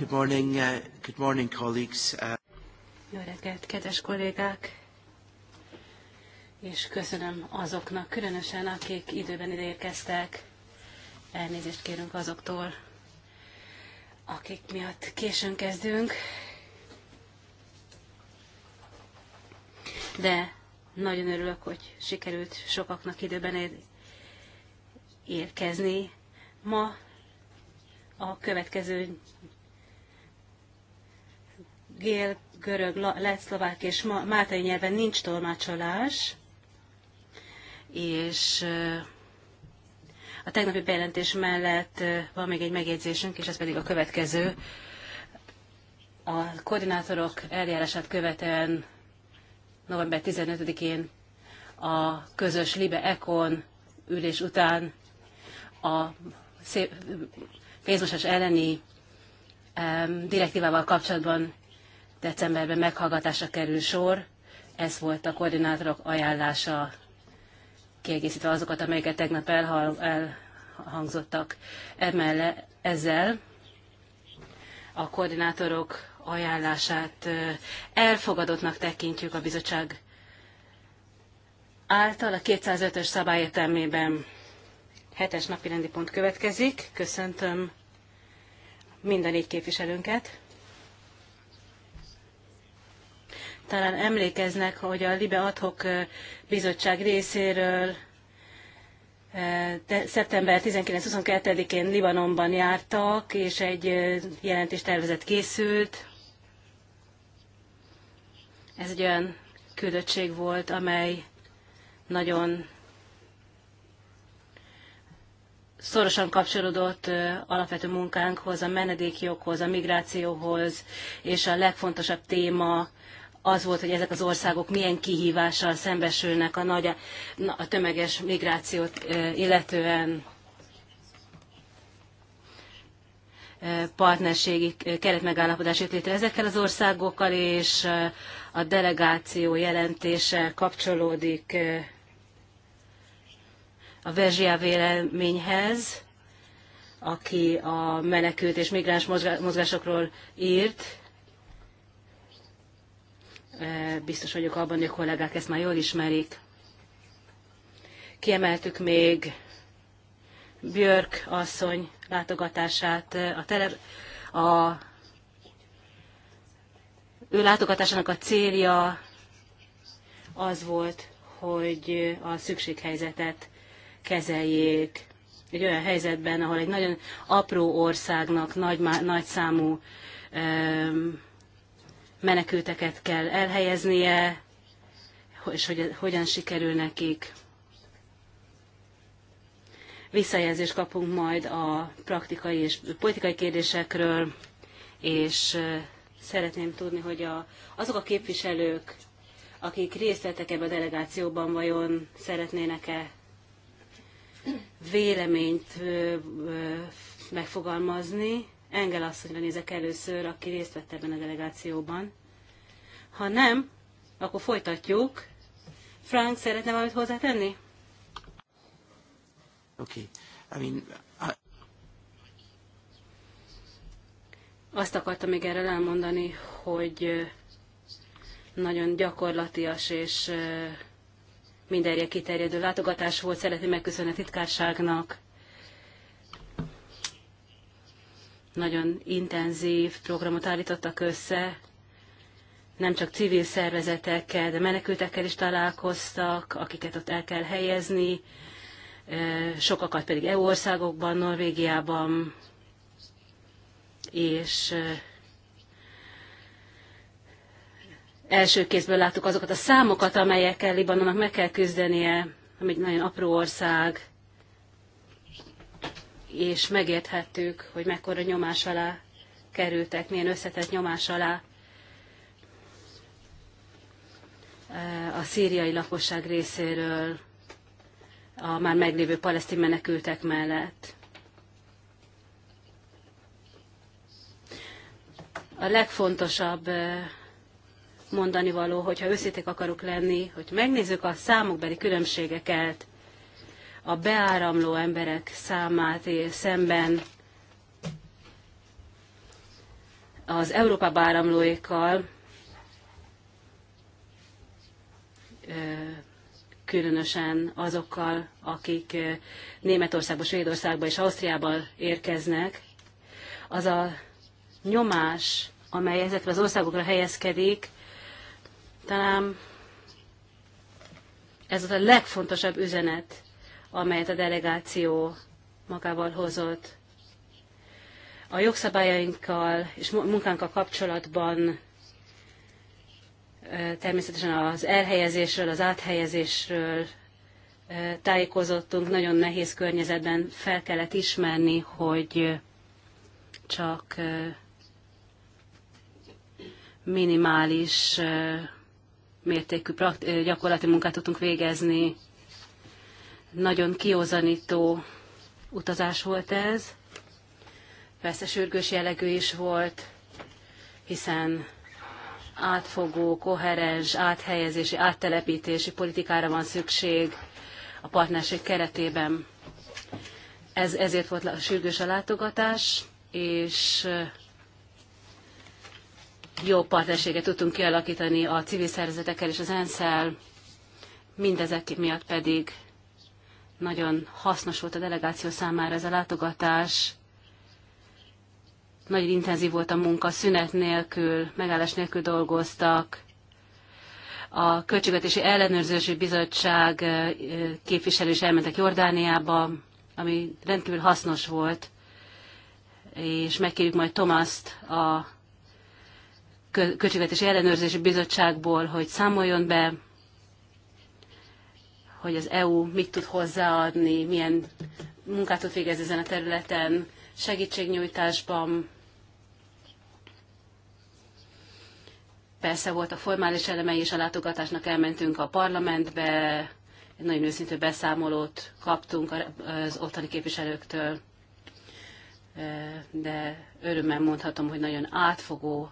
Good morning, uh, good morning, colleagues. Uh... Jó reggelt, kedves kollégák! És köszönöm azoknak, különösen akik időben ide érkeztek. Elnézést kérünk azoktól, akik miatt későn kezdünk. De nagyon örülök, hogy sikerült sokaknak időben érkezni. Ma a következő gél, görög, lett, szlovák és máltai nyelven nincs tolmácsolás, és a tegnapi bejelentés mellett van még egy megjegyzésünk, és ez pedig a következő. A koordinátorok eljárását követően november 15-én a közös Libe Econ ülés után a pénzmosás elleni direktívával kapcsolatban decemberben meghallgatásra kerül sor. Ez volt a koordinátorok ajánlása, kiegészítve azokat, amelyeket tegnap elhangzottak. Emelle ezzel a koordinátorok ajánlását elfogadottnak tekintjük a bizottság által a 205-ös szabályértelmében hetes napi rendi pont következik. Köszöntöm minden négy képviselőnket. talán emlékeznek, hogy a Libe Adhok Bizottság részéről szeptember 19-22-én Libanonban jártak, és egy jelentéstervezet készült. Ez egy olyan küldöttség volt, amely nagyon szorosan kapcsolódott alapvető munkánkhoz, a menedékjoghoz, a migrációhoz, és a legfontosabb téma az volt, hogy ezek az országok milyen kihívással szembesülnek a, nagy, a tömeges migrációt illetően partnerségi keretmegállapodás jött létre ezekkel az országokkal, és a delegáció jelentése kapcsolódik a Vezsia véleményhez, aki a menekült és migráns mozgásokról írt, E, biztos vagyok abban, hogy a kollégák ezt már jól ismerik. Kiemeltük még Björk asszony látogatását e, a, tele, a ő látogatásának a célja az volt, hogy a szükséghelyzetet kezeljék egy olyan helyzetben, ahol egy nagyon apró országnak nagy, nagy számú menekülteket kell elhelyeznie, és hogy hogyan sikerül nekik. Visszajelzést kapunk majd a praktikai és politikai kérdésekről, és szeretném tudni, hogy a, azok a képviselők, akik részt vettek ebbe a delegációban, vajon szeretnének-e véleményt megfogalmazni, Engel asszonyra nézek először, aki részt vett ebben a delegációban. Ha nem, akkor folytatjuk. Frank, szeretne valamit hozzátenni? Oké. Okay. I mean, I... Azt akartam még erről elmondani, hogy nagyon gyakorlatias és mindenre kiterjedő látogatás volt. Szeretném megköszönni a titkárságnak, nagyon intenzív programot állítottak össze, nem csak civil szervezetekkel, de menekültekkel is találkoztak, akiket ott el kell helyezni, sokakat pedig EU országokban, Norvégiában, és első kézből láttuk azokat a számokat, amelyekkel Libanonnak meg kell küzdenie, ami egy nagyon apró ország, és megérthettük, hogy mekkora nyomás alá kerültek, milyen összetett nyomás alá eh, a szíriai lakosság részéről a már meglévő palesztin menekültek mellett. A legfontosabb eh, mondani való, hogyha őszíték akarok lenni, hogy megnézzük a számokbeli különbségeket a beáramló emberek számát szemben az Európa áramlóikkal, különösen azokkal, akik Németországba, Svédországba és Ausztriába érkeznek, az a nyomás, amely ezekre az országokra helyezkedik, talán ez az a legfontosabb üzenet, amelyet a delegáció magával hozott. A jogszabályainkkal és munkánkkal kapcsolatban természetesen az elhelyezésről, az áthelyezésről tájékozottunk. Nagyon nehéz környezetben fel kellett ismerni, hogy csak minimális mértékű gyakorlati munkát tudtunk végezni nagyon kiozanító utazás volt ez. Persze sürgős jellegű is volt, hiszen átfogó, koherens, áthelyezési, áttelepítési politikára van szükség a partnerség keretében. Ez, ezért volt a sürgős a látogatás, és jó partnerséget tudtunk kialakítani a civil szervezetekkel és az ENSZ-el, mindezek miatt pedig nagyon hasznos volt a delegáció számára ez a látogatás. Nagyon intenzív volt a munka, szünet nélkül, megállás nélkül dolgoztak. A Költségvetési Ellenőrzési Bizottság eh, képviselő is elmentek Jordániába, ami rendkívül hasznos volt, és megkérjük majd Tomaszt a Költségvetési Ellenőrzési Bizottságból, hogy számoljon be hogy az EU mit tud hozzáadni, milyen munkát tud végezni ezen a területen, segítségnyújtásban. Persze volt a formális elemei és a látogatásnak elmentünk a parlamentbe, egy nagyon őszintű beszámolót kaptunk az ottani képviselőktől, de örömmel mondhatom, hogy nagyon átfogó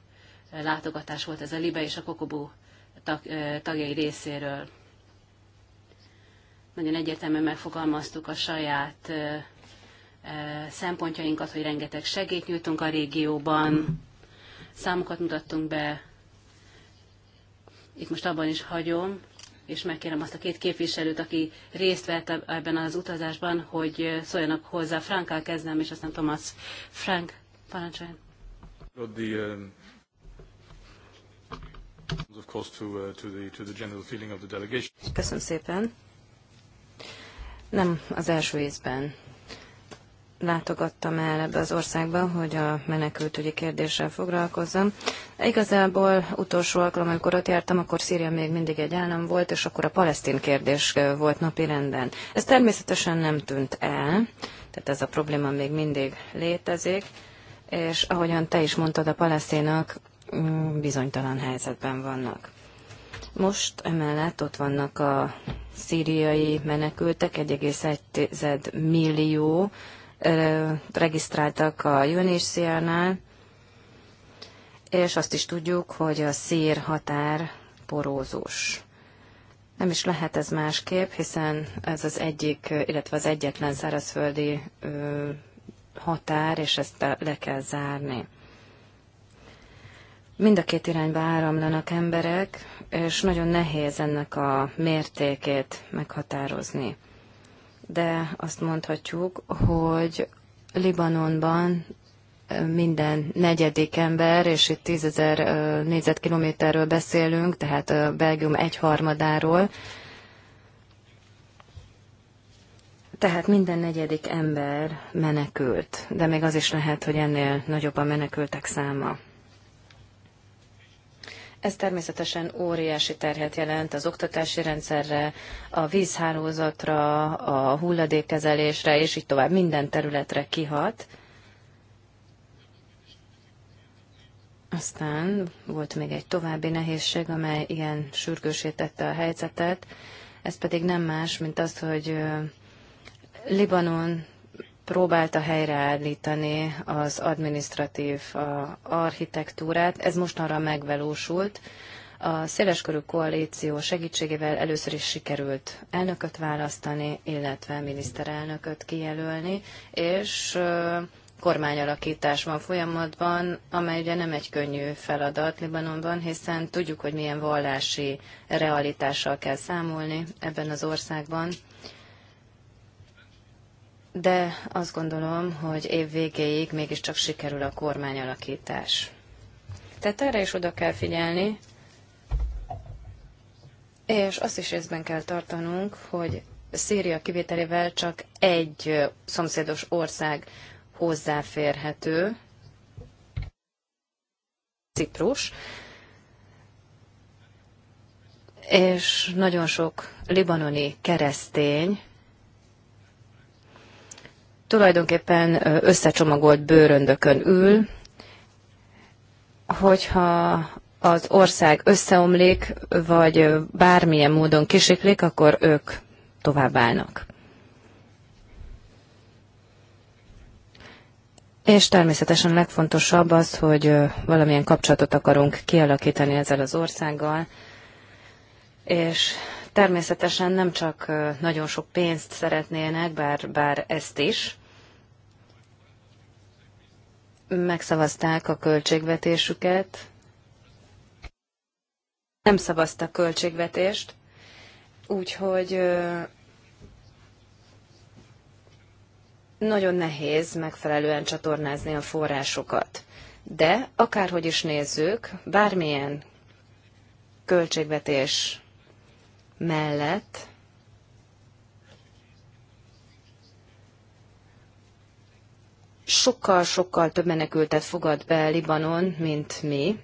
látogatás volt ez a Libe és a Kokobu tagjai részéről nagyon egyértelműen megfogalmaztuk a saját szempontjainkat, hogy rengeteg segélyt nyújtunk a régióban, számokat mutattunk be, itt most abban is hagyom, és megkérem azt a két képviselőt, aki részt vett ebben az utazásban, hogy szóljanak hozzá. Frankkal kezdem, és aztán Thomas. Frank, parancsoljon. Uh, Köszönöm szépen nem az első észben látogattam el ebbe az országba, hogy a menekültügyi kérdéssel foglalkozzam. Igazából utolsó alkalom, amikor ott jártam, akkor Szíria még mindig egy állam volt, és akkor a palesztin kérdés volt napi renden. Ez természetesen nem tűnt el, tehát ez a probléma még mindig létezik, és ahogyan te is mondtad, a palesztinak mm, bizonytalan helyzetben vannak. Most emellett ott vannak a szíriai menekültek, 1,1 millió regisztráltak a UNHCR-nál, és azt is tudjuk, hogy a szír határ porózós. Nem is lehet ez másképp, hiszen ez az egyik, illetve az egyetlen szárazföldi határ, és ezt le kell zárni. Mind a két irányba áramlanak emberek, és nagyon nehéz ennek a mértékét meghatározni. De azt mondhatjuk, hogy Libanonban minden negyedik ember, és itt tízezer négyzetkilométerről beszélünk, tehát a Belgium egyharmadáról, Tehát minden negyedik ember menekült, de még az is lehet, hogy ennél nagyobb a menekültek száma. Ez természetesen óriási terhet jelent az oktatási rendszerre, a vízhálózatra, a hulladékkezelésre, és így tovább minden területre kihat. Aztán volt még egy további nehézség, amely ilyen sürgősítette a helyzetet. Ez pedig nem más, mint az, hogy Libanon próbálta helyreállítani az administratív architektúrát. Ez mostanra megvalósult. A széleskörű koalíció segítségével először is sikerült elnököt választani, illetve miniszterelnököt kijelölni, és kormányalakítás van folyamatban, amely ugye nem egy könnyű feladat Libanonban, hiszen tudjuk, hogy milyen vallási realitással kell számolni ebben az országban de azt gondolom, hogy év végéig mégiscsak sikerül a kormányalakítás. Tehát erre is oda kell figyelni, és azt is részben kell tartanunk, hogy Szíria kivételével csak egy szomszédos ország hozzáférhető, Ciprus, és nagyon sok libanoni keresztény tulajdonképpen összecsomagolt bőröndökön ül, hogyha az ország összeomlik, vagy bármilyen módon kisiklik, akkor ők tovább állnak. És természetesen legfontosabb az, hogy valamilyen kapcsolatot akarunk kialakítani ezzel az országgal, és Természetesen nem csak nagyon sok pénzt szeretnének, bár, bár ezt is. Megszavazták a költségvetésüket. Nem szavaztak költségvetést, úgyhogy nagyon nehéz megfelelően csatornázni a forrásokat. De akárhogy is nézzük, bármilyen költségvetés mellett sokkal-sokkal több menekültet fogad be Libanon, mint mi.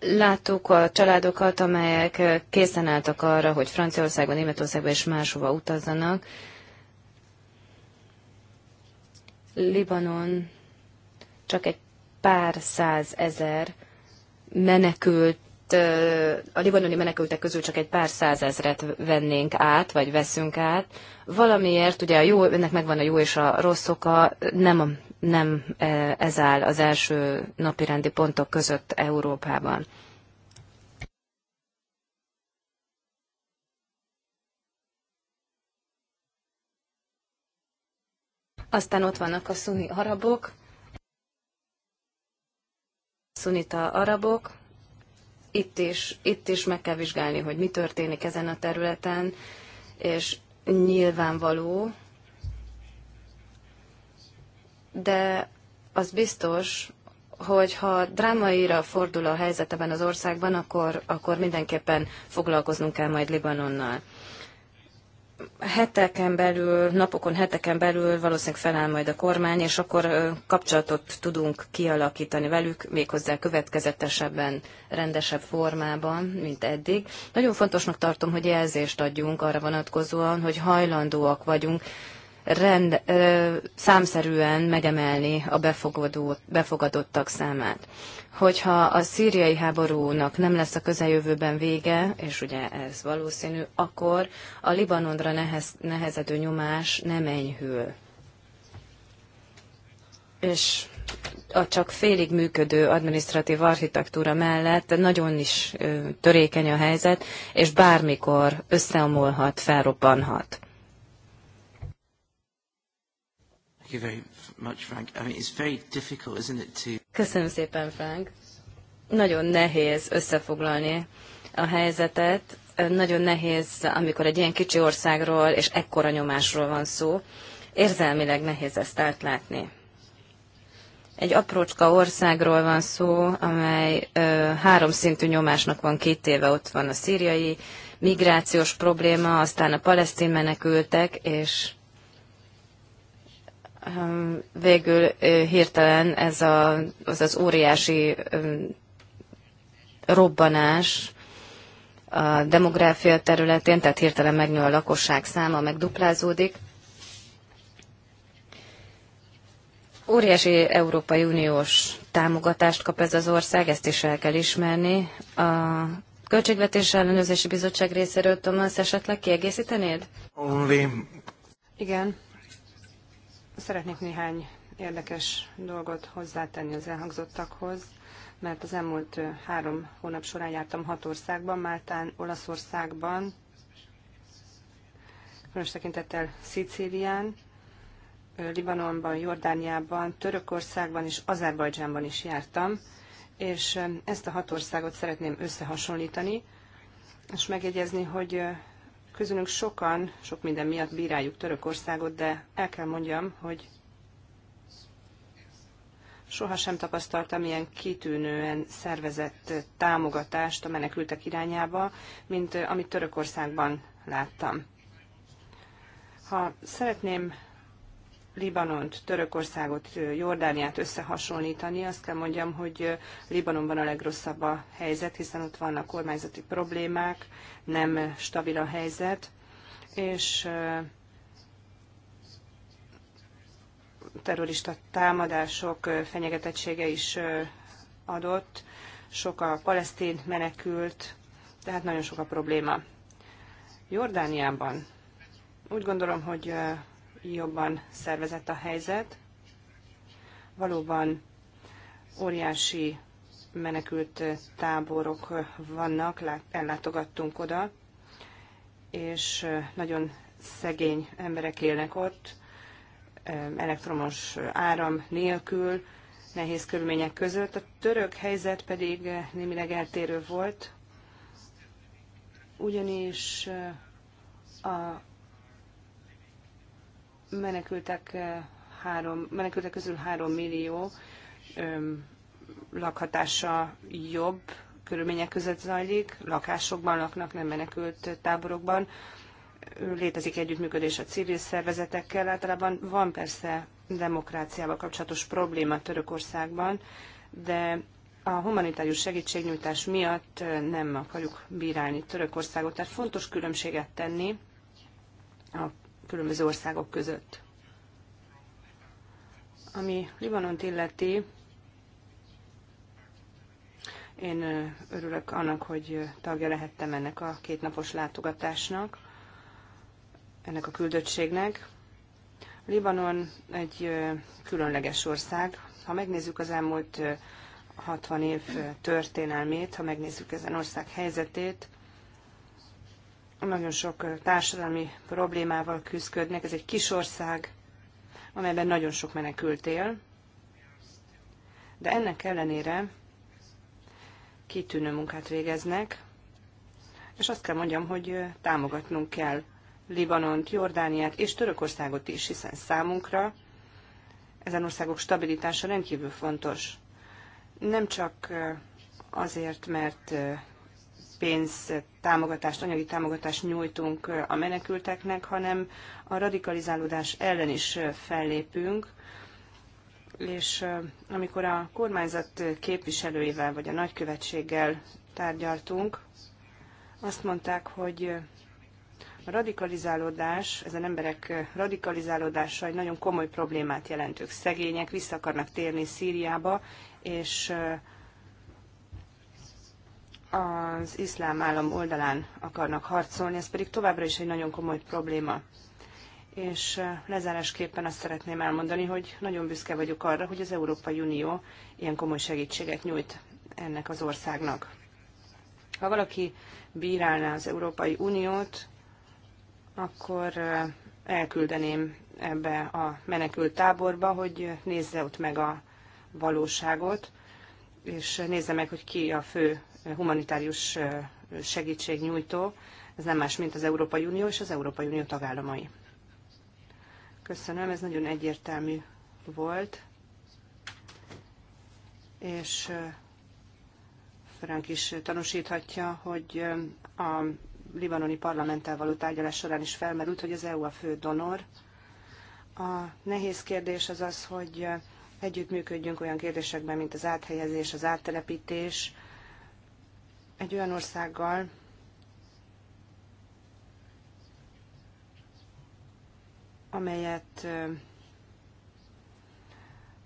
Láttuk a családokat, amelyek készen álltak arra, hogy Franciaországban, Németországban és máshova utazzanak. Libanon csak egy pár száz ezer menekült a libanoni menekültek közül csak egy pár százezret vennénk át, vagy veszünk át. Valamiért, ugye a jó, ennek megvan a jó és a rossz oka, nem, nem ez áll az első napirendi pontok között Európában. Aztán ott vannak a szuni arabok, szunita arabok, itt is, itt is meg kell vizsgálni, hogy mi történik ezen a területen, és nyilvánvaló, de az biztos, hogy ha drámaira fordul a helyzet ebben az országban, akkor, akkor mindenképpen foglalkoznunk kell majd Libanonnal heteken belül, napokon, heteken belül valószínűleg feláll majd a kormány, és akkor kapcsolatot tudunk kialakítani velük, méghozzá következetesebben, rendesebb formában, mint eddig. Nagyon fontosnak tartom, hogy jelzést adjunk arra vonatkozóan, hogy hajlandóak vagyunk rend, ö, számszerűen megemelni a befogadó, befogadottak számát. Hogyha a szíriai háborúnak nem lesz a közeljövőben vége, és ugye ez valószínű, akkor a Libanonra nehez, nehezedő nyomás nem enyhül. És a csak félig működő administratív architektúra mellett nagyon is törékeny a helyzet, és bármikor összeomolhat, felrobbanhat. Köszönöm szépen, Frank. Nagyon nehéz összefoglalni a helyzetet. Nagyon nehéz, amikor egy ilyen kicsi országról és ekkora nyomásról van szó. Érzelmileg nehéz ezt átlátni. Egy aprócska országról van szó, amely ö, háromszintű nyomásnak van két éve. Ott van a szíriai migrációs probléma, aztán a palesztin menekültek, és Ehm, végül hirtelen ez a, az az óriási robbanás a demográfia területén, tehát hirtelen megnő a lakosság száma, megduplázódik. Óriási Európai Uniós támogatást kap ez az ország, ezt is el kell ismerni. A Költségvetés Ellenőrzési Bizottság részéről, Tomasz, esetleg kiegészítenéd? Only. Igen, Szeretnék néhány érdekes dolgot hozzátenni az elhangzottakhoz, mert az elmúlt három hónap során jártam hat országban, Máltán, Olaszországban, különös tekintettel Szicílián, Libanonban, Jordániában, Törökországban és Azerbajdzsánban is jártam, és ezt a hat országot szeretném összehasonlítani, és megjegyezni, hogy Közülünk sokan, sok minden miatt bíráljuk Törökországot, de el kell mondjam, hogy sohasem tapasztaltam ilyen kitűnően szervezett támogatást a menekültek irányába, mint amit Törökországban láttam. Ha szeretném Libanont, Törökországot, Jordániát összehasonlítani, azt kell mondjam, hogy Libanonban a legrosszabb a helyzet, hiszen ott vannak kormányzati problémák, nem stabil a helyzet, és terrorista támadások fenyegetettsége is adott, sok a palesztin menekült, tehát nagyon sok a probléma. Jordániában úgy gondolom, hogy jobban szervezett a helyzet. Valóban óriási menekült táborok vannak, ellátogattunk oda, és nagyon szegény emberek élnek ott, elektromos áram nélkül, nehéz körülmények között. A török helyzet pedig némileg eltérő volt, ugyanis a menekültek, három, menekültek közül három millió lakhatása jobb körülmények között zajlik, lakásokban laknak, nem menekült táborokban. Létezik együttműködés a civil szervezetekkel, általában van persze demokráciával kapcsolatos probléma Törökországban, de a humanitárius segítségnyújtás miatt nem akarjuk bírálni Törökországot. Tehát fontos különbséget tenni a különböző országok között. Ami Libanont illeti, én örülök annak, hogy tagja lehettem ennek a kétnapos látogatásnak, ennek a küldöttségnek. Libanon egy különleges ország. Ha megnézzük az elmúlt 60 év történelmét, ha megnézzük ezen ország helyzetét, nagyon sok társadalmi problémával küzdködnek. Ez egy kis ország, amelyben nagyon sok menekült él, de ennek ellenére kitűnő munkát végeznek, és azt kell mondjam, hogy támogatnunk kell Libanont, Jordániát és Törökországot is, hiszen számunkra ezen országok stabilitása rendkívül fontos. Nem csak azért, mert pénz támogatást, anyagi támogatást nyújtunk a menekülteknek, hanem a radikalizálódás ellen is fellépünk. És amikor a kormányzat képviselőivel vagy a nagykövetséggel tárgyaltunk, azt mondták, hogy a radikalizálódás, ezen emberek radikalizálódása egy nagyon komoly problémát jelent. Ők szegények, vissza akarnak térni Szíriába, és az iszlám állam oldalán akarnak harcolni, ez pedig továbbra is egy nagyon komoly probléma. És lezárásképpen azt szeretném elmondani, hogy nagyon büszke vagyok arra, hogy az Európai Unió ilyen komoly segítséget nyújt ennek az országnak. Ha valaki bírálná az Európai Uniót, akkor elküldeném ebbe a menekült táborba, hogy nézze ott meg a valóságot, és nézze meg, hogy ki a fő humanitárius segítségnyújtó, ez nem más, mint az Európai Unió és az Európai Unió tagállamai. Köszönöm, ez nagyon egyértelmű volt, és Frank is tanúsíthatja, hogy a libanoni parlamenttel való tárgyalás során is felmerült, hogy az EU a fő donor. A nehéz kérdés az az, hogy együttműködjünk olyan kérdésekben, mint az áthelyezés, az áttelepítés, egy olyan országgal, amelyet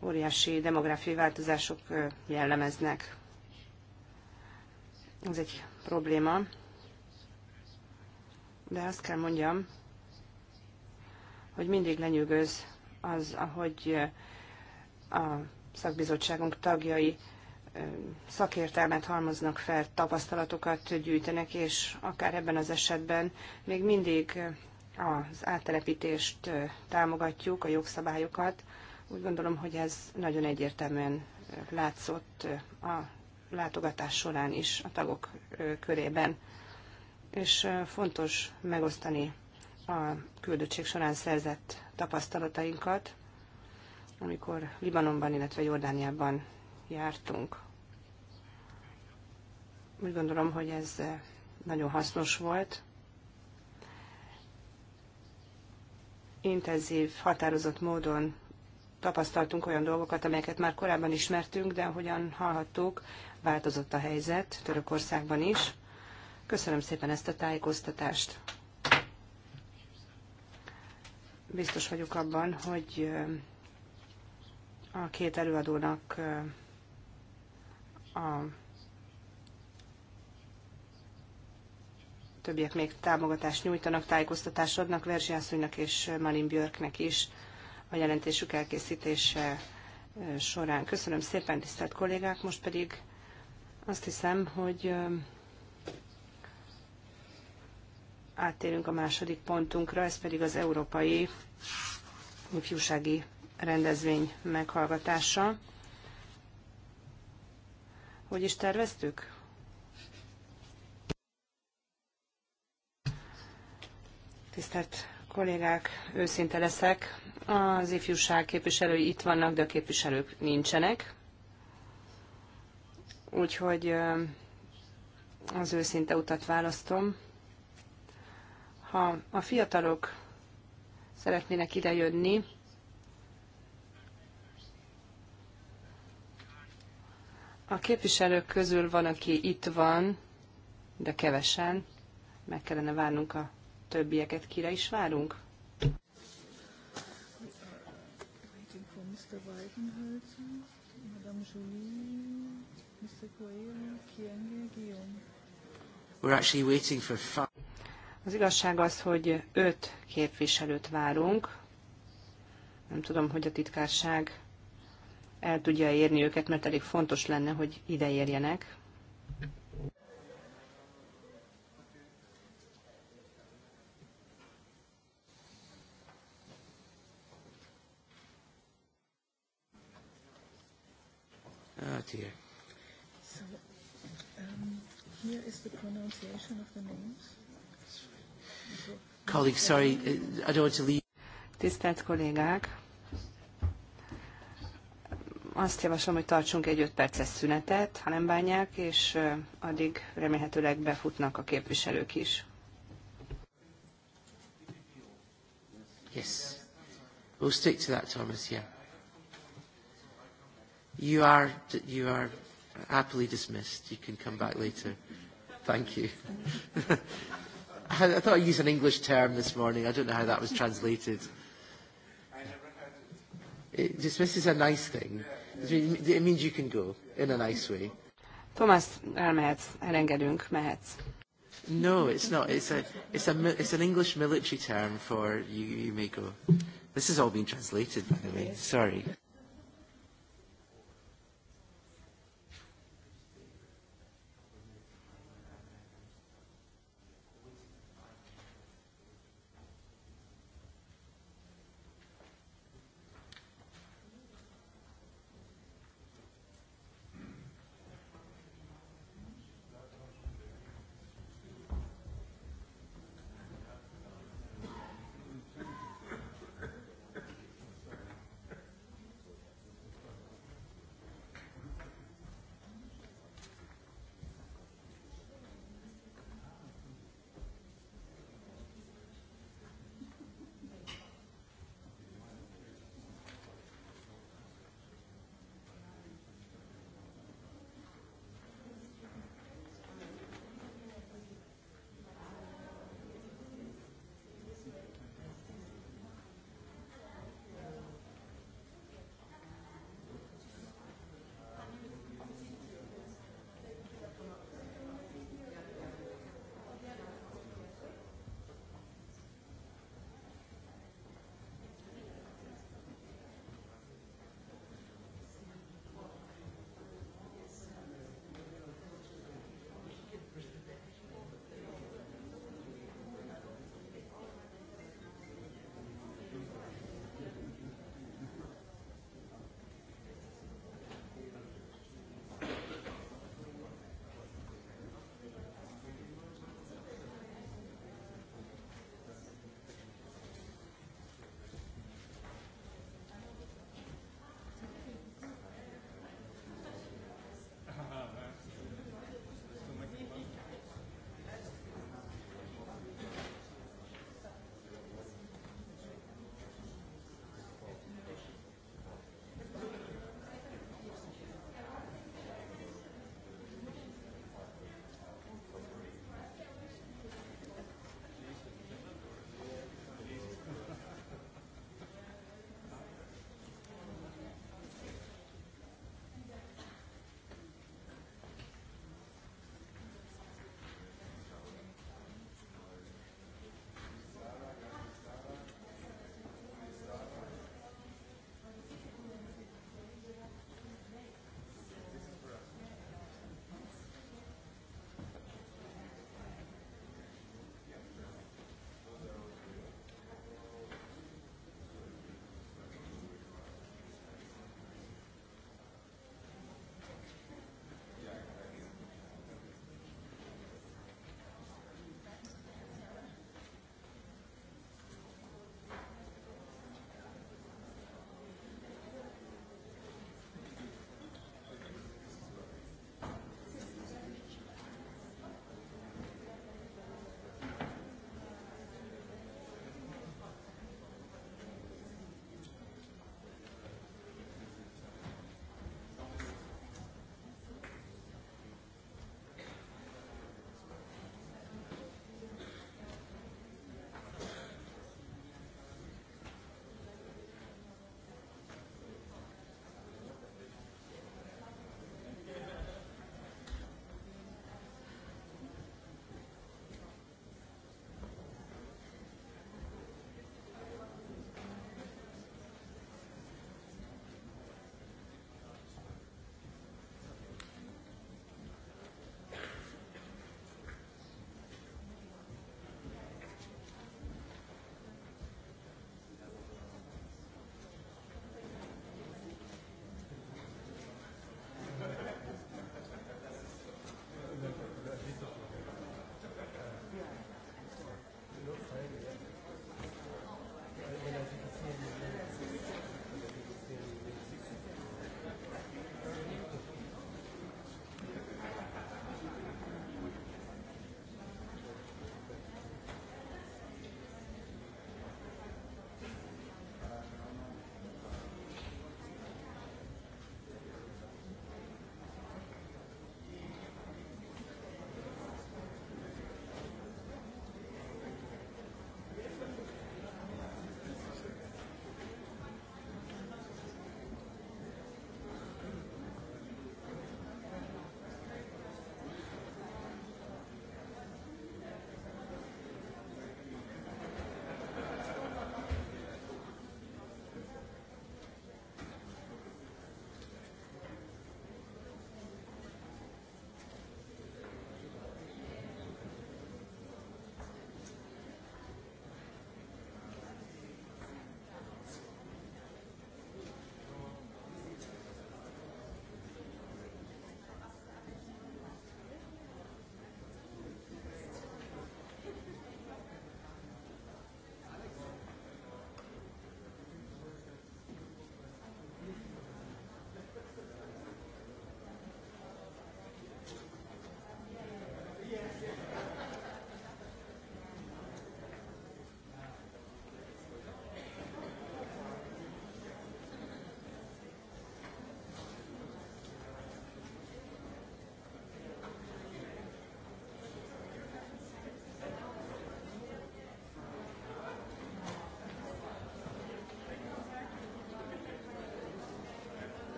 óriási demográfiai változások jellemeznek. Ez egy probléma, de azt kell mondjam, hogy mindig lenyűgöz az, ahogy a szakbizottságunk tagjai szakértelmet halmoznak fel, tapasztalatokat gyűjtenek, és akár ebben az esetben még mindig az áttelepítést támogatjuk, a jogszabályokat. Úgy gondolom, hogy ez nagyon egyértelműen látszott a látogatás során is a tagok körében. És fontos megosztani a küldöttség során szerzett tapasztalatainkat, amikor Libanonban, illetve Jordániában jártunk. Úgy gondolom, hogy ez nagyon hasznos volt. Intenzív, határozott módon tapasztaltunk olyan dolgokat, amelyeket már korábban ismertünk, de ahogyan hallhattuk, változott a helyzet Törökországban is. Köszönöm szépen ezt a tájékoztatást. Biztos vagyok abban, hogy a két előadónak a többiek még támogatást nyújtanak, tájékoztatást adnak Verzsiászonynak és Malin Björknek is a jelentésük elkészítése során. Köszönöm szépen, tisztelt kollégák, most pedig azt hiszem, hogy áttérünk a második pontunkra, ez pedig az Európai Ifjúsági Rendezvény meghallgatása. Hogy is terveztük? Tisztelt kollégák, őszinte leszek. Az ifjúság képviselői itt vannak, de a képviselők nincsenek. Úgyhogy az őszinte utat választom. Ha a fiatalok szeretnének idejönni, A képviselők közül van, aki itt van, de kevesen. Meg kellene várnunk a többieket. Kire is várunk? We're actually waiting for Az igazság az, hogy öt képviselőt várunk. Nem tudom, hogy a titkárság el tudja érni őket, mert elég fontos lenne, hogy ide érjenek. Ah, um, Colleagues, sorry, uh, I don't want to leave. Tisztelt kollégák, azt javaslom, hogy tartsunk egy 5 perces szünetet, ha nem bánják, és addig remélhetőleg befutnak a képviselők is. Yes. We'll stick to that, Thomas, yeah. You are, you are happily dismissed. You can come back later. Thank you. I, I thought I used an English term this morning. I don't know how that was translated. It dismiss is a nice thing. It means you can go in a nice way. Thomas, elmehetsz, elengedünk, mehetsz. No, it's not. It's a, it's a, it's an English military term for you, you may go. This has all been translated, by the way. Sorry.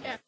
time.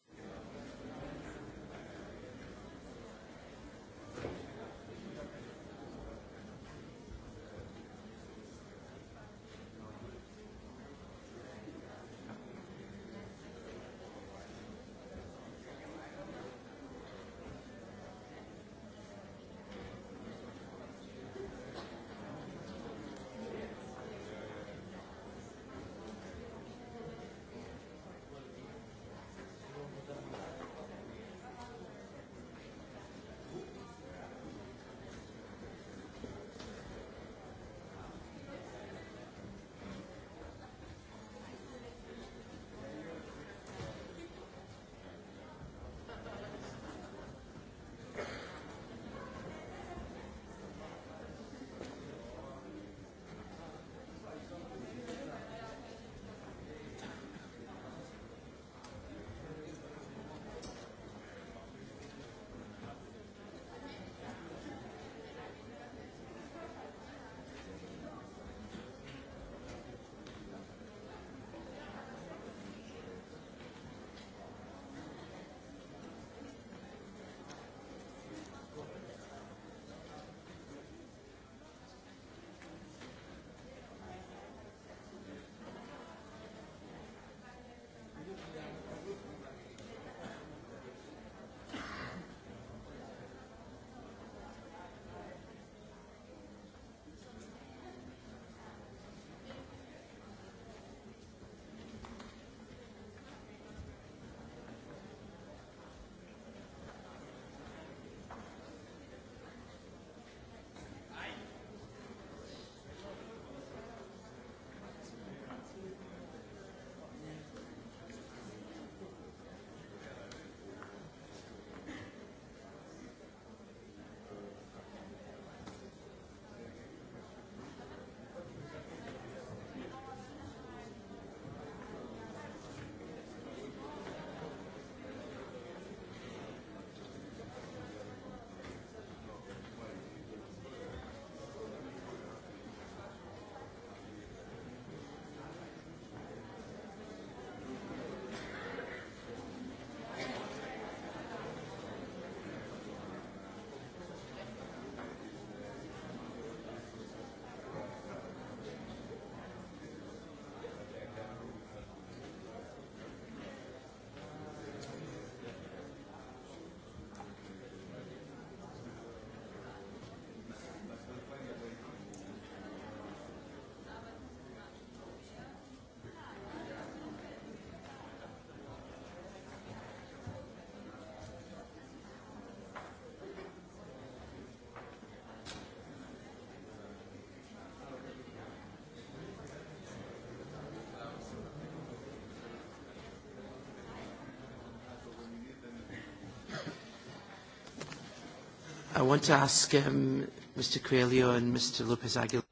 I want to ask um, Mr. Coelho and Mr. Lopez Aguilar.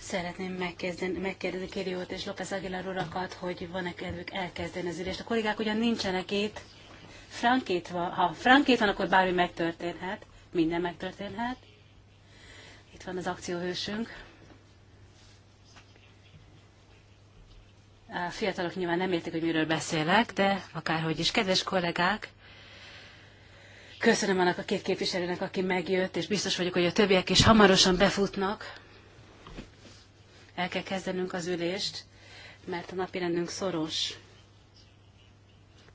Szeretném megkezdeni, megkérdezni Kériót és López Aguilar urakat, hogy van-e kedvük elkezdeni az ülést. A kollégák ugyan nincsenek itt. Frankét van, ha frankét van, akkor bármi megtörténhet. Minden megtörténhet. Itt van az akcióhősünk. A fiatalok nyilván nem értik, hogy miről beszélek, de akárhogy is. Kedves kollégák, Köszönöm annak a két képviselőnek, aki megjött, és biztos vagyok, hogy a többiek is hamarosan befutnak. El kell kezdenünk az ülést, mert a napi rendünk szoros.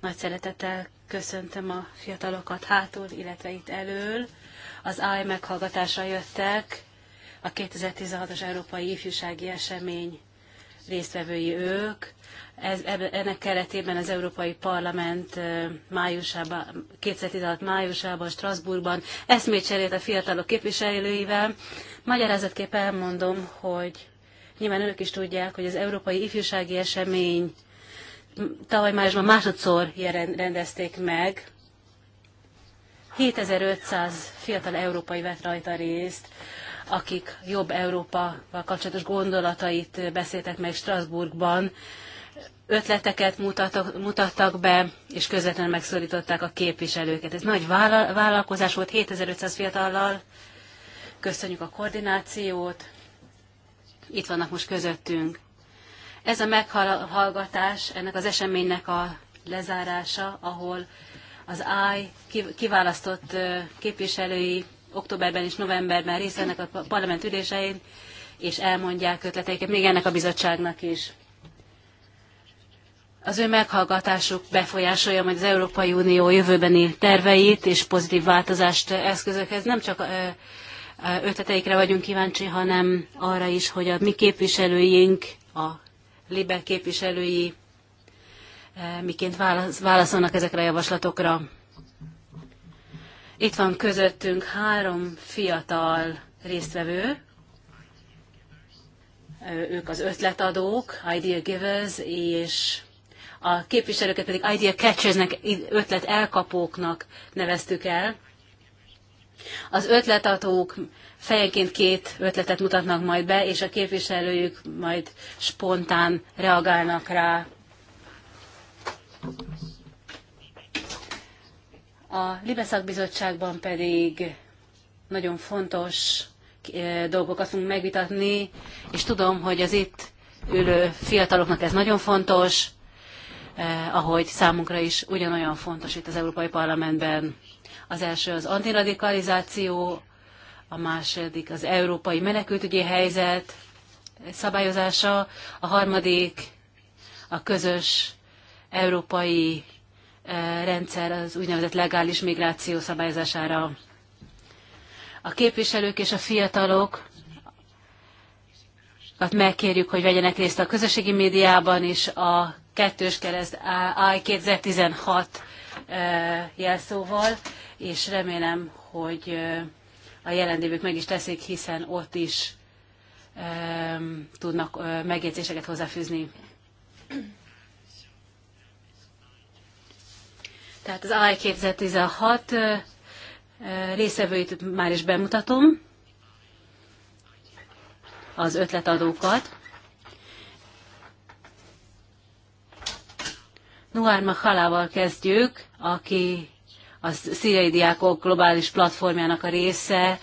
Nagy szeretettel köszöntöm a fiatalokat hátul, illetve itt elől. Az AI e meghallgatásra jöttek a 2016-os Európai Ifjúsági Esemény résztvevői ők. Ez, ennek keretében az Európai Parlament májusában, 2016 májusában, Strasbourgban eszmét cserélt a fiatalok képviselőivel. Magyarázatképp elmondom, hogy nyilván önök is tudják, hogy az Európai Ifjúsági Esemény tavaly májusban másodszor rendezték meg. 7500 fiatal európai vett rajta részt akik jobb Európával kapcsolatos gondolatait beszéltek meg Strasbourgban, ötleteket mutattak, mutattak be, és közvetlenül megszólították a képviselőket. Ez nagy vállalkozás volt, 7500 fiatallal. Köszönjük a koordinációt. Itt vannak most közöttünk. Ez a meghallgatás, ennek az eseménynek a lezárása, ahol az AI kiválasztott képviselői októberben és novemberben részt vennek a parlament ülésein, és elmondják ötleteiket, még ennek a bizottságnak is. Az ő meghallgatásuk befolyásolja majd az Európai Unió jövőbeni terveit és pozitív változást eszközökhez. Nem csak ötleteikre vagyunk kíváncsi, hanem arra is, hogy a mi képviselőink, a Libe képviselői miként válaszolnak ezekre a javaslatokra. Itt van közöttünk három fiatal résztvevő, ők az ötletadók, idea givers, és a képviselőket pedig idea catchersnek, ötlet elkapóknak neveztük el. Az ötletadók fejenként két ötletet mutatnak majd be, és a képviselőjük majd spontán reagálnak rá. A Libe Bizottságban pedig nagyon fontos eh, dolgokat fogunk megvitatni, és tudom, hogy az itt ülő fiataloknak ez nagyon fontos, eh, ahogy számunkra is ugyanolyan fontos itt az Európai Parlamentben. Az első az antiradikalizáció, a második az európai menekültügyi helyzet szabályozása, a harmadik a közös európai rendszer az úgynevezett legális migráció szabályzására. A képviselők és a fiatalok megkérjük, hogy vegyenek részt a közösségi médiában is a kettős kereszt AI 2016 jelszóval, és remélem, hogy a jelenlévők meg is teszik, hiszen ott is tudnak megjegyzéseket hozzáfűzni. Tehát az AI 2016 részevőit már is bemutatom, az ötletadókat. Noir Mahalával kezdjük, aki a szíriai diákok globális platformjának a része,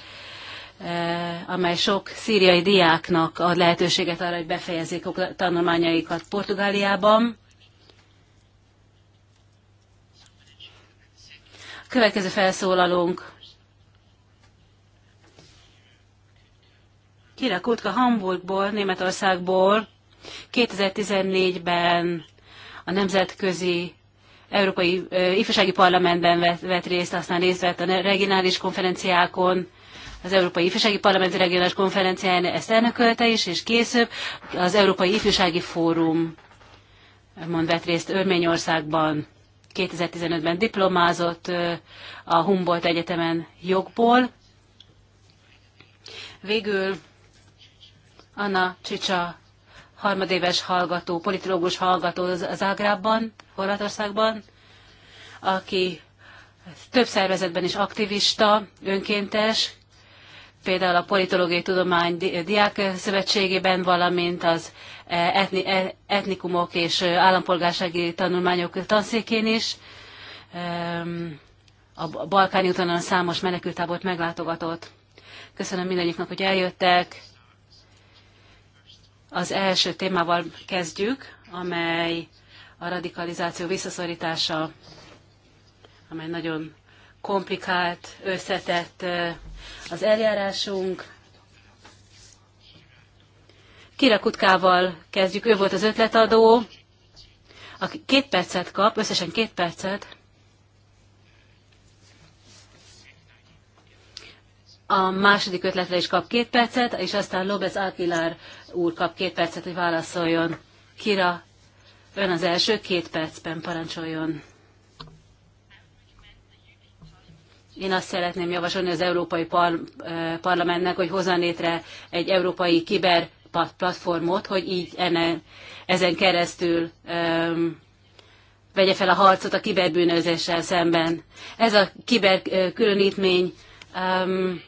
amely sok szíriai diáknak ad lehetőséget arra, hogy befejezzék a tanulmányaikat Portugáliában. Következő felszólalónk. Kira Kutka Hamburgból, Németországból 2014-ben a Nemzetközi Európai Ifjúsági Parlamentben vett, részt, aztán részt vett a regionális konferenciákon, az Európai Ifjúsági Parlament Regionális konferenciáján ezt elnökölte is, és később az Európai Ifjúsági Fórum mond vett részt Örményországban. 2015-ben diplomázott a Humboldt Egyetemen jogból. Végül Anna Csicsa harmadéves hallgató, politológus hallgató az Ágrában, Horvátországban, aki több szervezetben is aktivista, önkéntes, például a Politológiai Tudomány Diák Szövetségében, valamint az etni, e, etnikumok és állampolgársági tanulmányok tanszékén is. A Balkáni úton számos menekültábort meglátogatott. Köszönöm mindegyiknek, hogy eljöttek. Az első témával kezdjük, amely a radikalizáció visszaszorítása, amely nagyon komplikált, összetett az eljárásunk. Kira Kutkával kezdjük, ő volt az ötletadó, aki két percet kap, összesen két percet. A második ötletre is kap két percet, és aztán López Aquilar úr kap két percet, hogy válaszoljon. Kira, ön az első két percben parancsoljon. Én azt szeretném javasolni az Európai Par- eh, Parlamentnek, hogy hozzon létre egy európai kiber platformot, hogy így enne, ezen keresztül um, vegye fel a harcot a kiberbűnözéssel szemben. Ez a kiberkülönítmény um,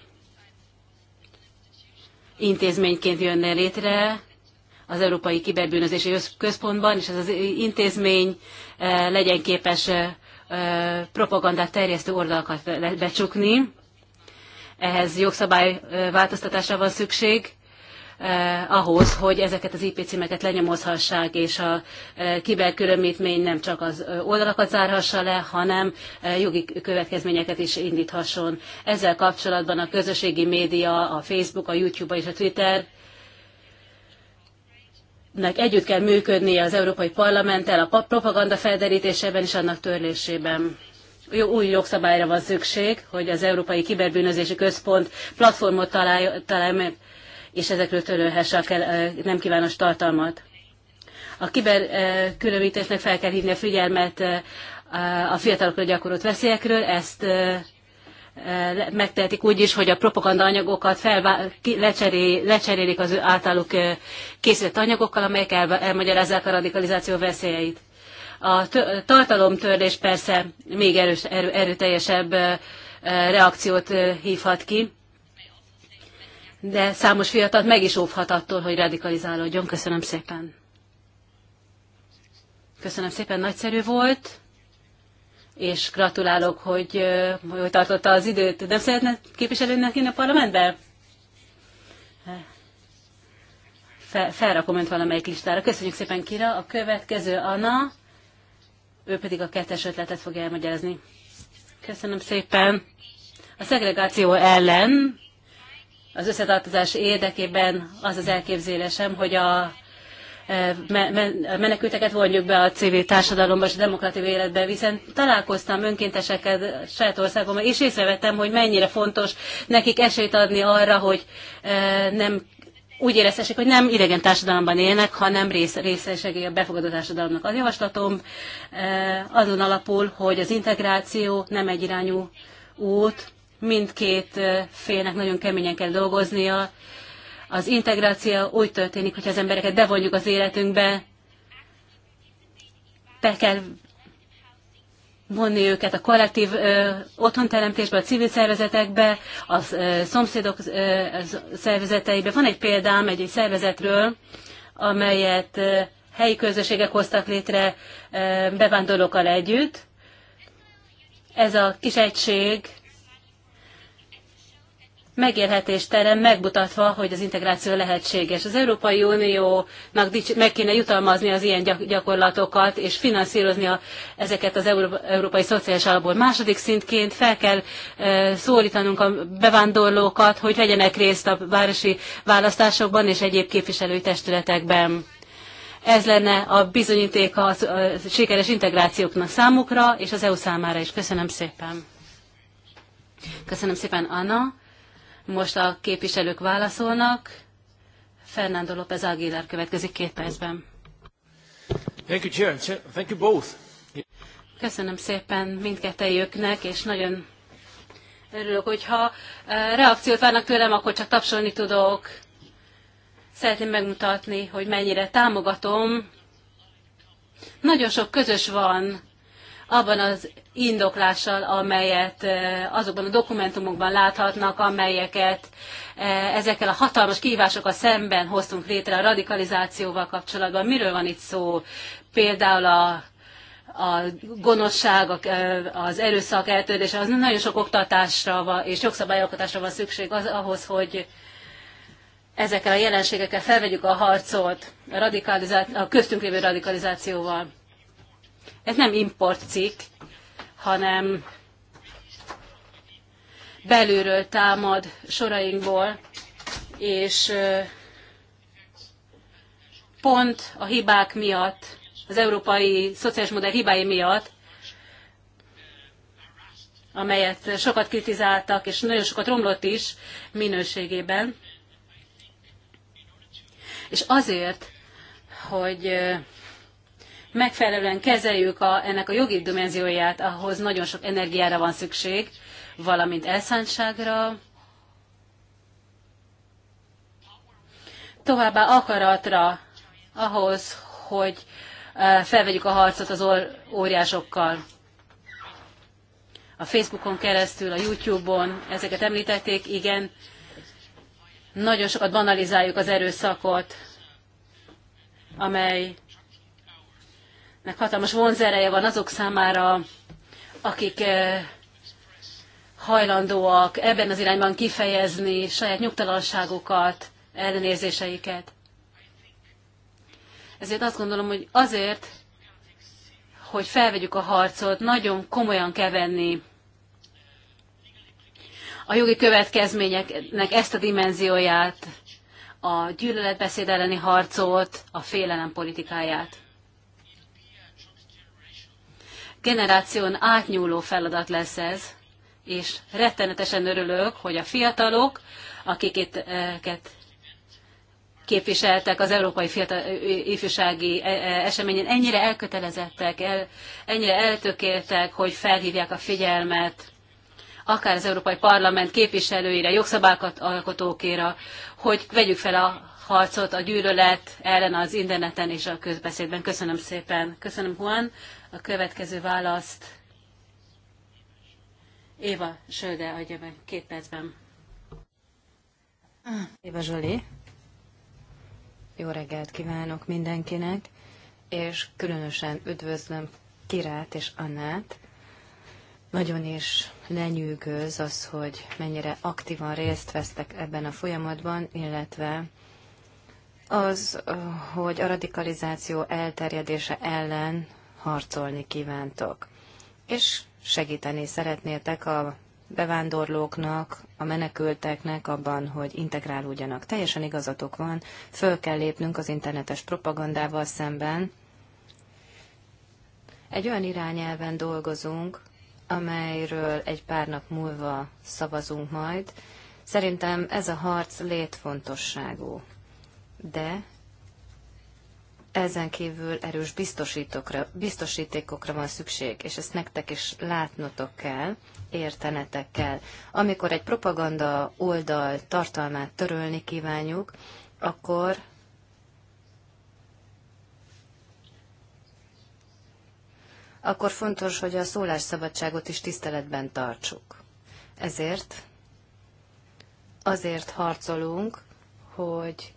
intézményként jönne létre az Európai Kiberbűnözési Központban, és ez az intézmény uh, legyen képes uh, propagandát terjesztő oldalakat becsukni. Ehhez jogszabály változtatásra van szükség, eh, ahhoz, hogy ezeket az IP címeket lenyomozhassák, és a eh, kiberkörömítmény nem csak az eh, oldalakat zárhassa le, hanem eh, jogi következményeket is indíthasson. Ezzel kapcsolatban a közösségi média, a Facebook, a YouTube és a Twitter nek együtt kell működnie az Európai Parlamenttel a propaganda felderítésében és annak törlésében új jogszabályra van szükség, hogy az Európai Kiberbűnözési Központ platformot találj, találj meg és ezekről törölhesse a nem kívános tartalmat. A kiberkülönítésnek fel kell hívni a figyelmet a fiatalokra gyakorolt veszélyekről, ezt megtehetik úgy is, hogy a propaganda anyagokat felvá- lecserél, lecserélik az általuk készített anyagokkal, amelyek el- elmagyarázzák a radikalizáció veszélyeit. A t- tartalomtörlés persze még erős, erő, erőteljesebb reakciót hívhat ki, de számos fiatalt meg is óvhat attól, hogy radikalizálódjon. Köszönöm szépen. Köszönöm szépen, nagyszerű volt, és gratulálok, hogy, hogy tartotta az időt. Nem szeretne képviselőnek én a parlamentben? Fel, felrakom önt valamelyik listára. Köszönjük szépen, Kira. A következő Anna, ő pedig a kettes ötletet fogja elmagyarázni. Köszönöm szépen. A szegregáció ellen az összetartozás érdekében az az elképzelésem, hogy e, a menekülteket vonjuk be a civil társadalomba és a demokratív életbe, hiszen találkoztam önkéntesekkel saját országomban, és észrevettem, hogy mennyire fontos nekik esélyt adni arra, hogy e, nem úgy érezhessék, hogy nem idegen társadalomban élnek, hanem rész, részesek a befogadó társadalomnak. Az javaslatom e, azon alapul, hogy az integráció nem egyirányú út, mindkét félnek nagyon keményen kell dolgoznia. Az integráció úgy történik, hogy az embereket bevonjuk az életünkbe, be kell vonni őket a kollektív ö, otthonteremtésbe, a civil szervezetekbe, a szomszédok ö, szervezeteibe. Van egy példám egy, egy szervezetről, amelyet ö, helyi közösségek hoztak létre ö, bevándorlókkal együtt. Ez a kis egység megélhetést terem, megmutatva, hogy az integráció lehetséges. Az Európai Uniónak meg kéne jutalmazni az ilyen gyakorlatokat, és finanszírozni a, ezeket az Európai Szociális Alapból. Második szintként fel kell e, szólítanunk a bevándorlókat, hogy vegyenek részt a városi választásokban és egyéb képviselői testületekben. Ez lenne a bizonyíték a, sikeres integrációknak számukra, és az EU számára is. Köszönöm szépen. Köszönöm szépen, Anna. Most a képviselők válaszolnak. Fernando López Aguilar következik két percben. Thank you, Chair. Thank you both. Köszönöm szépen mindkettejüknek, és nagyon örülök, hogyha eh, reakciót várnak tőlem, akkor csak tapsolni tudok. Szeretném megmutatni, hogy mennyire támogatom. Nagyon sok közös van abban az indoklással, amelyet azokban a dokumentumokban láthatnak, amelyeket ezekkel a hatalmas kihívásokkal szemben hoztunk létre a radikalizációval kapcsolatban. Miről van itt szó? Például a a gonoszság, az erőszak eltördése, az nagyon sok oktatásra és jogszabályalkotásra van szükség az, ahhoz, hogy ezekkel a jelenségekkel felvegyük a harcot a, a köztünk lévő radikalizációval ez nem importcikk, hanem belülről támad sorainkból, és pont a hibák miatt, az európai szociális modell hibái miatt, amelyet sokat kritizáltak, és nagyon sokat romlott is minőségében. És azért, hogy megfelelően kezeljük a, ennek a jogi dimenzióját, ahhoz nagyon sok energiára van szükség, valamint elszántságra, továbbá akaratra ahhoz, hogy eh, felvegyük a harcot az óriásokkal. A Facebookon keresztül, a YouTube-on, ezeket említették, igen, nagyon sokat banalizáljuk az erőszakot, amely hatalmas vonzereje van azok számára, akik eh, hajlandóak ebben az irányban kifejezni saját nyugtalanságokat, ellenérzéseiket. Ezért azt gondolom, hogy azért, hogy felvegyük a harcot, nagyon komolyan kell venni a jogi következményeknek ezt a dimenzióját, a gyűlöletbeszéd elleni harcot, a félelem politikáját generáción átnyúló feladat lesz ez, és rettenetesen örülök, hogy a fiatalok, akiket eh, képviseltek az Európai Fiatal eh, Ifjúsági eh, Eseményen, ennyire elkötelezettek, el, ennyire eltökéltek, hogy felhívják a figyelmet akár az Európai Parlament képviselőire, jogszabályokat alkotókéra, hogy vegyük fel a harcot a gyűlölet ellen az interneten és a közbeszédben. Köszönöm szépen. Köszönöm, Juan a következő választ Éva Sölde adja meg két percben. Éva Zsoli, jó reggelt kívánok mindenkinek, és különösen üdvözlöm Kirát és Annát. Nagyon is lenyűgöz az, hogy mennyire aktívan részt vesztek ebben a folyamatban, illetve az, hogy a radikalizáció elterjedése ellen harcolni kívántok. És segíteni szeretnétek a bevándorlóknak, a menekülteknek abban, hogy integrálódjanak. Teljesen igazatok van, föl kell lépnünk az internetes propagandával szemben. Egy olyan irányelven dolgozunk, amelyről egy pár nap múlva szavazunk majd. Szerintem ez a harc létfontosságú. De ezen kívül erős biztosítókra, biztosítékokra van szükség, és ezt nektek is látnotok kell, értenetek kell. Amikor egy propaganda oldal tartalmát törölni kívánjuk, akkor akkor fontos, hogy a szólásszabadságot is tiszteletben tartsuk. Ezért azért harcolunk, hogy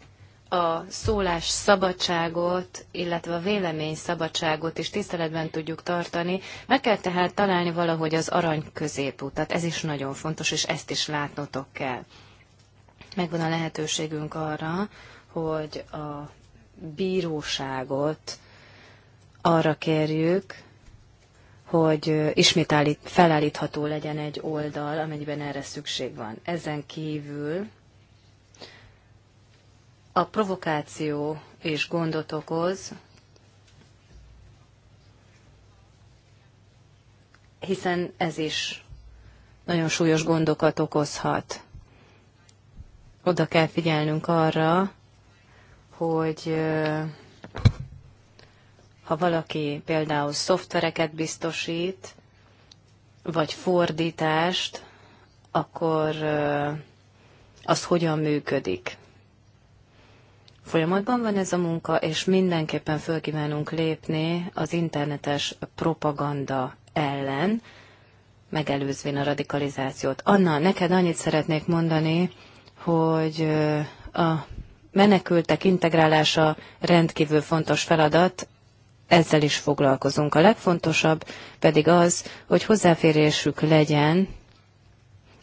a szólás szabadságot, illetve a vélemény szabadságot is tiszteletben tudjuk tartani. Meg kell tehát találni valahogy az arany középutat. Ez is nagyon fontos, és ezt is látnotok kell. Megvan a lehetőségünk arra, hogy a bíróságot arra kérjük, hogy ismét felállítható legyen egy oldal, amennyiben erre szükség van. Ezen kívül a provokáció és gondot okoz, hiszen ez is nagyon súlyos gondokat okozhat. Oda kell figyelnünk arra, hogy ha valaki például szoftvereket biztosít, vagy fordítást, akkor az hogyan működik. Folyamatban van ez a munka, és mindenképpen fölkívánunk lépni az internetes propaganda ellen, megelőzvén a radikalizációt. Anna, neked annyit szeretnék mondani, hogy a menekültek integrálása rendkívül fontos feladat, ezzel is foglalkozunk. A legfontosabb pedig az, hogy hozzáférésük legyen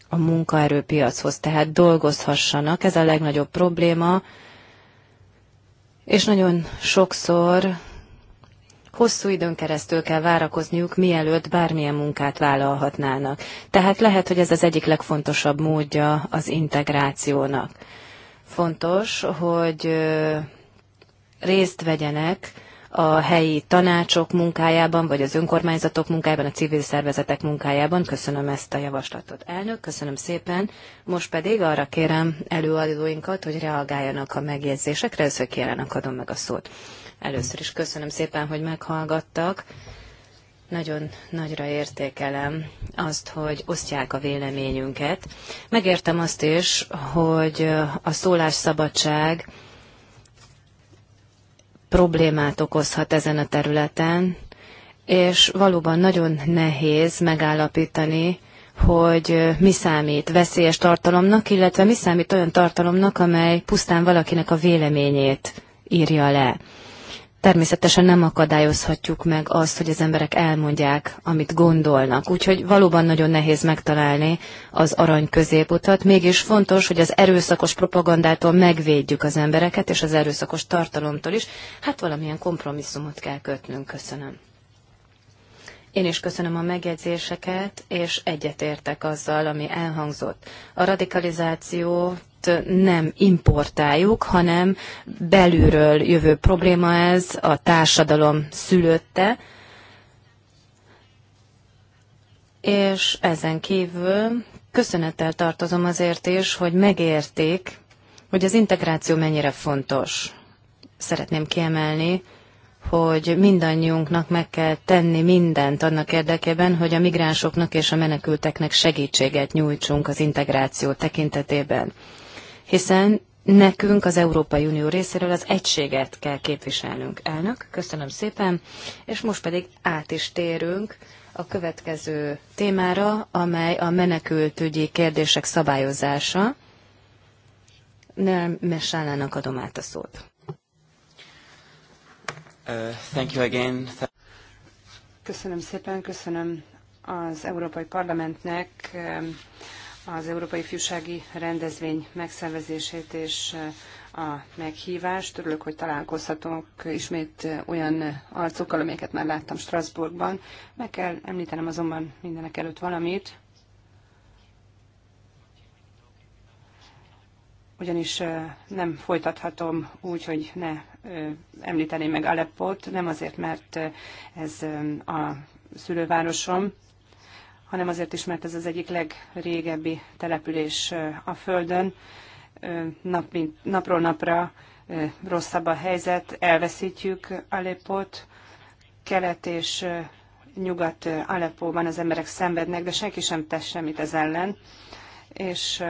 a munkaerőpiachoz, tehát dolgozhassanak. Ez a legnagyobb probléma, és nagyon sokszor hosszú időn keresztül kell várakozniuk, mielőtt bármilyen munkát vállalhatnának. Tehát lehet, hogy ez az egyik legfontosabb módja az integrációnak. Fontos, hogy részt vegyenek a helyi tanácsok munkájában, vagy az önkormányzatok munkájában, a civil szervezetek munkájában. Köszönöm ezt a javaslatot. Elnök, köszönöm szépen. Most pedig arra kérem előadóinkat, hogy reagáljanak a megjegyzésekre. Először kérenek, adom meg a szót. Először is köszönöm szépen, hogy meghallgattak. Nagyon nagyra értékelem azt, hogy osztják a véleményünket. Megértem azt is, hogy a szólásszabadság problémát okozhat ezen a területen, és valóban nagyon nehéz megállapítani, hogy mi számít veszélyes tartalomnak, illetve mi számít olyan tartalomnak, amely pusztán valakinek a véleményét írja le természetesen nem akadályozhatjuk meg azt, hogy az emberek elmondják, amit gondolnak. Úgyhogy valóban nagyon nehéz megtalálni az arany középutat. Mégis fontos, hogy az erőszakos propagandától megvédjük az embereket, és az erőszakos tartalomtól is. Hát valamilyen kompromisszumot kell kötnünk. Köszönöm. Én is köszönöm a megjegyzéseket, és egyetértek azzal, ami elhangzott. A radikalizáció nem importáljuk, hanem belülről jövő probléma ez, a társadalom szülötte, és ezen kívül köszönettel tartozom azért is, hogy megérték, hogy az integráció mennyire fontos. Szeretném kiemelni, hogy mindannyiunknak meg kell tenni mindent annak érdekében, hogy a migránsoknak és a menekülteknek segítséget nyújtsunk az integráció tekintetében hiszen nekünk az Európai Unió részéről az egységet kell képviselnünk. Elnök, köszönöm szépen, és most pedig át is térünk a következő témára, amely a menekültügyi kérdések szabályozása. Nem, Mesálának adom át a szót. Uh, thank you again. Köszönöm szépen, köszönöm az Európai Parlamentnek um, az Európai Fűsági Rendezvény megszervezését és eh, a meghívást. Örülök, hogy találkozhatok ismét eh, olyan eh, arcokkal, amelyeket már láttam Strasbourgban. Meg kell említenem azonban mindenek előtt valamit. Ugyanis nem folytathatom úgy, hogy ne említeném meg Aleppot, nem azért, mert ez a szülővárosom, hanem azért is, mert ez az egyik legrégebbi település a Földön. Nap, napról napra rosszabb a helyzet, elveszítjük Aleppot, kelet és nyugat Aleppóban az emberek szenvednek, de senki sem tesz semmit ez ellen és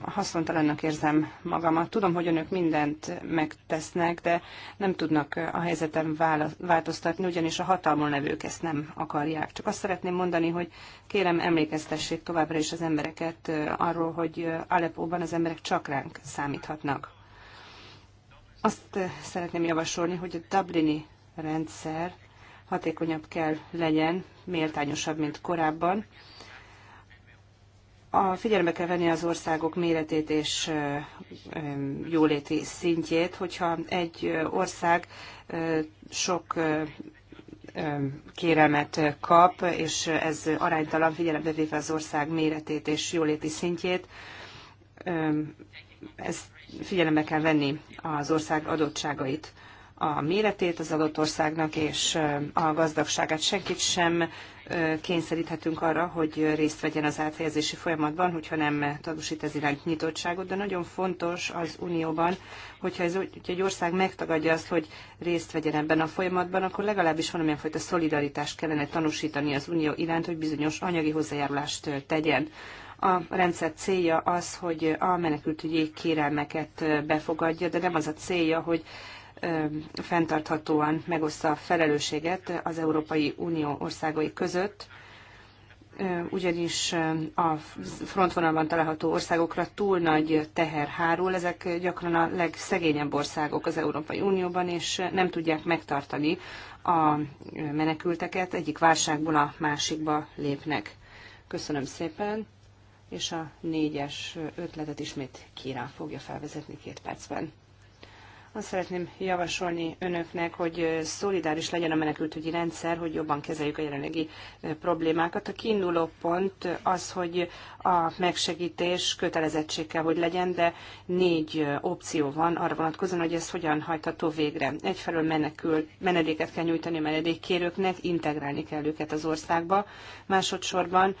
haszontalannak érzem magamat. Tudom, hogy önök mindent megtesznek, de nem tudnak a helyzetem változtatni, ugyanis a hatalmon levők ezt nem akarják. Csak azt szeretném mondani, hogy kérem emlékeztessék továbbra is az embereket arról, hogy Aleppóban az emberek csak ránk számíthatnak. Azt szeretném javasolni, hogy a Dublini rendszer hatékonyabb kell legyen, méltányosabb, mint korábban a figyelembe kell venni az országok méretét és jóléti szintjét, hogyha egy ország sok kérelmet kap, és ez aránytalan figyelembe véve az ország méretét és jóléti szintjét, ezt figyelembe kell venni az ország adottságait a méretét az adott országnak és a gazdagságát. Senkit sem kényszeríthetünk arra, hogy részt vegyen az áthelyezési folyamatban, hogyha nem tanúsít ez irányt nyitottságot, de nagyon fontos az Unióban, hogyha, ez, hogyha egy ország megtagadja azt, hogy részt vegyen ebben a folyamatban, akkor legalábbis valamilyen fajta szolidaritást kellene tanúsítani az Unió iránt, hogy bizonyos anyagi hozzájárulást tegyen. A rendszer célja az, hogy a menekültügyi kérelmeket befogadja, de nem az a célja, hogy fenntarthatóan megoszta a felelősséget az Európai Unió országai között, ugyanis a frontvonalban található országokra túl nagy teher hárul, ezek gyakran a legszegényebb országok az Európai Unióban, és nem tudják megtartani a menekülteket, egyik válságból a másikba lépnek. Köszönöm szépen, és a négyes ötletet ismét Kíra fogja felvezetni két percben. Azt szeretném javasolni önöknek, hogy szolidáris legyen a menekültügyi rendszer, hogy jobban kezeljük a jelenlegi problémákat. A kiinduló pont az, hogy a megsegítés kötelezettség kell, hogy legyen, de négy opció van arra vonatkozóan, hogy ez hogyan hajtható végre. Egyfelől menekül, menedéket kell nyújtani a menedékkérőknek, integrálni kell őket az országba. Másodszorban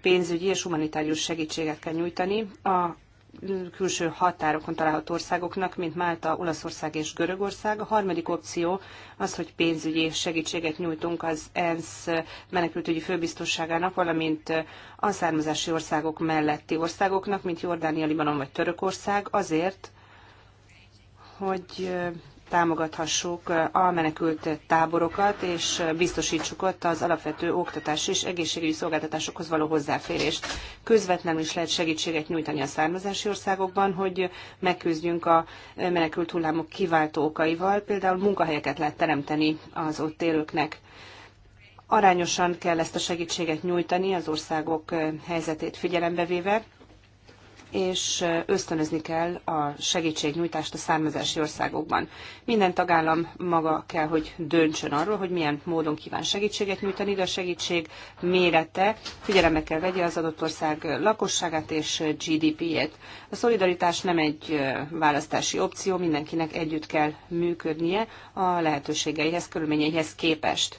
pénzügyi és humanitárius segítséget kell nyújtani. A külső határokon található országoknak, mint Málta, Olaszország és Görögország. A harmadik opció az, hogy pénzügyi segítséget nyújtunk az ENSZ menekültügyi főbiztosságának, valamint a származási országok melletti országoknak, mint Jordánia, Libanon vagy Törökország, azért, hogy támogathassuk a menekült táborokat, és biztosítsuk ott az alapvető oktatás és egészségügyi szolgáltatásokhoz való hozzáférést. Közvetlenül is lehet segítséget nyújtani a származási országokban, hogy megküzdjünk a menekült hullámok kiváltó okaival, például munkahelyeket lehet teremteni az ott élőknek. Arányosan kell ezt a segítséget nyújtani az országok helyzetét figyelembe véve, és ösztönözni kell a segítségnyújtást a származási országokban. Minden tagállam maga kell, hogy döntsön arról, hogy milyen módon kíván segítséget nyújtani, de a segítség mérete figyelembe kell vegye az adott ország lakosságát és GDP-jét. A szolidaritás nem egy választási opció, mindenkinek együtt kell működnie a lehetőségeihez, körülményeihez képest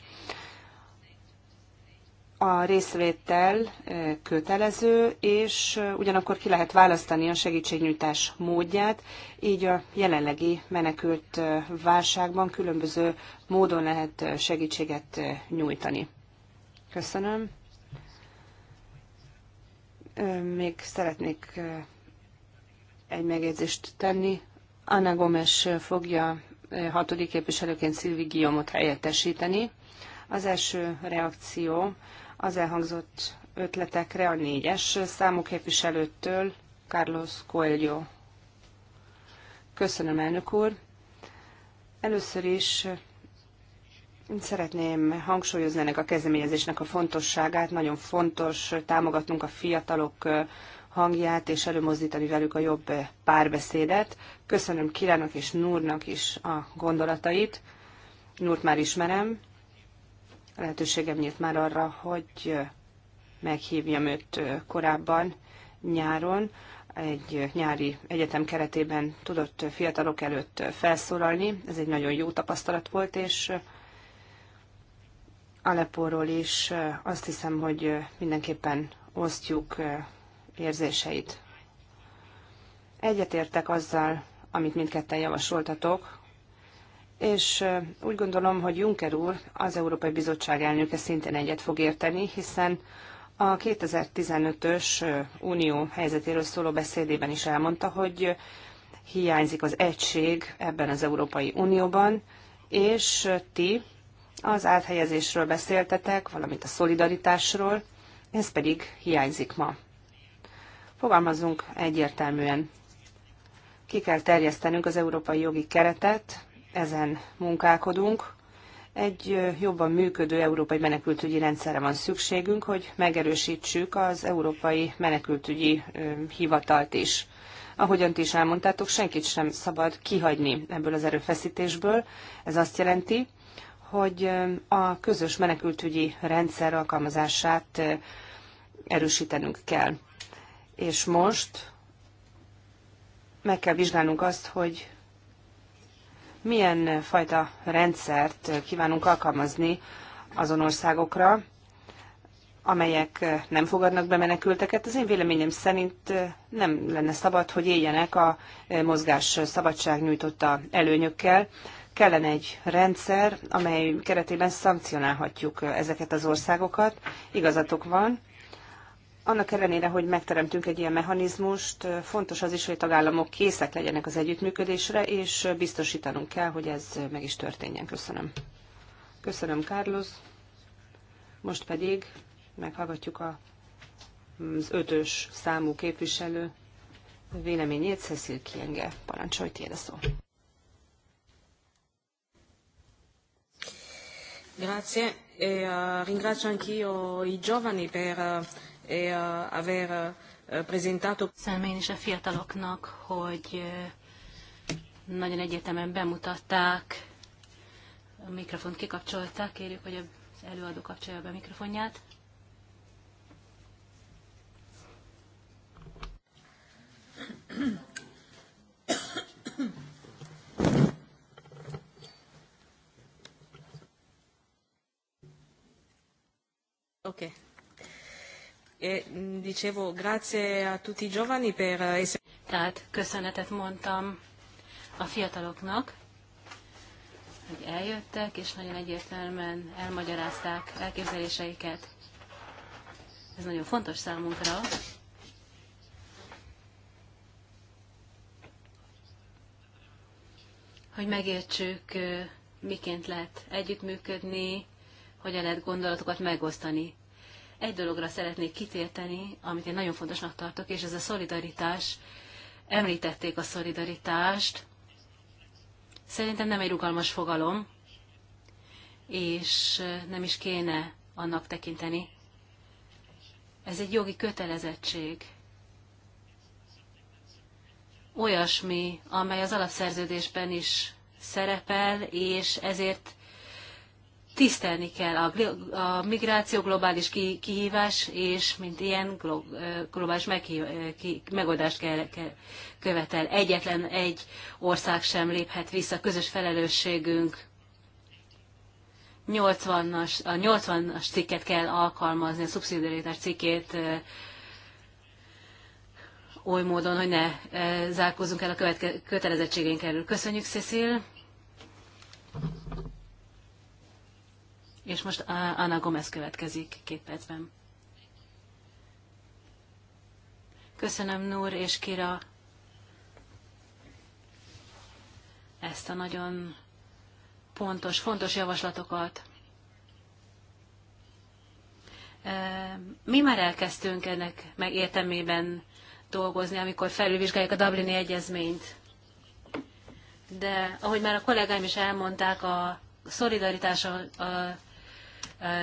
a részvétel kötelező, és ugyanakkor ki lehet választani a segítségnyújtás módját, így a jelenlegi menekült válságban különböző módon lehet segítséget nyújtani. Köszönöm. Még szeretnék egy megjegyzést tenni. Anna Gomes fogja hatodik képviselőként Szilvi Guillaumot helyettesíteni. Az első reakció az elhangzott ötletekre a négyes számú képviselőtől, Carlos Coelho. Köszönöm, elnök úr. Először is Szeretném hangsúlyozni ennek a kezdeményezésnek a fontosságát. Nagyon fontos támogatnunk a fiatalok hangját és előmozdítani velük a jobb párbeszédet. Köszönöm Kiránnak és Núrnak is a gondolatait. Núrt már ismerem, lehetőségem nyílt már arra, hogy meghívjam őt korábban nyáron. Egy nyári egyetem keretében tudott fiatalok előtt felszólalni. Ez egy nagyon jó tapasztalat volt, és Aleppóról is azt hiszem, hogy mindenképpen osztjuk érzéseit. Egyetértek azzal, amit mindketten javasoltatok, és úgy gondolom, hogy Juncker úr, az Európai Bizottság elnöke szintén egyet fog érteni, hiszen a 2015-ös unió helyzetéről szóló beszédében is elmondta, hogy hiányzik az egység ebben az Európai Unióban, és ti az áthelyezésről beszéltetek, valamint a szolidaritásról, ez pedig hiányzik ma. Fogalmazunk egyértelműen. Ki kell terjesztenünk az európai jogi keretet, ezen munkálkodunk. Egy jobban működő európai menekültügyi rendszerre van szükségünk, hogy megerősítsük az európai menekültügyi hivatalt is. Ahogyan ti is elmondtátok, senkit sem szabad kihagyni ebből az erőfeszítésből. Ez azt jelenti, hogy a közös menekültügyi rendszer alkalmazását erősítenünk kell. És most meg kell vizsgálnunk azt, hogy milyen fajta rendszert kívánunk alkalmazni azon országokra, amelyek nem fogadnak be menekülteket. Az én véleményem szerint nem lenne szabad, hogy éljenek a mozgás szabadság nyújtotta előnyökkel. Kellene egy rendszer, amely keretében szankcionálhatjuk ezeket az országokat. Igazatok van, annak ellenére, hogy megteremtünk egy ilyen mechanizmust, fontos az is, hogy a tagállamok készek legyenek az együttműködésre, és biztosítanunk kell, hogy ez meg is történjen. Köszönöm. Köszönöm, Carlos. Most pedig meghallgatjuk a, az ötös számú képviselő véleményét, Cecil Kienge. Parancsolj, tiéd a szó. Grazie, e uh, ringrazio anch'io i giovani per uh, e, e én is a fiataloknak, hogy e, nagyon egyetemen bemutatták, a mikrofont kikapcsolták, kérjük, hogy az előadó kapcsolja be a mikrofonját. Okay. E dicevo, grazie a tutti i giovani per eh, essere... Tehát köszönetet mondtam a fiataloknak, hogy eljöttek, és nagyon egyértelműen elmagyarázták elképzeléseiket. Ez nagyon fontos számunkra. Hogy megértsük, eh, miként lehet együttműködni, hogyan lehet gondolatokat megosztani. Egy dologra szeretnék kitérteni, amit én nagyon fontosnak tartok, és ez a szolidaritás. Említették a szolidaritást. Szerintem nem egy rugalmas fogalom, és nem is kéne annak tekinteni. Ez egy jogi kötelezettség. Olyasmi, amely az alapszerződésben is szerepel, és ezért tisztelni kell a, a migráció globális kihívás, és mint ilyen globális meghív, ki, megoldást kell, kell követel. Egyetlen egy ország sem léphet vissza, közös felelősségünk. 80-as, a 80-as cikket kell alkalmazni, a szubszidiaritás cikkét oly módon, hogy ne zárkózzunk el a követke, kötelezettségénk elől. Köszönjük, Cecil! És most Anna Gomez következik két percben. Köszönöm Nur és Kira ezt a nagyon pontos, fontos javaslatokat. Mi már elkezdtünk ennek megértemében dolgozni, amikor felülvizsgáljuk a Dublini Egyezményt. De ahogy már a kollégáim is elmondták, a szolidaritás a, a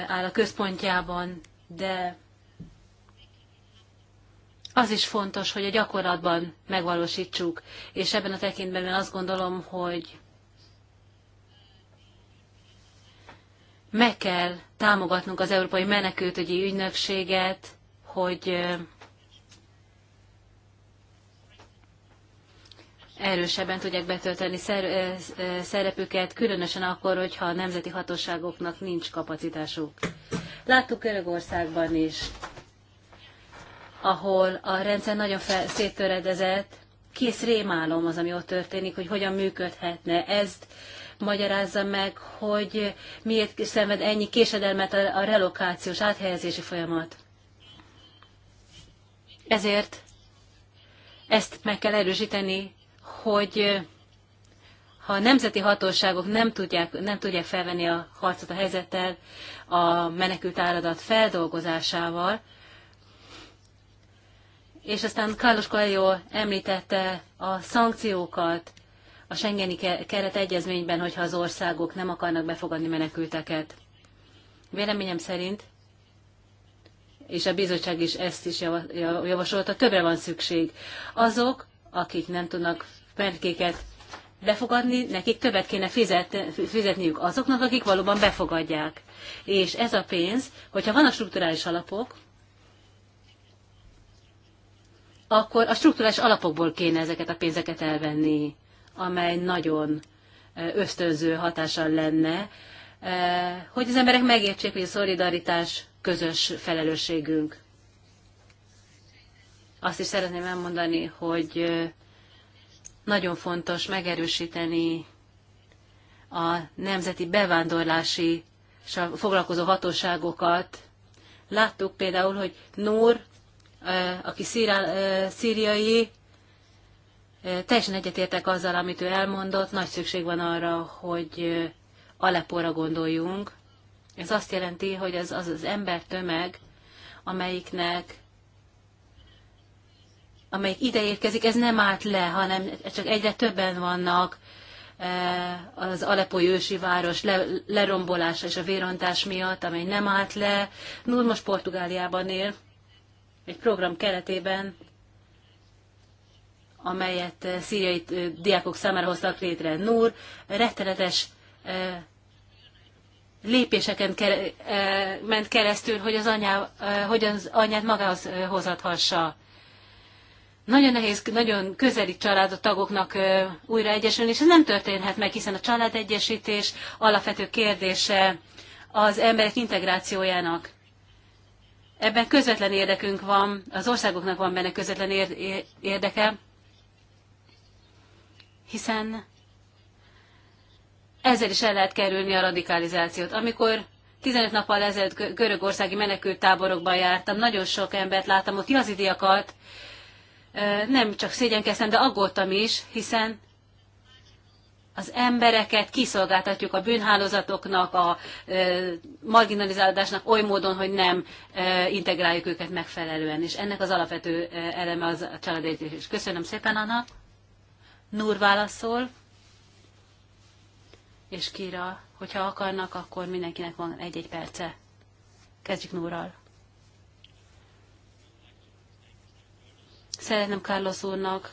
áll a központjában, de az is fontos, hogy a gyakorlatban megvalósítsuk, és ebben a tekintetben azt gondolom, hogy meg kell támogatnunk az Európai Menekültügyi Ügynökséget, hogy erősebben tudják betölteni szerepüket, különösen akkor, hogyha a nemzeti hatóságoknak nincs kapacitásuk. Láttuk Görögországban is, ahol a rendszer nagyon fel, széttöredezett, kész rémálom az, ami ott történik, hogy hogyan működhetne. Ezt magyarázza meg, hogy miért szenved ennyi késedelmet a, a relokációs áthelyezési folyamat. Ezért ezt meg kell erősíteni, hogy ha a nemzeti hatóságok nem tudják, nem tudják felvenni a harcot a helyzettel a menekült áradat feldolgozásával, és aztán Carlos Coelho említette a szankciókat a Schengeni keret egyezményben, hogyha az országok nem akarnak befogadni menekülteket. Véleményem szerint, és a bizottság is ezt is javasolta, többre van szükség. Azok, akik nem tudnak menkéket befogadni, nekik többet kéne fizet, fizetniük azoknak, akik valóban befogadják. És ez a pénz, hogyha van a strukturális alapok, akkor a strukturális alapokból kéne ezeket a pénzeket elvenni, amely nagyon ösztönző hatással lenne, hogy az emberek megértsék, hogy a szolidaritás közös felelősségünk. Azt is szeretném elmondani, hogy nagyon fontos megerősíteni a nemzeti bevándorlási és a foglalkozó hatóságokat. Láttuk például, hogy Nór, aki szíra, szíriai, teljesen egyetértek azzal, amit ő elmondott, nagy szükség van arra, hogy Aleppóra gondoljunk. Ez azt jelenti, hogy ez az az ember tömeg, amelyiknek amelyik ide érkezik, ez nem állt le, hanem csak egyre többen vannak e, az Alepói ősi város le, lerombolása és a vérontás miatt, amely nem állt le. Nur most Portugáliában él, egy program keretében, amelyet e, szíriai e, diákok számára hoztak létre. Nur rettenetes lépéseken ment keresztül, hogy az, anyá, hogy az anyát magához hozathassa nagyon nehéz, nagyon közeli családtagoknak újra egyesülni, és ez nem történhet meg, hiszen a családegyesítés alapvető kérdése az emberek integrációjának. Ebben közvetlen érdekünk van, az országoknak van benne közvetlen érdeke, hiszen ezzel is el lehet kerülni a radikalizációt. Amikor 15 nappal ezelőtt görögországi menekült táborokban jártam, nagyon sok embert láttam ott jazidiakat, nem csak szégyenkeztem, de aggódtam is, hiszen az embereket kiszolgáltatjuk a bűnhálózatoknak, a marginalizálódásnak oly módon, hogy nem integráljuk őket megfelelően. És ennek az alapvető eleme az a családépítés. Köszönöm szépen, Anna. Nur válaszol, és Kira, hogyha akarnak, akkor mindenkinek van egy-egy perce. Kezdjük Nurral. Szeretném Carlos úrnak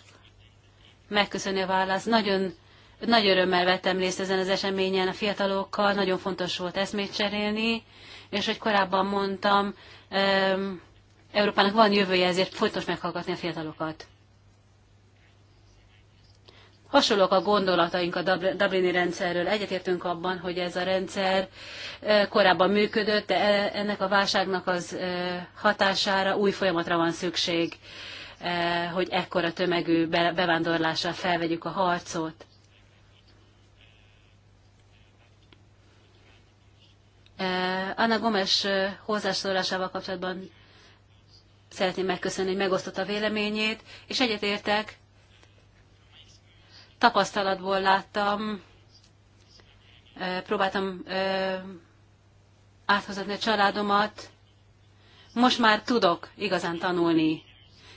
megköszönni a választ. Nagyon nagy örömmel vettem részt ezen az eseményen a fiatalokkal, nagyon fontos volt eszmét cserélni, és hogy korábban mondtam, Európának van jövője, ezért fontos meghallgatni a fiatalokat. Hasonlók a gondolataink a Dublini rendszerről. Egyetértünk abban, hogy ez a rendszer eh, korábban működött, de e- ennek a válságnak az eh, hatására új folyamatra van szükség. Eh, hogy ekkora tömegű bevándorlással felvegyük a harcot. Eh, Anna Gomes eh, hozzászólásával kapcsolatban szeretném megköszönni, hogy megosztotta a véleményét, és egyetértek, tapasztalatból láttam, próbáltam áthozatni a családomat, most már tudok igazán tanulni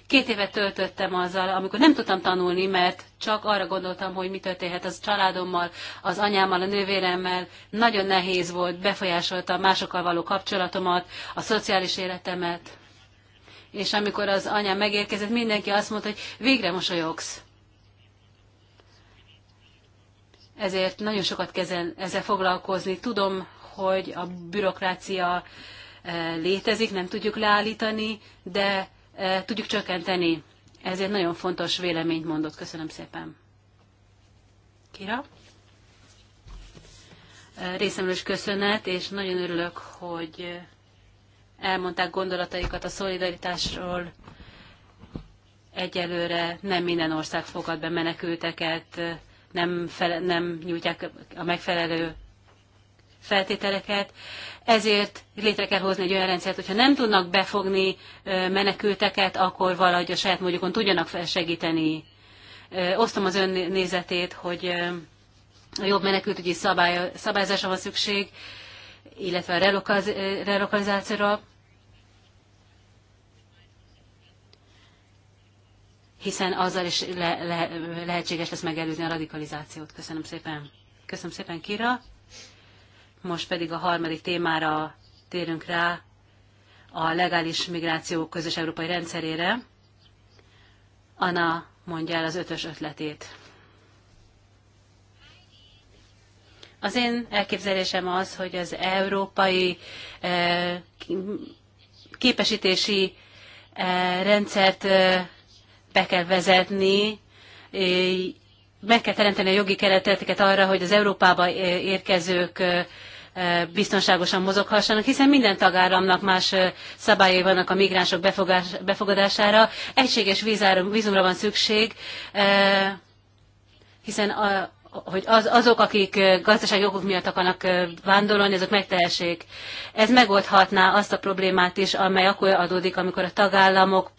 Két évet töltöttem azzal, amikor nem tudtam tanulni, mert csak arra gondoltam, hogy mi történhet az családommal, az anyámmal, a nővéremmel. Nagyon nehéz volt, befolyásolta másokkal való kapcsolatomat, a szociális életemet. És amikor az anyám megérkezett, mindenki azt mondta, hogy végre mosolyogsz. Ezért nagyon sokat kezel ezzel foglalkozni. Tudom, hogy a bürokrácia eh, létezik, nem tudjuk leállítani, de E, tudjuk csökkenteni. Ezért nagyon fontos véleményt mondott. Köszönöm szépen. Kira? E, részemről is köszönet, és nagyon örülök, hogy elmondták gondolataikat a szolidaritásról. Egyelőre nem minden ország fogad be menekülteket, nem, fele, nem nyújtják a megfelelő feltételeket, ezért létre kell hozni egy olyan rendszert, hogyha nem tudnak befogni menekülteket, akkor valahogy a saját módjukon tudjanak segíteni. Osztom az ön nézetét, hogy a jobb menekültügyi szabály, szabályzásra van szükség, illetve a relokalizációra, hiszen azzal is le, le, lehetséges lesz megelőzni a radikalizációt. Köszönöm szépen. Köszönöm szépen, Kira. Most pedig a harmadik témára térünk rá, a legális migráció közös európai rendszerére. Anna mondja el az ötös ötletét. Az én elképzelésem az, hogy az európai eh, képesítési eh, rendszert eh, be kell vezetni, meg kell teremteni a jogi kereteteket arra, hogy az Európába érkezők biztonságosan mozoghassanak, hiszen minden tagállamnak más szabályai vannak a migránsok befogás, befogadására. Egységes vízumra van szükség, hiszen a, hogy az, azok, akik gazdasági okok miatt akarnak vándorolni, azok megtehessék. Ez megoldhatná azt a problémát is, amely akkor adódik, amikor a tagállamok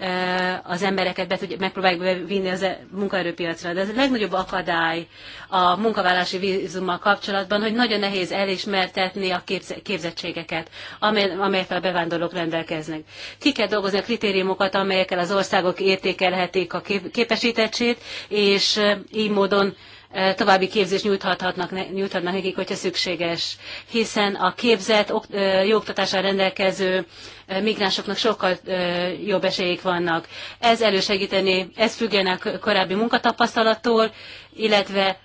Eh, az embereket be tudja, megpróbáljuk bevinni az e- munkaerőpiacra. De ez a legnagyobb akadály a munkavállási vízummal kapcsolatban, hogy nagyon nehéz elismertetni a képzettségeket, amelyekkel a bevándorlók rendelkeznek. Ki kell dolgozni a kritériumokat, amelyekkel az országok értékelhetik a képesítettségét, és eh, így módon további képzést nyújthatnak, nyújthatnak nekik, hogyha szükséges, hiszen a képzett, jó oktatással rendelkező migránsoknak sokkal jobb esélyek vannak. Ez elősegíteni, ez függene a korábbi munkatapasztalattól, illetve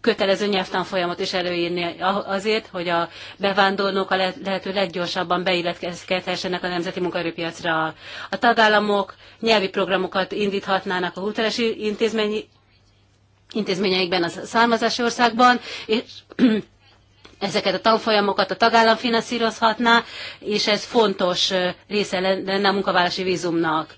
kötelező nyelvtanfolyamot is előírni azért, hogy a bevándorlók a lehető leggyorsabban beilletkezhessenek a nemzeti munkaerőpiacra. A tagállamok nyelvi programokat indíthatnának a húteles intézmény intézményeikben, a származási országban, és ezeket a tanfolyamokat a tagállam finanszírozhatná, és ez fontos része lenne a munkavállalási vízumnak.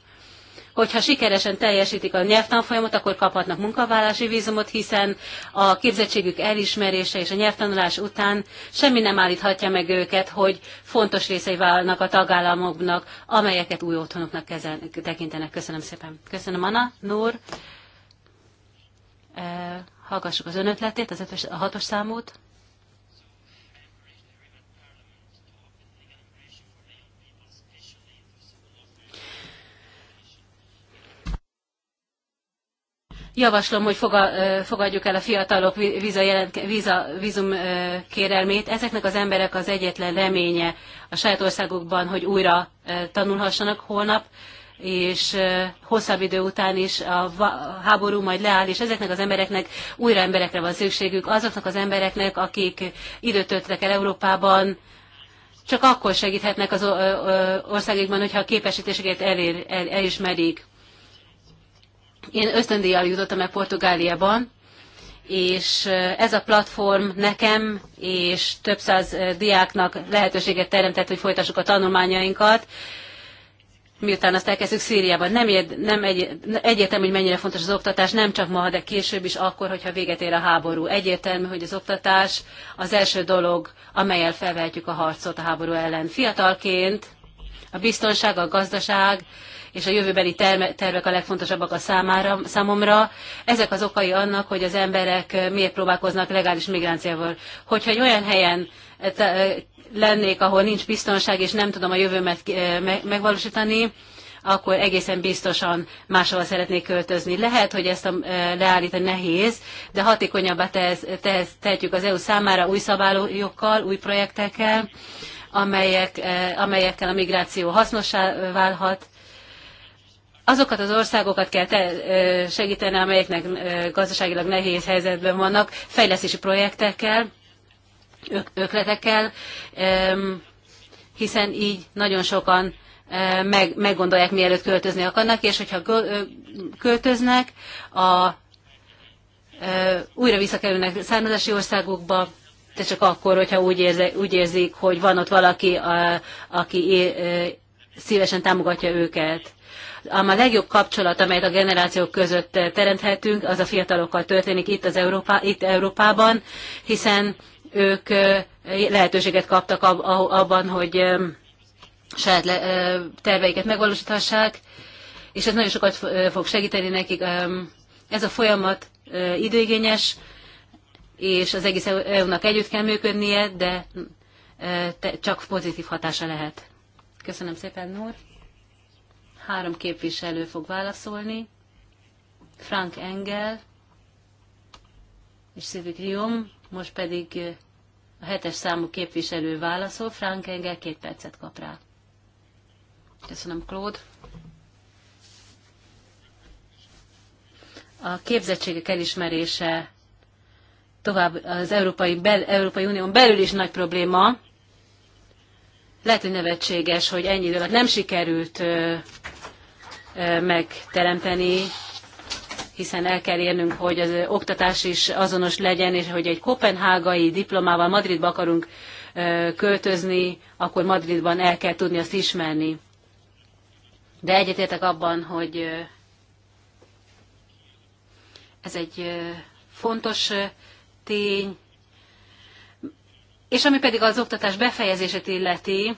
Hogyha sikeresen teljesítik a nyelvtanfolyamot, akkor kaphatnak munkavállalási vízumot, hiszen a képzettségük elismerése és a nyelvtanulás után semmi nem állíthatja meg őket, hogy fontos részei válnak a tagállamoknak, amelyeket új otthonoknak kezel, tekintenek. Köszönöm szépen. Köszönöm, Anna, Nur. Eh, hallgassuk az önötletét, az ötös, a hatos számút. Javaslom, hogy eh, fogadjuk el a fiatalok víza jelent, víza, vízum eh, kérelmét. Ezeknek az emberek az egyetlen reménye a saját országukban, hogy újra tanulhassanak holnap és hosszabb idő után is a háború majd leáll, és ezeknek az embereknek újra emberekre van szükségük, azoknak az embereknek, akik időt töltöttek el Európában, csak akkor segíthetnek az országokban, hogyha a képesítéseket elér, el, elismerik. Én ösztöndíjjal jutottam el Portugáliában, és ez a platform nekem és több száz diáknak lehetőséget teremtett, hogy folytassuk a tanulmányainkat, miután azt elkezdjük Szíriában. Nem, ér, nem egy, egyértelmű, hogy mennyire fontos az oktatás, nem csak ma, de később is akkor, hogyha véget ér a háború. Egyértelmű, hogy az oktatás az első dolog, amelyel felvehetjük a harcot a háború ellen. Fiatalként a biztonság, a gazdaság és a jövőbeli tervek a legfontosabbak a számára, számomra. Ezek az okai annak, hogy az emberek miért próbálkoznak legális migráciával. Hogyha egy olyan helyen lennék, ahol nincs biztonság, és nem tudom a jövőmet eh, megvalósítani, akkor egészen biztosan máshova szeretnék költözni. Lehet, hogy ezt a, eh, leállítani nehéz, de hatékonyabbá tehetjük az EU számára új szabályokkal, új projektekkel, amelyek, eh, amelyekkel a migráció hasznossá válhat. Azokat az országokat kell te, segíteni, amelyeknek gazdaságilag nehéz helyzetben vannak, fejlesztési projektekkel, ötletekkel, hiszen így nagyon sokan meg, meggondolják, mielőtt költözni akarnak, és hogyha költöznek, a, újra visszakerülnek származási országukba, de csak akkor, hogyha úgy, érze, úgy érzik, hogy van ott valaki, a, aki é, szívesen támogatja őket. Ám a legjobb kapcsolat, amelyet a generációk között teremthetünk, az a fiatalokkal történik itt, az Európa itt Európában, hiszen ők lehetőséget kaptak abban, hogy saját terveiket megvalósíthassák, és ez nagyon sokat fog segíteni nekik. Ez a folyamat időigényes, és az egész EU-nak e együtt kell működnie, de csak pozitív hatása lehet. Köszönöm szépen, Nur. Három képviselő fog válaszolni. Frank Engel és Civic Rium, most pedig a hetes számú képviselő válaszol, Frank Engel két percet kap rá. Köszönöm, Claude. A képzettségek elismerése tovább az Európai, bel, Európai Unión belül is nagy probléma. Lehet, hogy nevetséges, hogy ennyi idő alatt nem sikerült ö, ö, megteremteni hiszen el kell érnünk, hogy az oktatás is azonos legyen, és hogy egy kopenhágai diplomával Madridba akarunk költözni, akkor Madridban el kell tudni azt ismerni. De egyetértek abban, hogy ez egy fontos tény, és ami pedig az oktatás befejezését illeti,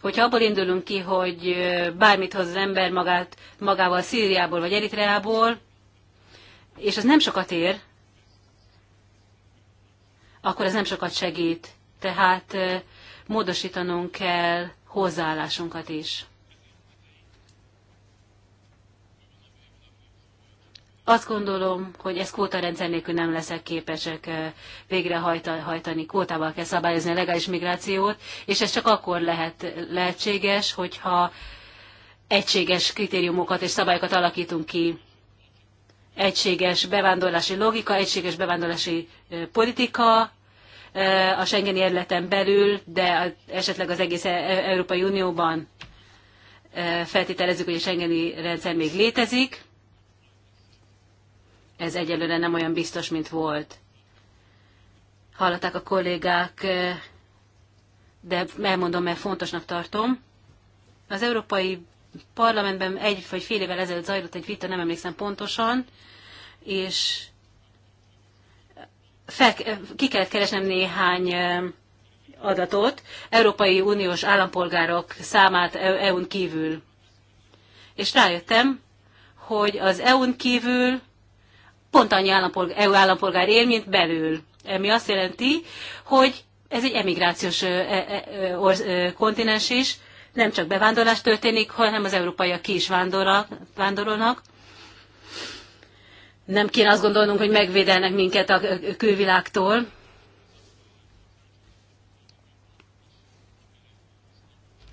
hogyha abból indulunk ki, hogy bármit hoz az ember magát, magával Szíriából vagy Eritreából, és az nem sokat ér, akkor ez nem sokat segít. Tehát módosítanunk kell hozzáállásunkat is. Azt gondolom, hogy ez rendszer nélkül nem leszek képesek végrehajtani. Kvótával kell szabályozni a legális migrációt, és ez csak akkor lehet lehetséges, hogyha egységes kritériumokat és szabályokat alakítunk ki egységes bevándorlási logika, egységes bevándorlási politika a Schengeni területen belül, de esetleg az egész e-, e-, Európai Unióban feltételezzük, hogy a Schengeni rendszer még létezik. Ez egyelőre nem olyan biztos, mint volt. Hallották a kollégák, de elmondom, mert fontosnak tartom. Az Európai parlamentben egy vagy fél évvel ezelőtt zajlott egy vita, nem emlékszem pontosan, és fel, ki kellett keresnem néhány adatot Európai Uniós állampolgárok számát EU-n e kívül. És rájöttem, hogy az EU-n kívül pont annyi állampolgár, EU állampolgár él, mint belül. Ami azt jelenti, hogy ez egy emigrációs e- e- kontinens is, nem csak bevándorlás történik, hanem az európaiak ki is vándorolnak. Nem kéne azt gondolnunk, hogy megvédelnek minket a külvilágtól.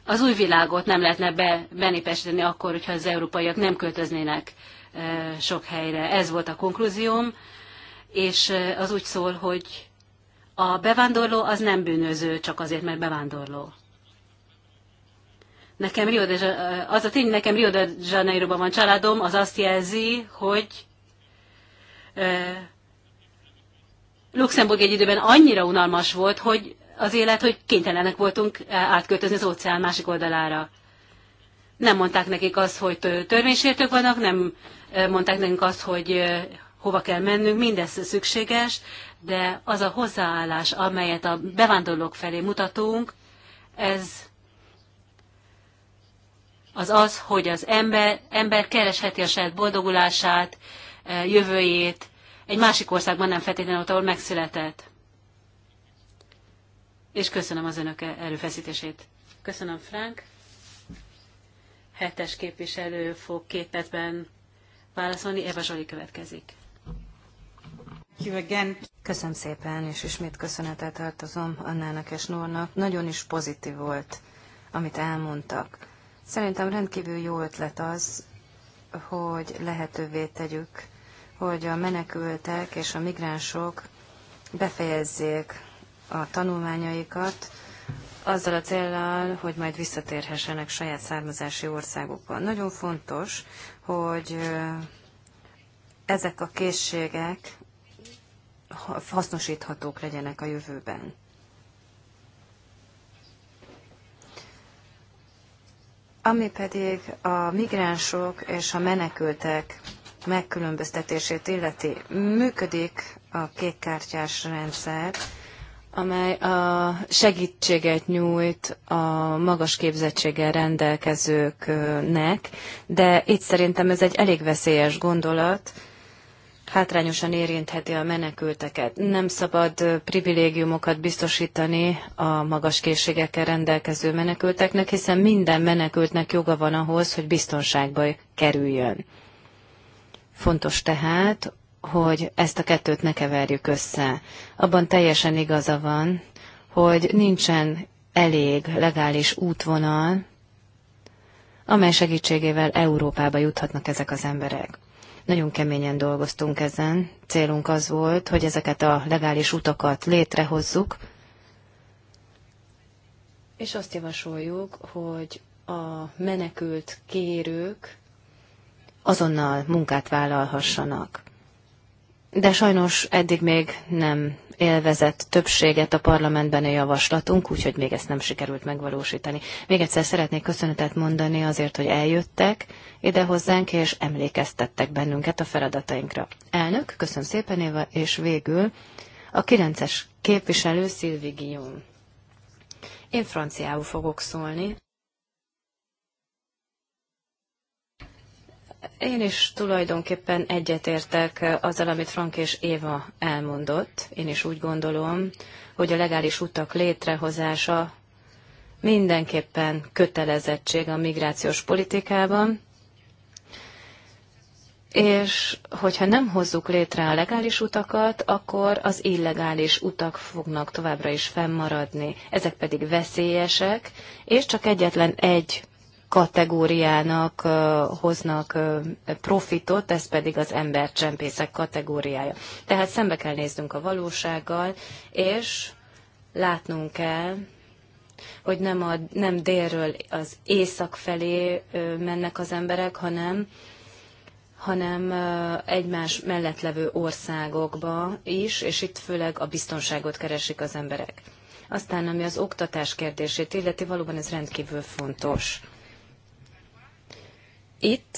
Az új világot nem lehetne be, benépesíteni akkor, hogyha az európaiak nem költöznének e, sok helyre. Ez volt a konklúzióm, és e, az úgy szól, hogy a bevándorló az nem bűnöző, csak azért, mert bevándorló. Nekem Rio de, az a tény, nekem Rio de janeiro van családom, az azt jelzi, hogy Luxemburg egy időben annyira unalmas volt, hogy az élet, hogy kénytelenek voltunk e, átköltözni az óceán másik oldalára. Nem mondták nekik azt, hogy törvénysértők vannak, nem mondták nekik azt, hogy hova kell mennünk, mindez szükséges, de az a hozzáállás, amelyet a bevándorlók felé mutatunk, ez az az, hogy az ember, ember keresheti a saját boldogulását, eh, jövőjét, egy másik országban nem feltétlenül ott, ahol megszületett. És köszönöm az önök erőfeszítését. Köszönöm, Frank. Hetes képviselő fog két percben válaszolni. Eva Zsoli következik. Köszönöm szépen, és ismét köszönetet tartozom Annának és Nornak. Nagyon is pozitív volt, amit elmondtak Szerintem rendkívül jó ötlet az, hogy lehetővé tegyük, hogy a menekültek és a migránsok befejezzék a tanulmányaikat, azzal a célral, hogy majd visszatérhessenek saját származási országukba. Nagyon fontos, hogy ezek a készségek hasznosíthatók legyenek a jövőben. Ami pedig a migránsok és a menekültek megkülönböztetését illeti, működik a kékkártyás rendszer, amely a segítséget nyújt a magas képzettséggel rendelkezőknek, de itt szerintem ez egy elég veszélyes gondolat, hátrányosan érintheti a menekülteket. Nem szabad privilégiumokat biztosítani a magas készségekkel rendelkező menekülteknek, hiszen minden menekültnek joga van ahhoz, hogy biztonságba kerüljön. Fontos tehát, hogy ezt a kettőt ne keverjük össze. Abban teljesen igaza van, hogy nincsen elég legális útvonal, amely segítségével Európába juthatnak ezek az emberek. Nagyon keményen dolgoztunk ezen. Célunk az volt, hogy ezeket a legális utakat létrehozzuk, és azt javasoljuk, hogy a menekült kérők azonnal munkát vállalhassanak de sajnos eddig még nem élvezett többséget a parlamentben a javaslatunk, úgyhogy még ezt nem sikerült megvalósítani. Még egyszer szeretnék köszönetet mondani azért, hogy eljöttek ide hozzánk, és emlékeztettek bennünket a feladatainkra. Elnök, köszönöm szépen, Éva, és végül a 9-es képviselő Szilvi Guillaume. Én franciául fogok szólni. Én is tulajdonképpen egyetértek eh, azzal, amit Frank és Éva elmondott. Én is úgy gondolom, hogy a legális utak létrehozása mindenképpen kötelezettség a migrációs politikában, és hogyha nem hozzuk létre a legális utakat, akkor az illegális utak fognak továbbra is fennmaradni. Ezek pedig veszélyesek, és csak egyetlen egy kategóriának hoznak profitot, ez pedig az embercsempészek kategóriája. Tehát szembe kell néznünk a valósággal, és látnunk kell, hogy nem, a, nem délről az észak felé mennek az emberek, hanem hanem egymás mellett levő országokba is, és itt főleg a biztonságot keresik az emberek. Aztán, ami az oktatás kérdését illeti, valóban ez rendkívül fontos. Itt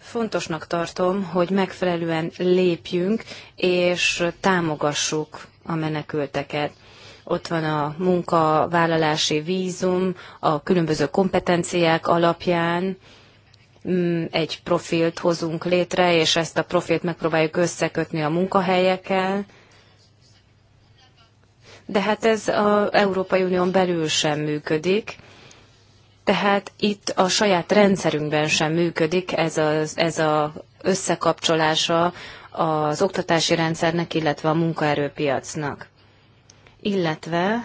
fontosnak tartom, hogy megfelelően lépjünk és támogassuk a menekülteket. Ott van a munkavállalási vízum, a különböző kompetenciák alapján, mm, egy profilt hozunk létre, és ezt a profilt megpróbáljuk összekötni a munkahelyekkel. De hát ez az Európai Unión belül sem működik. Tehát itt a saját rendszerünkben sem működik ez az ez a összekapcsolása az oktatási rendszernek, illetve a munkaerőpiacnak. Illetve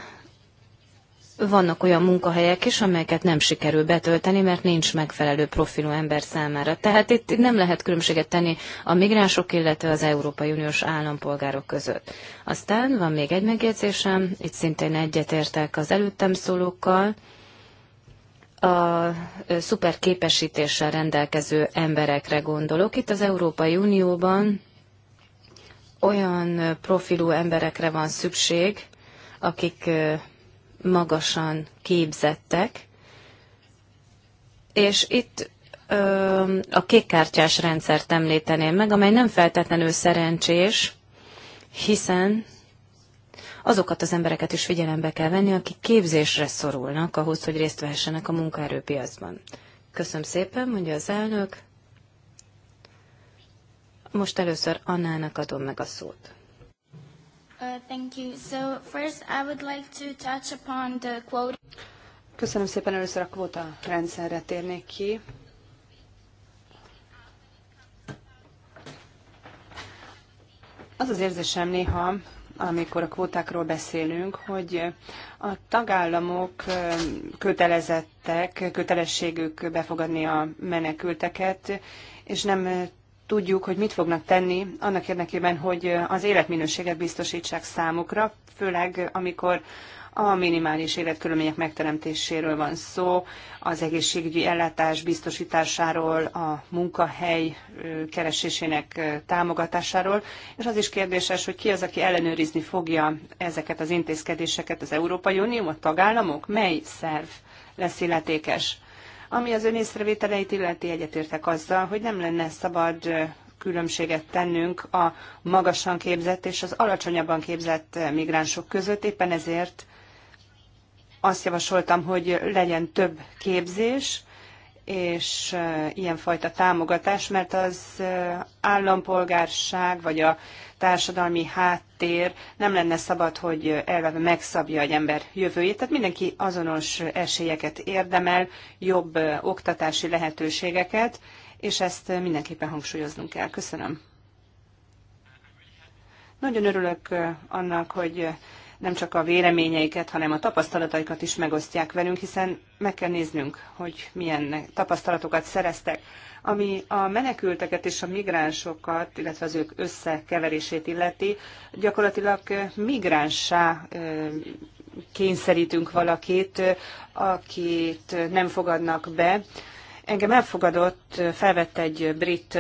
vannak olyan munkahelyek is, amelyeket nem sikerül betölteni, mert nincs megfelelő profilú ember számára. Tehát itt nem lehet különbséget tenni a migránsok, illetve az Európai Uniós állampolgárok között. Aztán van még egy megjegyzésem, itt szintén egyetértek az előttem szólókkal a szuperképesítéssel rendelkező emberekre gondolok. Itt az Európai Unióban olyan profilú emberekre van szükség, akik magasan képzettek, és itt ö, a kékkártyás rendszert említeném meg, amely nem feltétlenül szerencsés, hiszen azokat az embereket is figyelembe kell venni, akik képzésre szorulnak ahhoz, hogy részt vehessenek a munkaerőpiacban. Köszönöm szépen, mondja az elnök. Most először Annának adom meg a szót. Uh, Köszönöm szépen, először a kvóta rendszerre térnék ki. Az az érzésem néha, amikor a kvótákról beszélünk, hogy a tagállamok kötelezettek, kötelességük befogadni a menekülteket, és nem tudjuk, hogy mit fognak tenni annak érdekében, hogy az életminőséget biztosítsák számukra, főleg amikor a minimális életkörülmények megteremtéséről van szó, az egészségügyi ellátás biztosításáról, a munkahely keresésének támogatásáról, és az is kérdéses, hogy ki az, aki ellenőrizni fogja ezeket az intézkedéseket, az Európai Unió, a tagállamok, mely szerv lesz illetékes. Ami az ön észrevételeit illeti, egyetértek azzal, hogy nem lenne szabad különbséget tennünk a magasan képzett és az alacsonyabban képzett migránsok között, éppen ezért azt javasoltam, hogy legyen több képzés, és ilyenfajta támogatás, mert az állampolgárság vagy a társadalmi háttér nem lenne szabad, hogy elveve megszabja egy ember jövőjét. Tehát mindenki azonos esélyeket érdemel, jobb oktatási lehetőségeket, és ezt mindenképpen hangsúlyoznunk kell. Köszönöm. Nagyon örülök annak, hogy nem csak a véleményeiket, hanem a tapasztalataikat is megosztják velünk, hiszen meg kell néznünk, hogy milyen tapasztalatokat szereztek. Ami a menekülteket és a migránsokat, illetve az ők összekeverését illeti, gyakorlatilag migránsá kényszerítünk valakit, akit nem fogadnak be. Engem elfogadott, felvett egy brit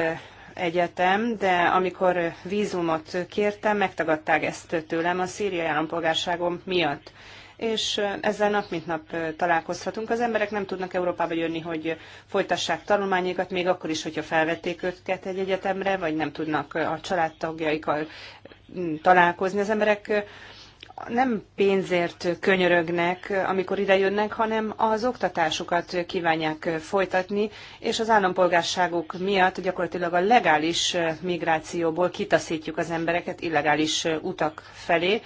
egyetem, de amikor vízumot kértem, megtagadták ezt tőlem a szíriai állampolgárságom miatt. És ezzel nap mint nap találkozhatunk. Az emberek nem tudnak Európába jönni, hogy folytassák tanulmányaikat, még akkor is, hogyha felvették őket egy egyetemre, vagy nem tudnak a családtagjaikkal találkozni. Az emberek nem pénzért könyörögnek, amikor idejönnek, hanem az oktatásukat kívánják folytatni, és az állampolgárságuk miatt gyakorlatilag a legális migrációból kitaszítjuk az embereket illegális utak felé.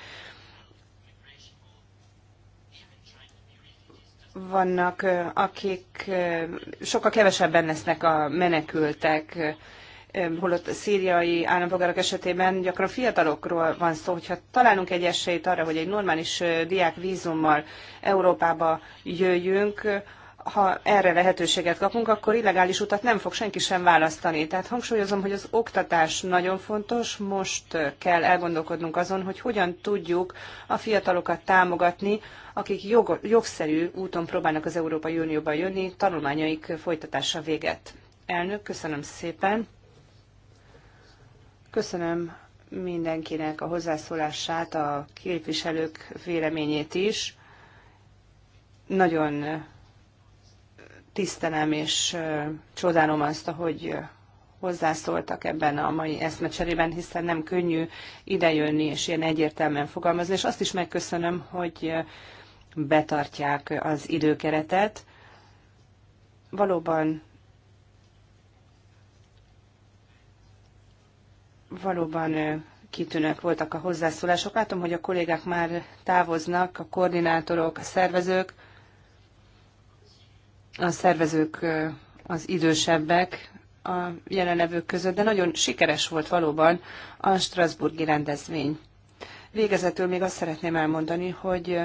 Vannak, akik sokkal kevesebben lesznek a menekültek, holott a szíriai állampolgárok esetében gyakran fiatalokról van szó, hogyha találunk egy esélyt arra, hogy egy normális diák vízummal Európába jöjjünk, ha erre lehetőséget kapunk, akkor illegális utat nem fog senki sem választani. Tehát hangsúlyozom, hogy az oktatás nagyon fontos, most kell elgondolkodnunk azon, hogy hogyan tudjuk a fiatalokat támogatni, akik jog, jogszerű úton próbálnak az Európai Unióba jönni, tanulmányaik folytatása véget. Elnök, köszönöm szépen. Köszönöm mindenkinek a hozzászólását, a képviselők véleményét is. Nagyon tisztelem és csodálom azt, hogy hozzászóltak ebben a mai eszmecserében, hiszen nem könnyű idejönni és ilyen egyértelműen fogalmazni, és azt is megköszönöm, hogy betartják az időkeretet. Valóban Valóban kitűnők voltak a hozzászólások. Látom, hogy a kollégák már távoznak, a koordinátorok, a szervezők. A szervezők az idősebbek a jelenlevők között, de nagyon sikeres volt valóban a Strasburgi rendezvény. Végezetül még azt szeretném elmondani, hogy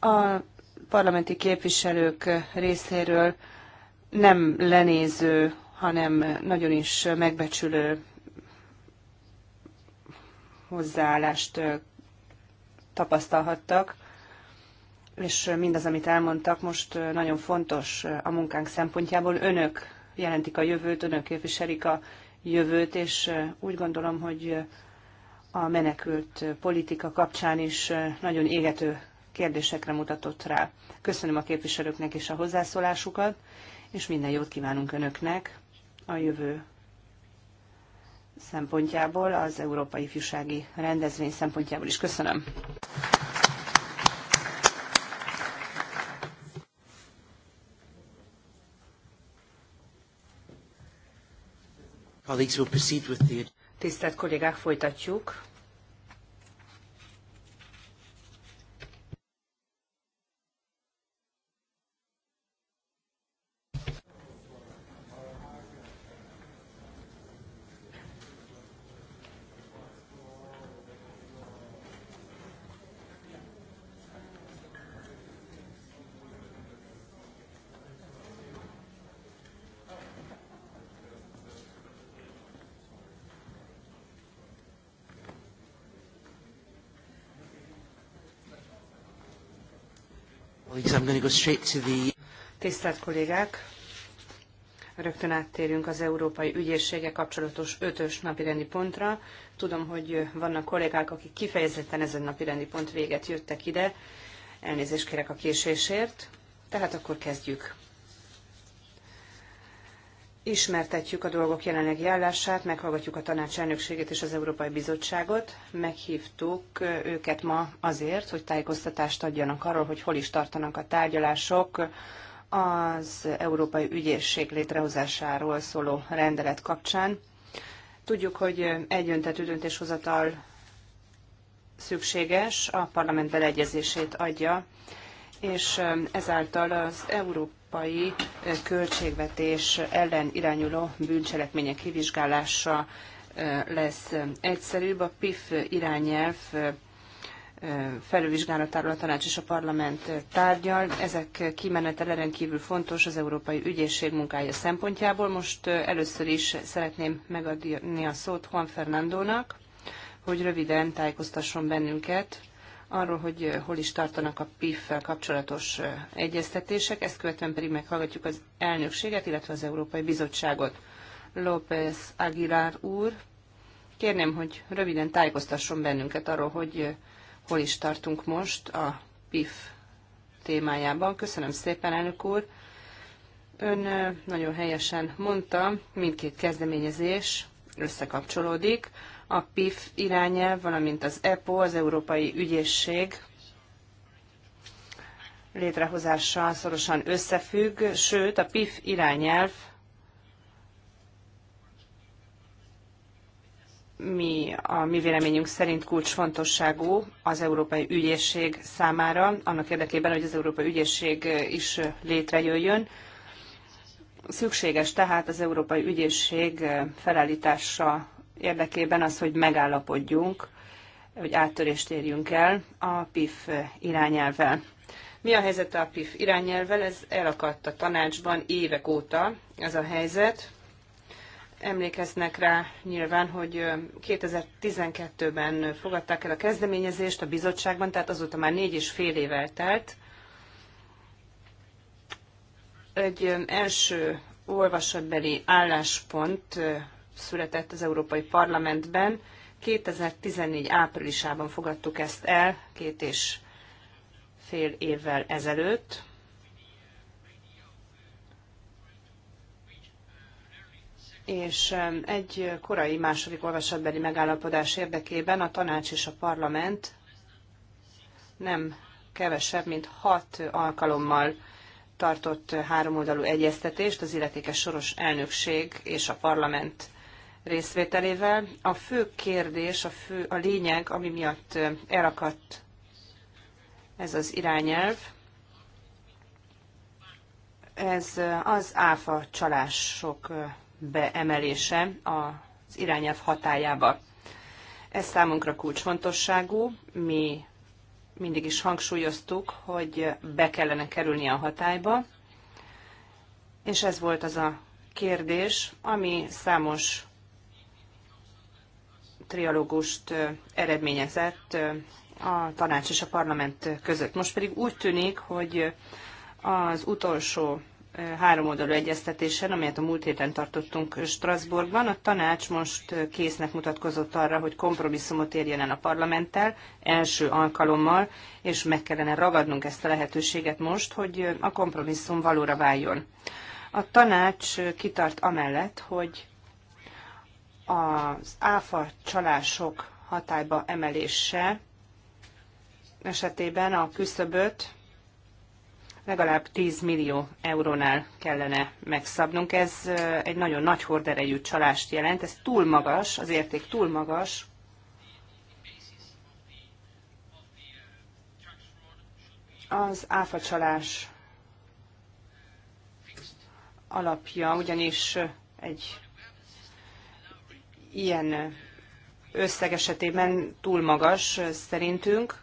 a parlamenti képviselők részéről nem lenéző hanem nagyon is megbecsülő hozzáállást tapasztalhattak, és mindaz, amit elmondtak, most nagyon fontos a munkánk szempontjából. Önök jelentik a jövőt, önök képviselik a jövőt, és úgy gondolom, hogy a menekült politika kapcsán is nagyon égető kérdésekre mutatott rá. Köszönöm a képviselőknek és a hozzászólásukat, és minden jót kívánunk önöknek a jövő szempontjából, az Európai Ifjúsági Rendezvény szempontjából is. Köszönöm. Tisztelt kollégák, folytatjuk. going to go straight to the... Tisztelt kollégák! Rögtön áttérünk az Európai Ügyészsége kapcsolatos ötös napirendi pontra. Tudom, hogy vannak kollégák, akik kifejezetten ezen napirendi pont véget jöttek ide. Elnézést kérek a késésért. Tehát akkor kezdjük ismertetjük a dolgok jelenlegi állását, meghallgatjuk a tanács elnökségét és az Európai Bizottságot. Meghívtuk őket ma azért, hogy tájékoztatást adjanak arról, hogy hol is tartanak a tárgyalások az Európai Ügyészség létrehozásáról szóló rendelet kapcsán. Tudjuk, hogy egyöntetű döntéshozatal szükséges, a parlament beleegyezését adja és um, ezáltal az európai uh, költségvetés ellen irányuló bűncselekmények kivizsgálása uh, lesz um, egyszerűbb. A PIF irányelv uh, felülvizsgálatáról a tanács és a parlament tárgyal. Ezek kimenetele rendkívül fontos az Európai Ügyészség munkája szempontjából. Most először is szeretném megadni a szót Juan Fernandónak, hogy röviden tájékoztasson bennünket arról, hogy eh, hol is tartanak a PIF-fel kapcsolatos eh, egyeztetések, ezt követően pedig meghallgatjuk az elnökséget, illetve az Európai Bizottságot. López Aguilar úr, kérném, hogy röviden tájékoztasson bennünket arról, hogy eh, hol is tartunk most a PIF témájában. Köszönöm szépen, elnök úr! Ön nagyon helyesen mondta, mindkét kezdeményezés összekapcsolódik a PIF irányelv, valamint az EPO, az Európai Ügyészség létrehozása szorosan összefügg, sőt a PIF irányelv mi a mi véleményünk szerint kulcsfontosságú az Európai Ügyészség számára, annak érdekében, hogy az Európai Ügyészség is létrejöjjön. Szükséges tehát az Európai Ügyészség felállítása érdekében az, hogy megállapodjunk, hogy áttörést érjünk el a PIF irányelvel. Mi a helyzet a PIF irányelvel? Ez elakadt a tanácsban évek óta ez a helyzet. Emlékeznek rá nyilván, hogy 2012-ben fogadták el a kezdeményezést a bizottságban, tehát azóta már négy és fél év eltelt. Egy első olvasatbeli álláspont született az Európai Parlamentben. 2014 áprilisában fogadtuk ezt el, két és fél évvel ezelőtt. és egy korai második olvasatbeli megállapodás érdekében a tanács és a parlament nem kevesebb, mint hat alkalommal tartott háromoldalú egyeztetést az illetékes soros elnökség és a parlament részvételével. A fő kérdés, a, fő, a lényeg, ami miatt elakadt ez az irányelv, ez az áfa csalások beemelése az irányelv hatájába. Ez számunkra kulcsfontosságú. Mi mindig is hangsúlyoztuk, hogy be kellene kerülni a hatályba, és ez volt az a kérdés, ami számos trialógust eredményezett a tanács és a parlament között. Most pedig úgy tűnik, hogy az utolsó háromoldalú egyeztetésen, amelyet a múlt héten tartottunk Strasbourgban, a tanács most késznek mutatkozott arra, hogy kompromisszumot érjen el a parlamenttel első alkalommal, és meg kellene ragadnunk ezt a lehetőséget most, hogy a kompromisszum valóra váljon. A tanács kitart amellett, hogy az áfa csalások hatályba emelése esetében a küszöböt legalább 10 millió eurónál kellene megszabnunk. Ez egy nagyon nagy horderejű csalást jelent, ez túl magas, az érték túl magas. Az áfa csalás alapja ugyanis egy ilyen összeg esetében túl magas szerintünk.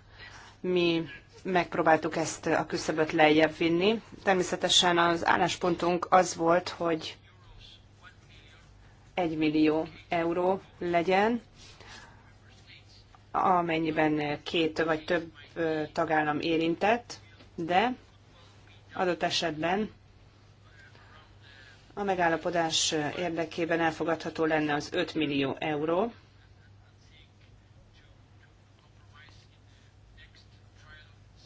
Mi megpróbáltuk ezt a küszöböt lejjebb vinni. Természetesen az álláspontunk az volt, hogy 1 millió euró legyen, amennyiben két vagy több tagállam érintett, de adott esetben a megállapodás érdekében elfogadható lenne az 5 millió euró,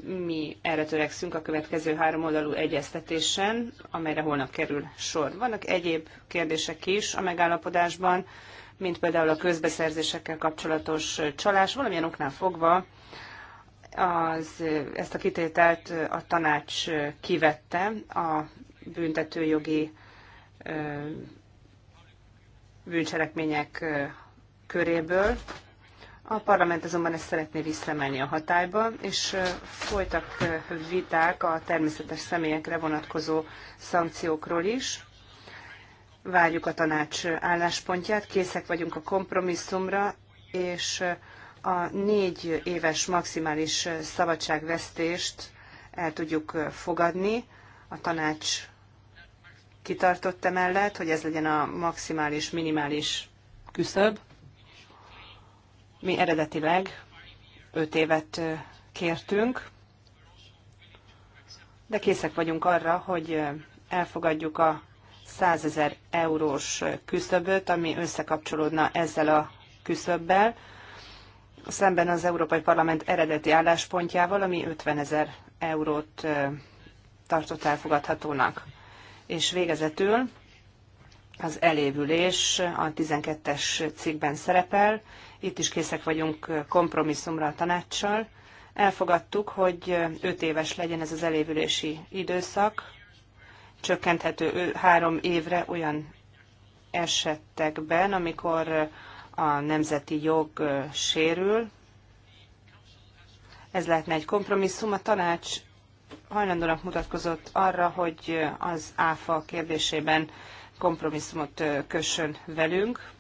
mi erre törekszünk a következő három oldalú egyeztetésen, amelyre holnap kerül sor. Vannak egyéb kérdések is a megállapodásban, mint például a közbeszerzésekkel kapcsolatos csalás, valamilyen oknál fogva az, ezt a kitételt a tanács kivette a büntetőjogi bűncselekmények köréből. A parlament azonban ezt szeretné visszamenni a hatályba, és folytak viták a természetes személyekre vonatkozó szankciókról is. Várjuk a tanács álláspontját, készek vagyunk a kompromisszumra, és a négy éves maximális szabadságvesztést el tudjuk fogadni. A tanács kitartott emellett, hogy ez legyen a maximális, minimális küszöb. Mi eredetileg 5 évet kértünk, de készek vagyunk arra, hogy elfogadjuk a 100 ezer eurós küszöböt, ami összekapcsolódna ezzel a küszöbbel, szemben az Európai Parlament eredeti álláspontjával, ami 50 ezer eurót tartott elfogadhatónak. És végezetül az elévülés a 12-es cikkben szerepel. Itt is készek vagyunk kompromisszumra a tanácssal. Elfogadtuk, hogy 5 éves legyen ez az elévülési időszak, csökkenthető 3 évre olyan esetekben, amikor a nemzeti jog sérül. Ez lehetne egy kompromisszum. A tanács hajlandónak mutatkozott arra, hogy az ÁFA kérdésében kompromisszumot kössön velünk.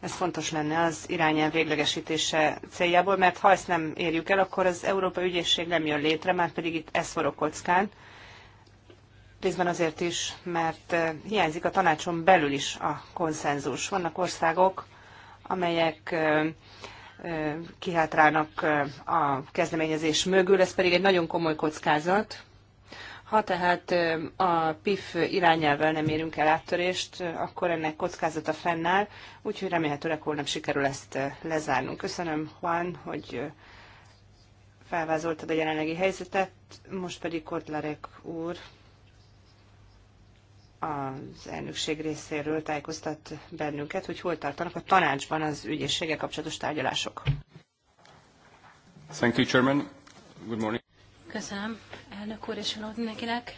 Ez fontos lenne az irányelv véglegesítése céljából, mert ha ezt nem érjük el, akkor az Európa Ügyészség nem jön létre, már pedig itt ez forog kockán. Részben azért is, mert hiányzik a tanácson belül is a konszenzus. Vannak országok, amelyek kihátrálnak a kezdeményezés mögül, ez pedig egy nagyon komoly kockázat. Ha tehát a PIF irányelvvel nem érünk el áttörést, akkor ennek kockázata fennáll, úgyhogy remélhetőleg holnap sikerül ezt lezárnunk. Köszönöm, Juan, hogy felvázoltad a jelenlegi helyzetet, most pedig Kortlarek úr az elnökség részéről tájékoztat bennünket, hogy hol tartanak a tanácsban az ügyészséggel kapcsolatos tárgyalások. Thank you, Chairman. Good morning. Köszönöm, elnök úr, és jó mindenkinek.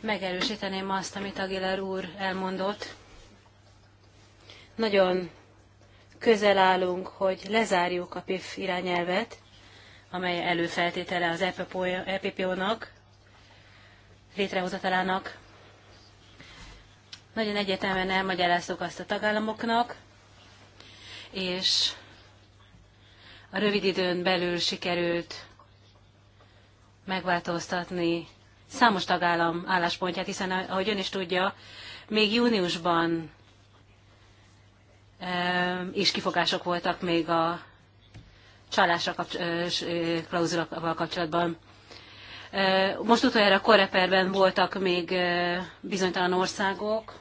Megerősíteném azt, amit Aguilar úr elmondott. Nagyon közel állunk, hogy lezárjuk a PIF irányelvet, amely előfeltétele az EPPO-nak, létrehozatalának. Nagyon egyetemen elmagyaráztuk azt a tagállamoknak, és a rövid időn belül sikerült megváltoztatni számos tagállam álláspontját, hiszen ahogy ön is tudja, még júniusban és kifogások voltak még a csalásra kapcs- klauzulával kapcsolatban. Most utoljára Koreperben voltak még bizonytalan országok,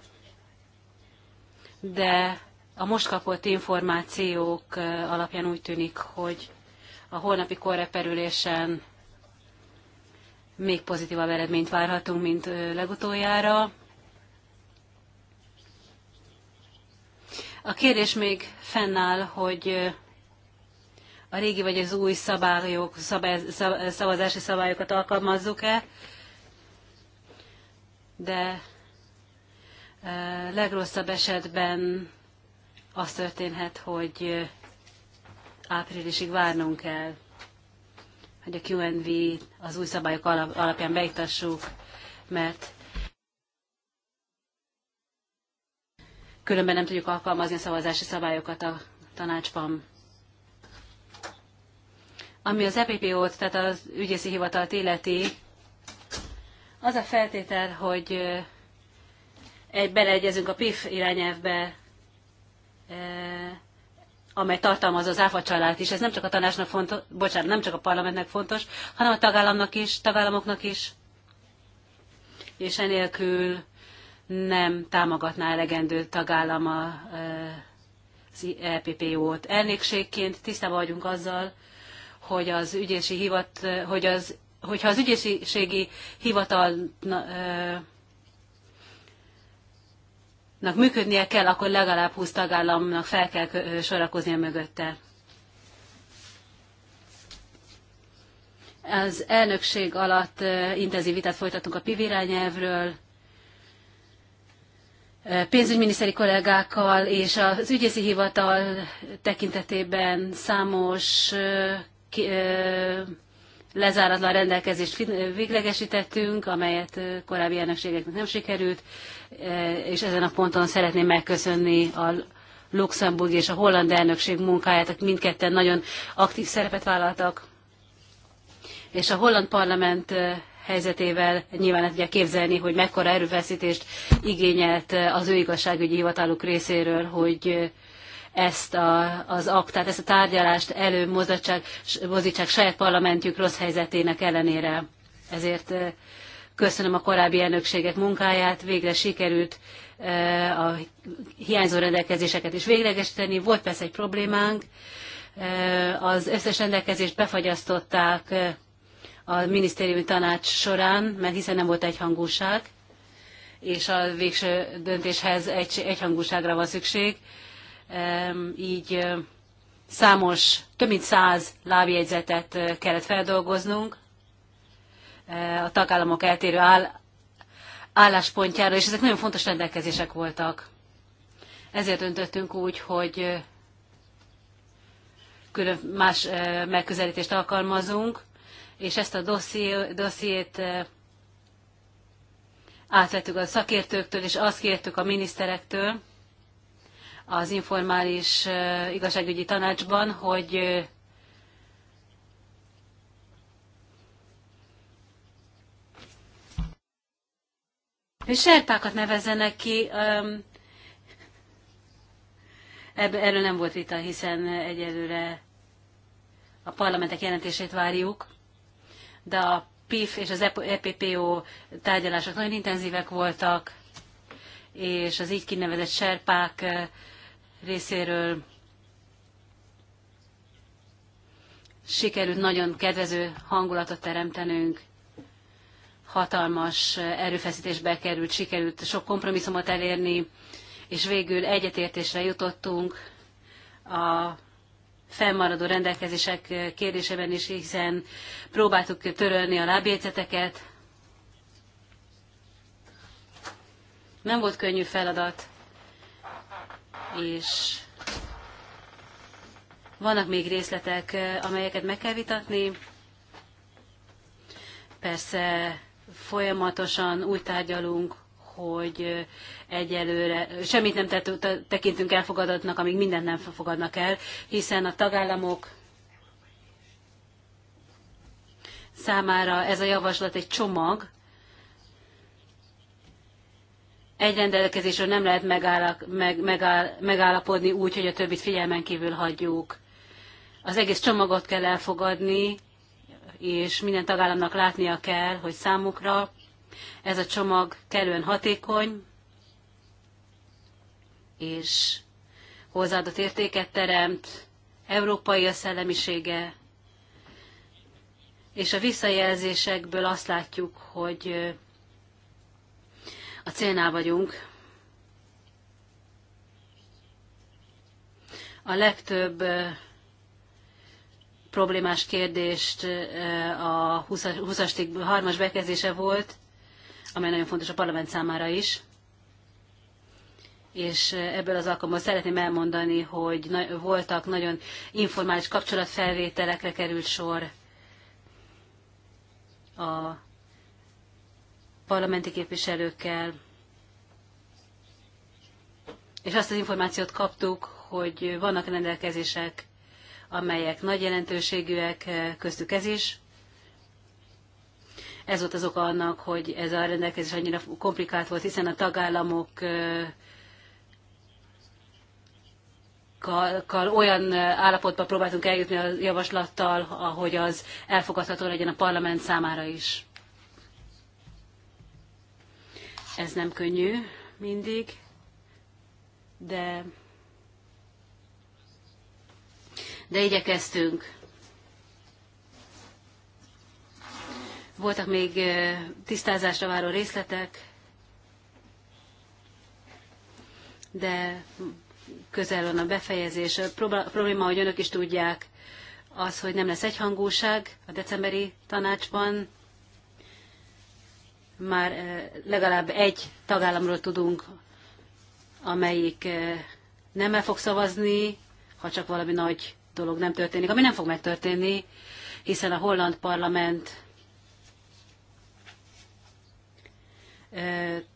de a most kapott információk alapján úgy tűnik, hogy a holnapi Koreperülésen még pozitívabb eredményt várhatunk, mint legutoljára. A kérdés még fennáll, hogy a régi vagy az új szabályok, szabály, szavazási szabályokat alkalmazzuk-e, de e, legrosszabb esetben az történhet, hogy e, áprilisig várnunk kell, hogy a QNV az új szabályok alapján beiktassuk, mert különben nem tudjuk alkalmazni a szavazási szabályokat a tanácsban. Ami az EPPO-t, tehát az ügyészi hivatalt illeti, az a feltétel, hogy egy, beleegyezünk a PIF irányelvbe, amely tartalmaz az áfa család is. Ez nem csak a tanácsnak fontos, bocsánat, nem csak a parlamentnek fontos, hanem a tagállamnak is, tagállamoknak is. És enélkül nem támogatná elegendő tagállam az EPPO-t. Elnökségként tisztában vagyunk azzal, hogy az ügyési hivat, hogy az, hogyha az ügyészségi hivatalnak működnie kell, akkor legalább 20 tagállamnak fel kell sorakoznia mögötte. Az elnökség alatt intenzív vitát folytatunk a PIV irányelvről, pénzügyminiszteri kollégákkal és az ügyészi hivatal tekintetében számos lezáratlan rendelkezést véglegesítettünk, amelyet korábbi elnökségeknek nem sikerült, és ezen a ponton szeretném megköszönni a Luxemburg és a holland elnökség munkáját, akik mindketten nagyon aktív szerepet vállaltak, és a holland parlament helyzetével nyilván lehet képzelni, hogy mekkora erőfeszítést igényelt az ő igazságügyi hivataluk részéről, hogy ezt a, az aktát, ezt a tárgyalást előmozdítsák, mozdítsák saját parlamentjük rossz helyzetének ellenére. Ezért eh, köszönöm a korábbi elnökségek munkáját, végre sikerült eh, a hiányzó rendelkezéseket is véglegesíteni. Volt persze egy problémánk, eh, az összes rendelkezést befagyasztották a minisztériumi tanács során, mert hiszen nem volt egyhangúság, és a végső döntéshez egy, egyhangúságra van szükség így számos, több mint száz lábjegyzetet kellett feldolgoznunk a tagállamok eltérő áll, álláspontjára, és ezek nagyon fontos rendelkezések voltak. Ezért döntöttünk úgy, hogy külön más megközelítést alkalmazunk, és ezt a dossziét, dossziét átvettük a szakértőktől, és azt kértük a miniszterektől, az informális igazságügyi tanácsban, hogy sertákat nevezzenek ki, erről nem volt vita, hiszen egyelőre a parlamentek jelentését várjuk, de a PIF és az EPPO e tárgyalások nagyon intenzívek voltak, és az így kinevezett serpák részéről sikerült nagyon kedvező hangulatot teremtenünk, hatalmas erőfeszítésbe került, sikerült sok kompromisszumot elérni, és végül egyetértésre jutottunk a fennmaradó rendelkezések kérdésében is, hiszen próbáltuk törölni a lábjegyzeteket. Nem volt könnyű feladat, és vannak még részletek, amelyeket meg kell vitatni. Persze folyamatosan úgy tárgyalunk, hogy egyelőre semmit nem tekintünk elfogadatnak, amíg mindent nem fogadnak el, hiszen a tagállamok számára ez a javaslat egy csomag, egy rendelkezésről nem lehet megáll, meg, megáll, megállapodni úgy, hogy a többit figyelmen kívül hagyjuk. Az egész csomagot kell elfogadni, és minden tagállamnak látnia kell, hogy számukra ez a csomag kellően hatékony, és hozzáadott értéket teremt, európai a szellemisége, és a visszajelzésekből azt látjuk, hogy a célnál vagyunk. A legtöbb problémás kérdést a 20-as 3-as bekezdése volt, amely nagyon fontos a parlament számára is. És ebből az alkalommal szeretném elmondani, hogy voltak nagyon informális kapcsolatfelvételekre került sor a parlamenti képviselőkkel, és azt az információt kaptuk, hogy vannak rendelkezések, amelyek nagy jelentőségűek, eh, köztük ez is. Ez volt az oka annak, hogy ez a rendelkezés annyira komplikált volt, hiszen a tagállamok eh, olyan eh, állapotba próbáltunk eljutni a javaslattal, ahogy az elfogadható legyen a parlament számára is. Ez nem könnyű mindig, de, de igyekeztünk. Voltak még tisztázásra váró részletek, de közel van a befejezés. A probléma, hogy önök is tudják, az, hogy nem lesz egyhangúság a decemberi tanácsban, már legalább egy tagállamról tudunk, amelyik nem el fog szavazni, ha csak valami nagy dolog nem történik, ami nem fog megtörténni, hiszen a holland parlament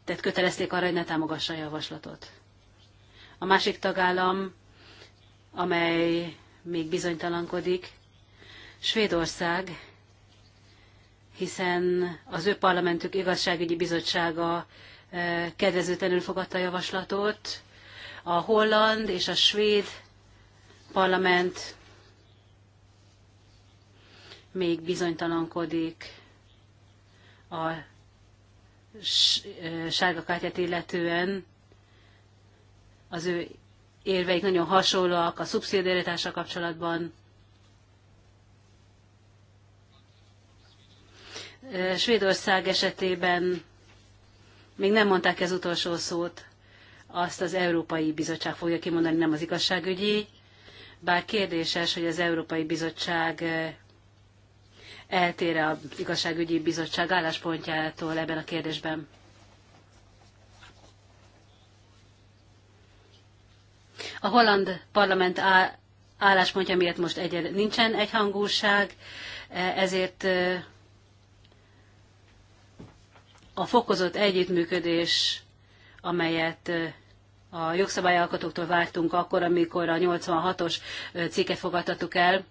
tehát kötelezték arra, hogy ne támogassa a javaslatot. A másik tagállam, amely még bizonytalankodik, Svédország, hiszen az ő parlamentük igazságügyi bizottsága eh, kedvezőtlenül fogadta a javaslatot. A holland és a svéd parlament még bizonytalankodik a eh, sárga kártyát illetően. Az ő érveik nagyon hasonlóak a szubszidiaritással kapcsolatban, Svédország esetében még nem mondták ez utolsó szót, azt az Európai Bizottság fogja kimondani, nem az igazságügyi, bár kérdéses, hogy az Európai Bizottság eh, eltér az igazságügyi bizottság álláspontjától ebben a kérdésben. A holland parlament álláspontja miatt most egyel nincsen egyhangúság, eh, ezért eh, a fokozott együttműködés, amelyet a jogszabályalkotóktól vártunk akkor, amikor a 86-os cikket fogadtattuk el,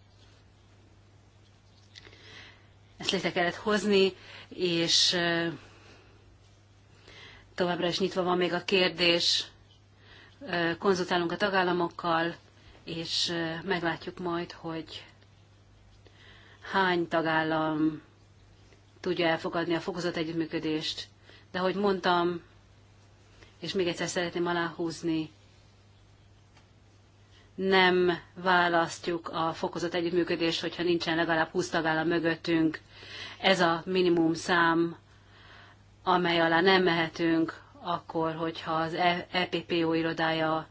ezt létre kellett hozni, és továbbra is nyitva van még a kérdés, konzultálunk a tagállamokkal, és meglátjuk majd, hogy hány tagállam tudja elfogadni a fokozott együttműködést. De ahogy mondtam, és még egyszer szeretném aláhúzni, nem választjuk a fokozott együttműködést, hogyha nincsen legalább 20 tagállam mögöttünk. Ez a minimum szám, amely alá nem mehetünk, akkor, hogyha az EPPO e irodája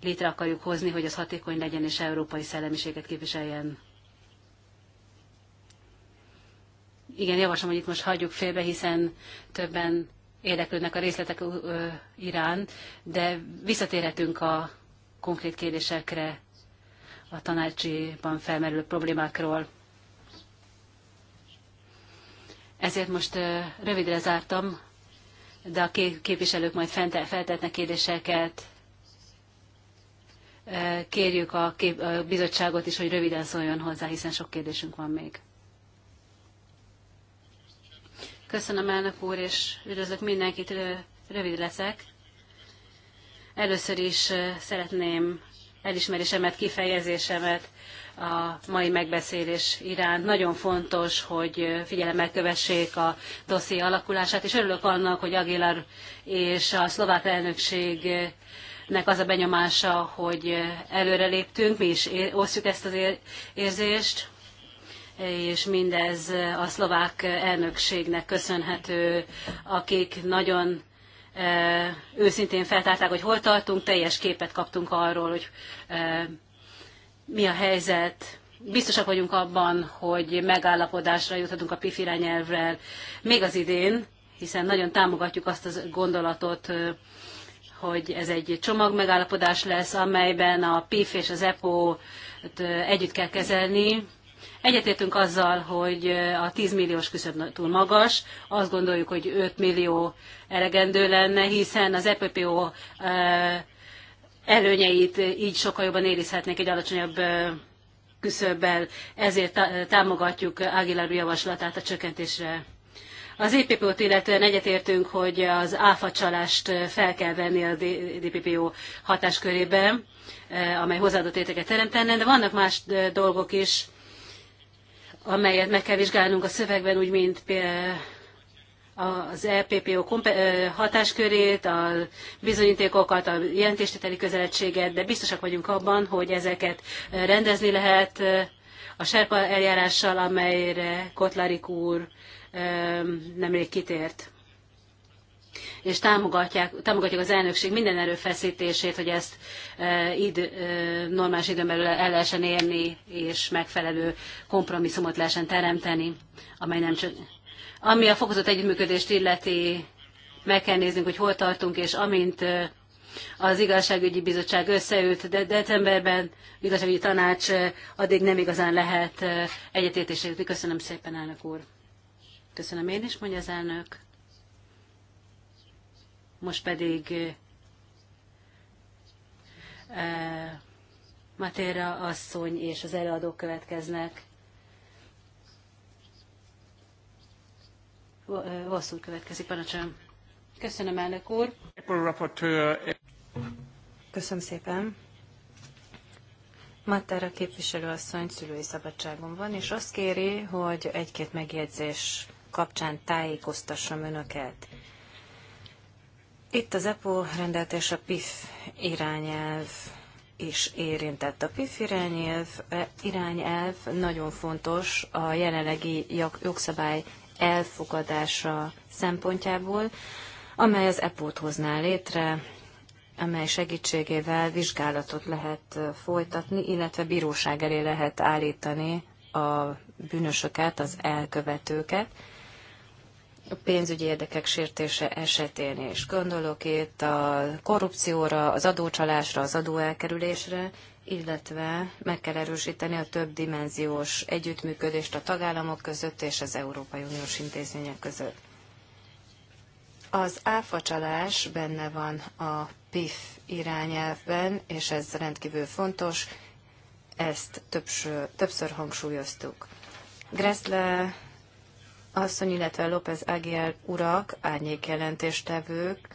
létre akarjuk hozni, hogy az hatékony legyen és európai szellemiséget képviseljen. igen, javaslom, hogy itt most hagyjuk félbe, hiszen többen érdeklődnek a részletek irán, de visszatérhetünk a konkrét kérdésekre, a tanácsiban felmerülő problémákról. Ezért most rövidre zártam, de a képviselők majd feltetnek kérdéseket. Kérjük a, a bizottságot is, hogy röviden szóljon hozzá, hiszen sok kérdésünk van még. Köszönöm, elnök úr, és üdvözlök mindenkit, rövid leszek. Először is szeretném elismerésemet, kifejezésemet a mai megbeszélés iránt. Nagyon fontos, hogy figyelemmel kövessék a dosszi alakulását, és örülök annak, hogy Agilar és a szlovák elnökségnek az a benyomása, hogy előre léptünk, mi is osztjuk ezt az érzést és mindez a szlovák elnökségnek köszönhető, akik nagyon e, őszintén feltárták, hogy hol tartunk, teljes képet kaptunk arról, hogy e, mi a helyzet, biztosak vagyunk abban, hogy megállapodásra juthatunk a PIF irányelvrel még az idén, hiszen nagyon támogatjuk azt a gondolatot, e, hogy ez egy csomag megállapodás lesz, amelyben a PIF és az EPO együtt kell kezelni, Egyetértünk azzal, hogy a 10 milliós küszöb túl magas, azt gondoljuk, hogy 5 millió elegendő lenne, hiszen az EPPO előnyeit így sokkal jobban érizhetnék egy alacsonyabb küszöbbel, ezért támogatjuk Ágiláru javaslatát a csökkentésre. Az EPPO-t illetően egyetértünk, hogy az áfa csalást fel kell venni a DPPO hatáskörében, amely hozzáadott érteket teremtene, de vannak más dolgok is, amelyet meg kell vizsgálnunk a szövegben, úgy mint az EPPO hatáskörét, a bizonyítékokat, a jelentésteteli közeledtséget, de biztosak vagyunk abban, hogy ezeket rendezni lehet a serpa eljárással, amelyre Kotlarik úr nemrég kitért és támogatják, támogatják az elnökség minden erőfeszítését, hogy ezt e, e, normális időn belül el lehessen érni, és megfelelő kompromisszumot lehessen teremteni, amely nem csak... Ami a fokozott együttműködést illeti, meg kell néznünk, hogy hol tartunk, és amint e, az igazságügyi bizottság összeült de decemberben, az igazságügyi tanács e, addig nem igazán lehet e, egyetértésre jutni. Köszönöm szépen, elnök úr. Köszönöm én is, mondja az elnök. Most pedig eh, Matéra asszony és az előadók következnek. Eh, Hosszú következik, parancsolom. Köszönöm, elnök úr. Köszönöm szépen. képviselő asszony szülői szabadságon van, és azt kéri, hogy egy-két megjegyzés kapcsán tájékoztassam önöket. Itt az EPO rendelt és a PIF irányelv is érintett. A PIF irányelv, eh, irányelv nagyon fontos a jelenlegi jogszabály elfogadása szempontjából, amely az EPO-t hozná létre, amely segítségével vizsgálatot lehet eh, folytatni, illetve bíróság elé lehet állítani a bűnösöket, az elkövetőket pénzügyi érdekek sértése esetén is. Gondolok itt a korrupcióra, az adócsalásra, az adóelkerülésre, illetve meg kell erősíteni a több dimenziós együttműködést a tagállamok között és az Európai Uniós intézmények között. Az áfacsalás benne van a PIF irányelvben, és ez rendkívül fontos, ezt többször, többször hangsúlyoztuk. Gressle asszony, illetve López Aguiar urak, árnyékjelentéstevők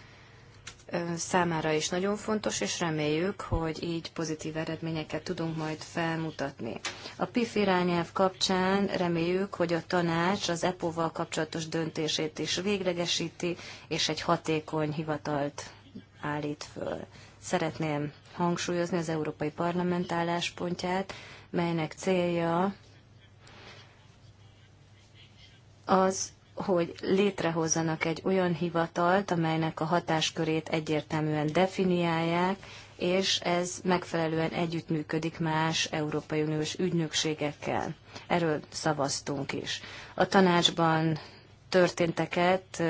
számára is nagyon fontos, és reméljük, hogy így pozitív eredményeket tudunk majd felmutatni. A PIF irányelv kapcsán reméljük, hogy a tanács az EPO-val kapcsolatos döntését is véglegesíti, és egy hatékony hivatalt állít föl. Szeretném hangsúlyozni az Európai Parlament álláspontját, melynek célja az, hogy létrehozzanak egy olyan hivatalt, amelynek a hatáskörét egyértelműen definiálják, és ez megfelelően együttműködik más Európai Uniós ügynökségekkel. Erről szavaztunk is. A tanácsban történteket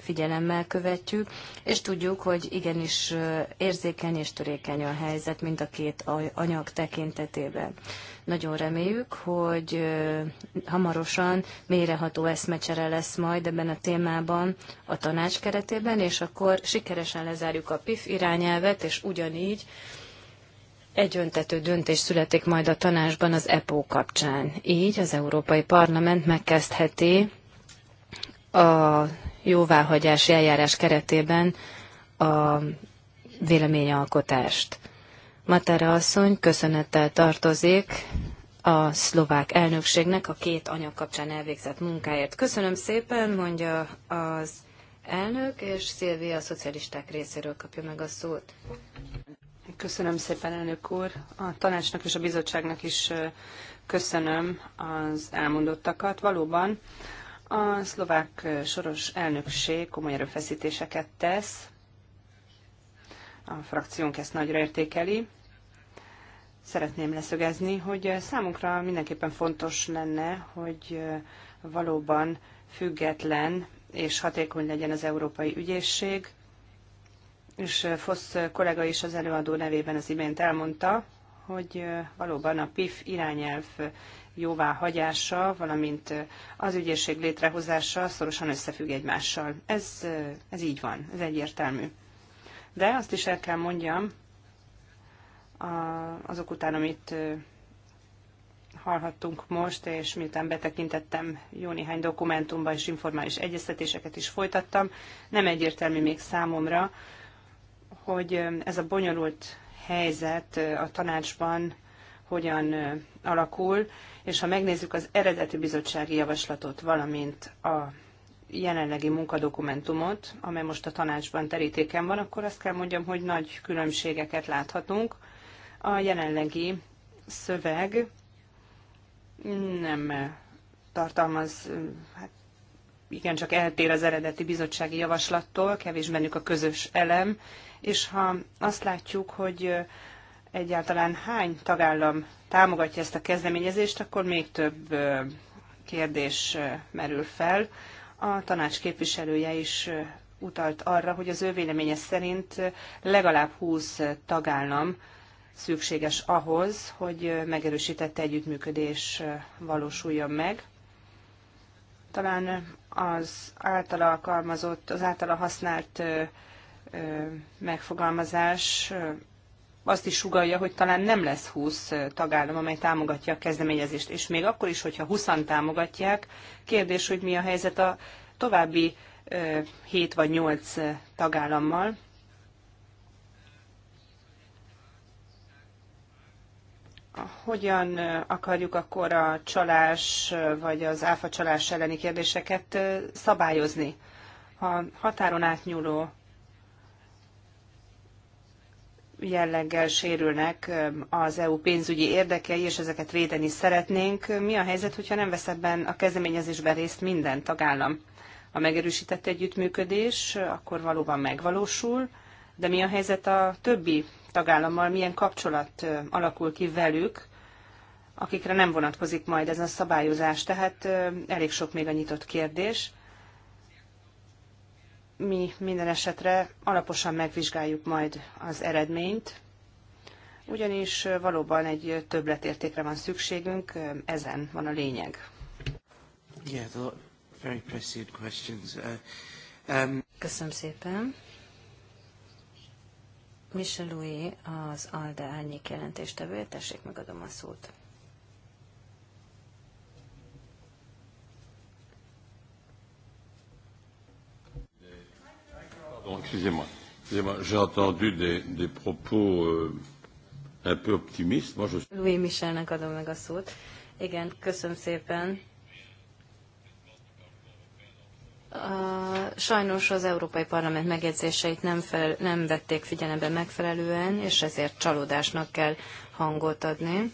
figyelemmel követjük, és tudjuk, hogy igenis érzékeny és törékeny a helyzet mind a két anyag tekintetében. Nagyon reméljük, hogy hamarosan mélyreható eszmecsere lesz majd ebben a témában a tanács keretében, és akkor sikeresen lezárjuk a PIF irányelvet, és ugyanígy egyöntető döntés születik majd a tanácsban az EPO kapcsán. Így az Európai Parlament megkezdheti a jóváhagyási eljárás keretében a véleményalkotást. Matera asszony köszönettel tartozik a szlovák elnökségnek a két anyag kapcsán elvégzett munkáért. Köszönöm szépen, mondja az elnök, és Szilvia a szocialisták részéről kapja meg a szót. Köszönöm szépen, elnök úr. A tanácsnak és a bizottságnak is köszönöm az elmondottakat. Valóban a szlovák soros elnökség komoly erőfeszítéseket tesz, a frakciónk ezt nagyra értékeli. Szeretném leszögezni, hogy számunkra mindenképpen fontos lenne, hogy valóban független és hatékony legyen az Európai Ügyészség, és Fosz kollega is az előadó nevében az imént elmondta, hogy valóban a PIF irányelv jóváhagyása, valamint az ügyészség létrehozása szorosan összefügg egymással. Ez, ez így van, ez egyértelmű. De azt is el kell mondjam, azok után, amit hallhattunk most, és miután betekintettem jó néhány dokumentumba és informális egyeztetéseket is folytattam, nem egyértelmű még számomra, hogy ez a bonyolult helyzet a tanácsban hogyan alakul, és ha megnézzük az eredeti bizottsági javaslatot, valamint a jelenlegi munkadokumentumot, amely most a tanácsban terítéken van, akkor azt kell mondjam, hogy nagy különbségeket láthatunk. A jelenlegi szöveg nem tartalmaz, hát igen, csak eltér az eredeti bizottsági javaslattól, kevés bennük a közös elem, és ha azt látjuk, hogy egyáltalán hány tagállam támogatja ezt a kezdeményezést, akkor még több kérdés merül fel. A tanács képviselője is utalt arra, hogy az ő véleménye szerint legalább 20 tagállam szükséges ahhoz, hogy megerősített együttműködés valósuljon meg. Talán az általa alkalmazott, az általa használt megfogalmazás azt is sugalja, hogy talán nem lesz 20 tagállam, amely támogatja a kezdeményezést. És még akkor is, hogyha 20 támogatják, kérdés, hogy mi a helyzet a további 7 vagy 8 tagállammal. Hogyan akarjuk akkor a csalás vagy az áfa csalás elleni kérdéseket szabályozni? Ha határon átnyúló jelleggel sérülnek az EU pénzügyi érdekei, és ezeket védeni szeretnénk. Mi a helyzet, hogyha nem vesz ebben a kezdeményezésben részt minden tagállam? A megerősített együttműködés akkor valóban megvalósul, de mi a helyzet a többi tagállammal, milyen kapcsolat alakul ki velük, akikre nem vonatkozik majd ez a szabályozás. Tehát elég sok még a nyitott kérdés mi minden esetre alaposan megvizsgáljuk majd az eredményt, ugyanis valóban egy többletértékre van szükségünk, ezen van a lényeg. Uh, um, Köszönöm szépen. Michel Louis, az ALDE árnyék jelentéstevője, tessék megadom a szót. Pardon, excusez-moi. Excusez-moi, j'ai entendu des, des propos euh, un peu optimistes. Moi, je... Louis Michelnek adom meg a szót. Igen, köszönöm szépen. A, sajnos az Európai Parlament megjegyzéseit nem, fel, nem vették figyelembe megfelelően, és ezért csalódásnak kell hangot adni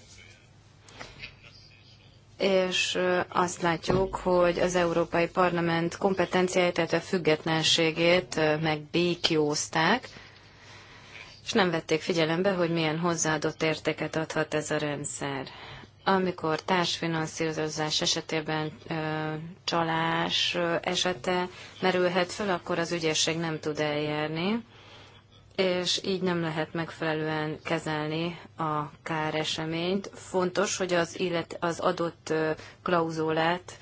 és azt látjuk, hogy az Európai Parlament kompetenciáját, tehát a függetlenségét megbékjózták, és nem vették figyelembe, hogy milyen hozzáadott értéket adhat ez a rendszer. Amikor társfinanszírozás esetében ö, csalás esete merülhet föl, akkor az ügyesség nem tud eljárni és így nem lehet megfelelően kezelni a káreseményt. Fontos, hogy az, illet, az adott klauzulát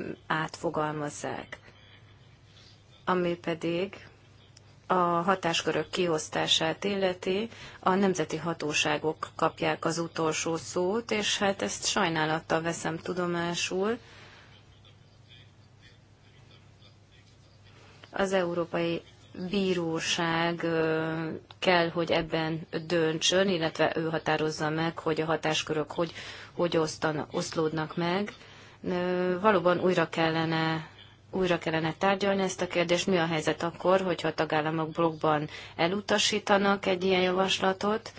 mm, átfogalmazzák. Ami pedig a hatáskörök kiosztását illeti, a nemzeti hatóságok kapják az utolsó szót, és hát ezt sajnálattal veszem tudomásul. Az Európai bíróság kell, hogy ebben döntsön, illetve ő határozza meg, hogy a hatáskörök hogy, hogy osztan, oszlódnak meg. Valóban újra kellene újra kellene tárgyalni ezt a kérdést. Mi a helyzet akkor, hogyha a tagállamok blogban elutasítanak egy ilyen javaslatot?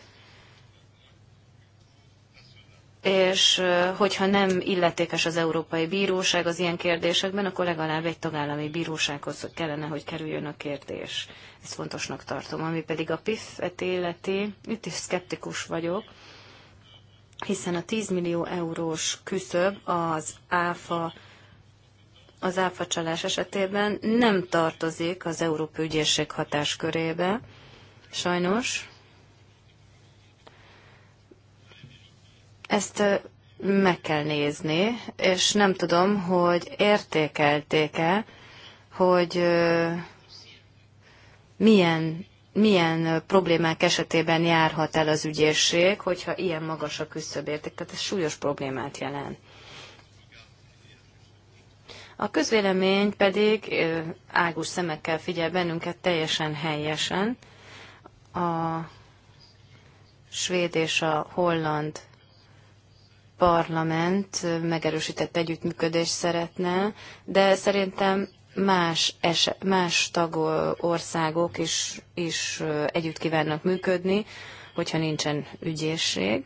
és hogyha nem illetékes az Európai Bíróság az ilyen kérdésekben, akkor legalább egy tagállami bírósághoz kellene, hogy kerüljön a kérdés. Ezt fontosnak tartom. Ami pedig a PIF-et életi, itt is szkeptikus vagyok, hiszen a 10 millió eurós küszöb az áfa az áfa csalás esetében nem tartozik az Európai Ügyészség hatáskörébe, sajnos, Ezt meg kell nézni, és nem tudom, hogy értékelték-e, hogy milyen, milyen problémák esetében járhat el az ügyészség, hogyha ilyen magas a küszöbérték. Tehát ez súlyos problémát jelent. A közvélemény pedig águs szemekkel figyel bennünket teljesen helyesen. A svéd és a holland parlament megerősített együttműködést szeretne, de szerintem más, ese, más országok is, is együtt kívánnak működni, hogyha nincsen ügyészség.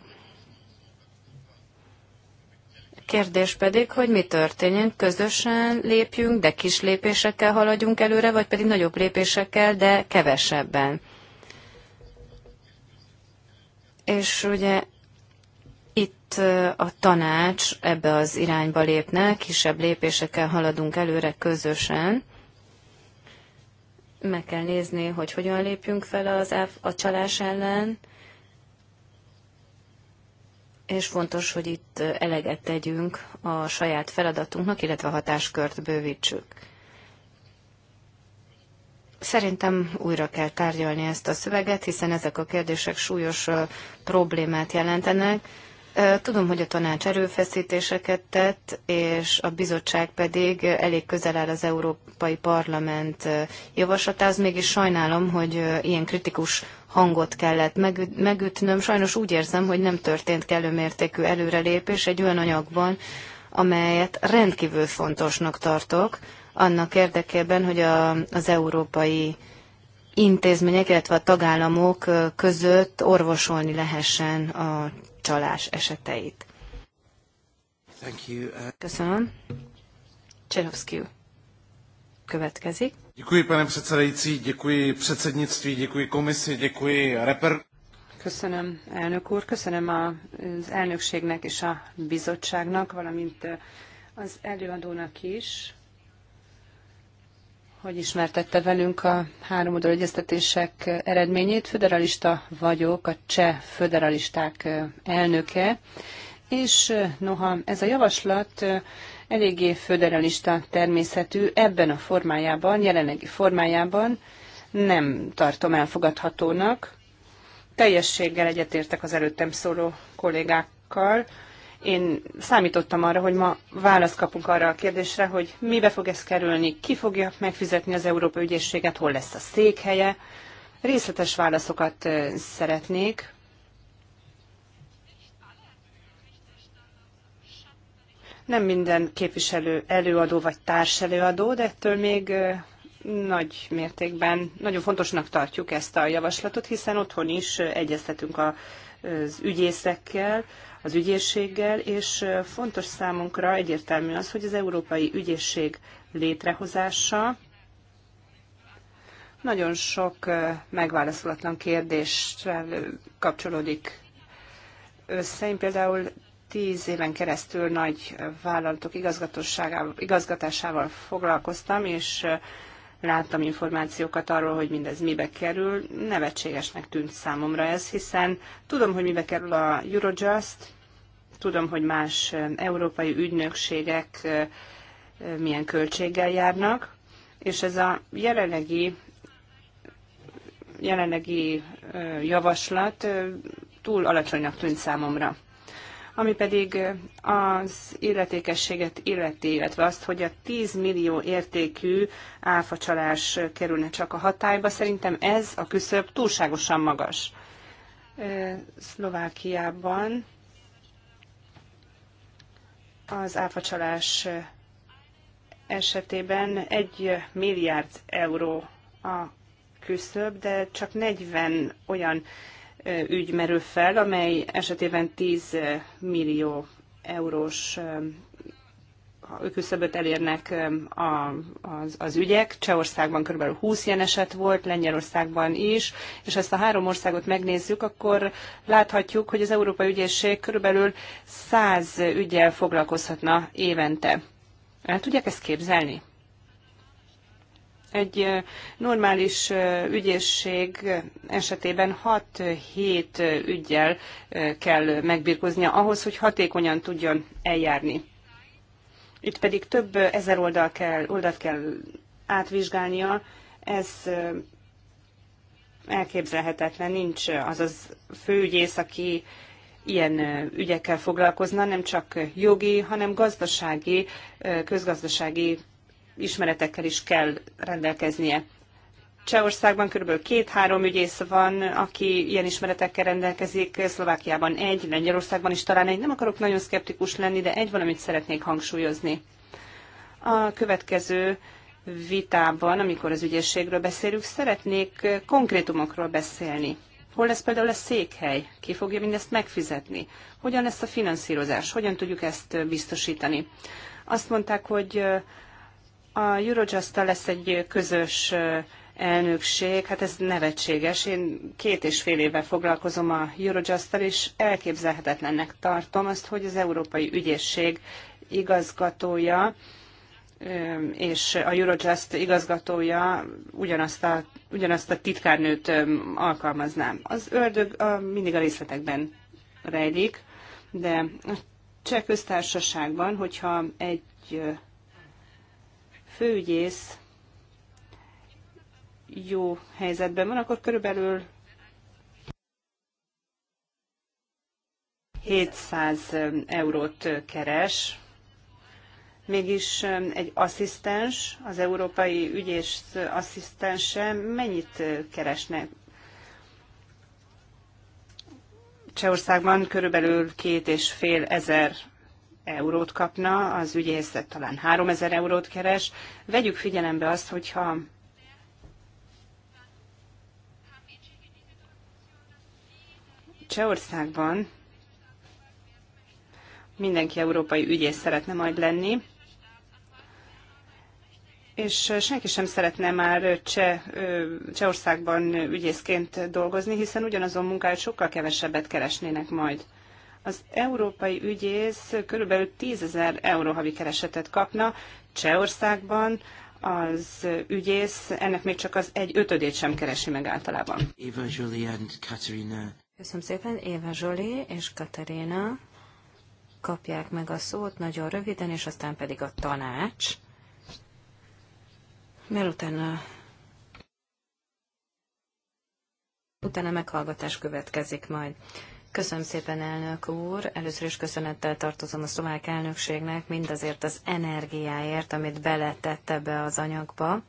Kérdés pedig, hogy mi történjen, közösen lépjünk, de kis lépésekkel haladjunk előre, vagy pedig nagyobb lépésekkel, de kevesebben. És ugye itt a tanács ebbe az irányba lépne, kisebb lépésekkel haladunk előre közösen. Meg kell nézni, hogy hogyan lépjünk fel az áf- a csalás ellen, és fontos, hogy itt eleget tegyünk a saját feladatunknak, illetve a hatáskört bővítsük. Szerintem újra kell tárgyalni ezt a szöveget, hiszen ezek a kérdések súlyos problémát jelentenek Tudom, hogy a tanács erőfeszítéseket tett, és a bizottság pedig elég közel áll az Európai Parlament javaslatához. Mégis sajnálom, hogy ilyen kritikus hangot kellett megütnöm. Sajnos úgy érzem, hogy nem történt kellő mértékű előrelépés egy olyan anyagban, amelyet rendkívül fontosnak tartok, annak érdekében, hogy a, az európai intézmények, illetve a tagállamok között orvosolni lehessen a csalás eseteit. Thank you. Uh, köszönöm. Cserovszkiu következik. Děkuji, pane předsedající, děkuji předsednictví, děkuji komisi, děkuji reper... Köszönöm, elnök úr, köszönöm az elnökségnek és a bizottságnak, valamint uh, az előadónak is hogy ismertette velünk a három oldal egyeztetések eredményét. Föderalista vagyok, a cseh föderalisták elnöke, és noha ez a javaslat eléggé föderalista természetű, ebben a formájában, jelenlegi formájában nem tartom elfogadhatónak. Teljességgel egyetértek az előttem szóló kollégákkal, én számítottam arra, hogy ma választ kapunk arra a kérdésre, hogy mibe fog ez kerülni, ki fogja megfizetni az Európai Ügyészséget, hol lesz a székhelye. Részletes válaszokat szeretnék. Nem minden képviselő előadó vagy társelőadó, de ettől még nagy mértékben nagyon fontosnak tartjuk ezt a javaslatot, hiszen otthon is egyeztetünk az ügyészekkel, az ügyészséggel, és fontos számunkra egyértelmű az, hogy az Európai Ügyészség létrehozása nagyon sok megválaszolatlan kérdéssel kapcsolódik össze. Én például tíz éven keresztül nagy vállalatok igazgatásával foglalkoztam, és láttam információkat arról, hogy mindez mibe kerül. Nevetségesnek tűnt számomra ez, hiszen tudom, hogy mibe kerül a Eurojust, tudom, hogy más európai ügynökségek milyen költséggel járnak, és ez a jelenlegi, jelenlegi javaslat túl alacsonynak tűnt számomra. Ami pedig az illetékességet illeti, illetve azt, hogy a 10 millió értékű áfacsalás kerülne csak a hatályba, szerintem ez a küszöb túlságosan magas. Szlovákiában az áfacsalás esetében 1 milliárd euró a küszöb, de csak 40 olyan ügy merül fel, amely esetében 10 eh, millió eurós eh, küszöböt elérnek eh, az, az ügyek. Csehországban kb. 20 ilyen eset volt, Lengyelországban is, és ezt a három országot megnézzük, akkor láthatjuk, hogy az Európai Ügyészség kb. 100 ügyel foglalkozhatna évente. El tudják ezt képzelni? Egy normális ügyészség esetében 6-7 ügyel kell megbirkóznia ahhoz, hogy hatékonyan tudjon eljárni. Itt pedig több ezer oldal kell, oldalt kell átvizsgálnia, ez elképzelhetetlen, nincs az az főügyész, aki ilyen ügyekkel foglalkozna, nem csak jogi, hanem gazdasági, közgazdasági ismeretekkel is kell rendelkeznie. Csehországban kb. két-három ügyész van, aki ilyen ismeretekkel rendelkezik, Szlovákiában egy, Lengyelországban is talán egy. Nem akarok nagyon szkeptikus lenni, de egy valamit szeretnék hangsúlyozni. A következő vitában, amikor az ügyességről beszélünk, szeretnék konkrétumokról beszélni. Hol lesz például a székhely? Ki fogja mindezt megfizetni? Hogyan lesz a finanszírozás? Hogyan tudjuk ezt biztosítani? Azt mondták, hogy a eurojust lesz egy közös elnökség, hát ez nevetséges. Én két és fél éve foglalkozom a eurojust és elképzelhetetlennek tartom azt, hogy az Európai Ügyészség igazgatója és a Eurojust igazgatója ugyanazt a, ugyanazt a titkárnőt alkalmaznám. Az ördög a, mindig a részletekben rejlik, de a cseh köztársaságban, hogyha egy főügyész jó helyzetben van, akkor körülbelül 700 um, eurót uh, keres, mégis um, egy asszisztens, az európai ügyész uh, asszisztense mennyit uh, keresne? Csehországban körülbelül két és fél ezer eurót kapna, az ügyészet talán 3000 eurót keres. Vegyük figyelembe azt, hogyha Csehországban mindenki európai ügyész szeretne majd lenni, és senki sem szeretne már Cseh, Csehországban ügyészként dolgozni, hiszen ugyanazon munkáját sokkal kevesebbet keresnének majd. Az európai ügyész körülbelül 10 ezer euró havi keresetet kapna Csehországban, az ügyész ennek még csak az egy ötödét sem keresi meg általában. Eva Jolie and Katerina. Köszönöm szépen, Éva Zsoli és Katerina kapják meg a szót nagyon röviden, és aztán pedig a tanács. utána utána meghallgatás következik majd. Köszönöm szépen, elnök úr. Először is köszönettel tartozom a szlovák elnökségnek mindazért az energiáért, amit beletette be az anyagba,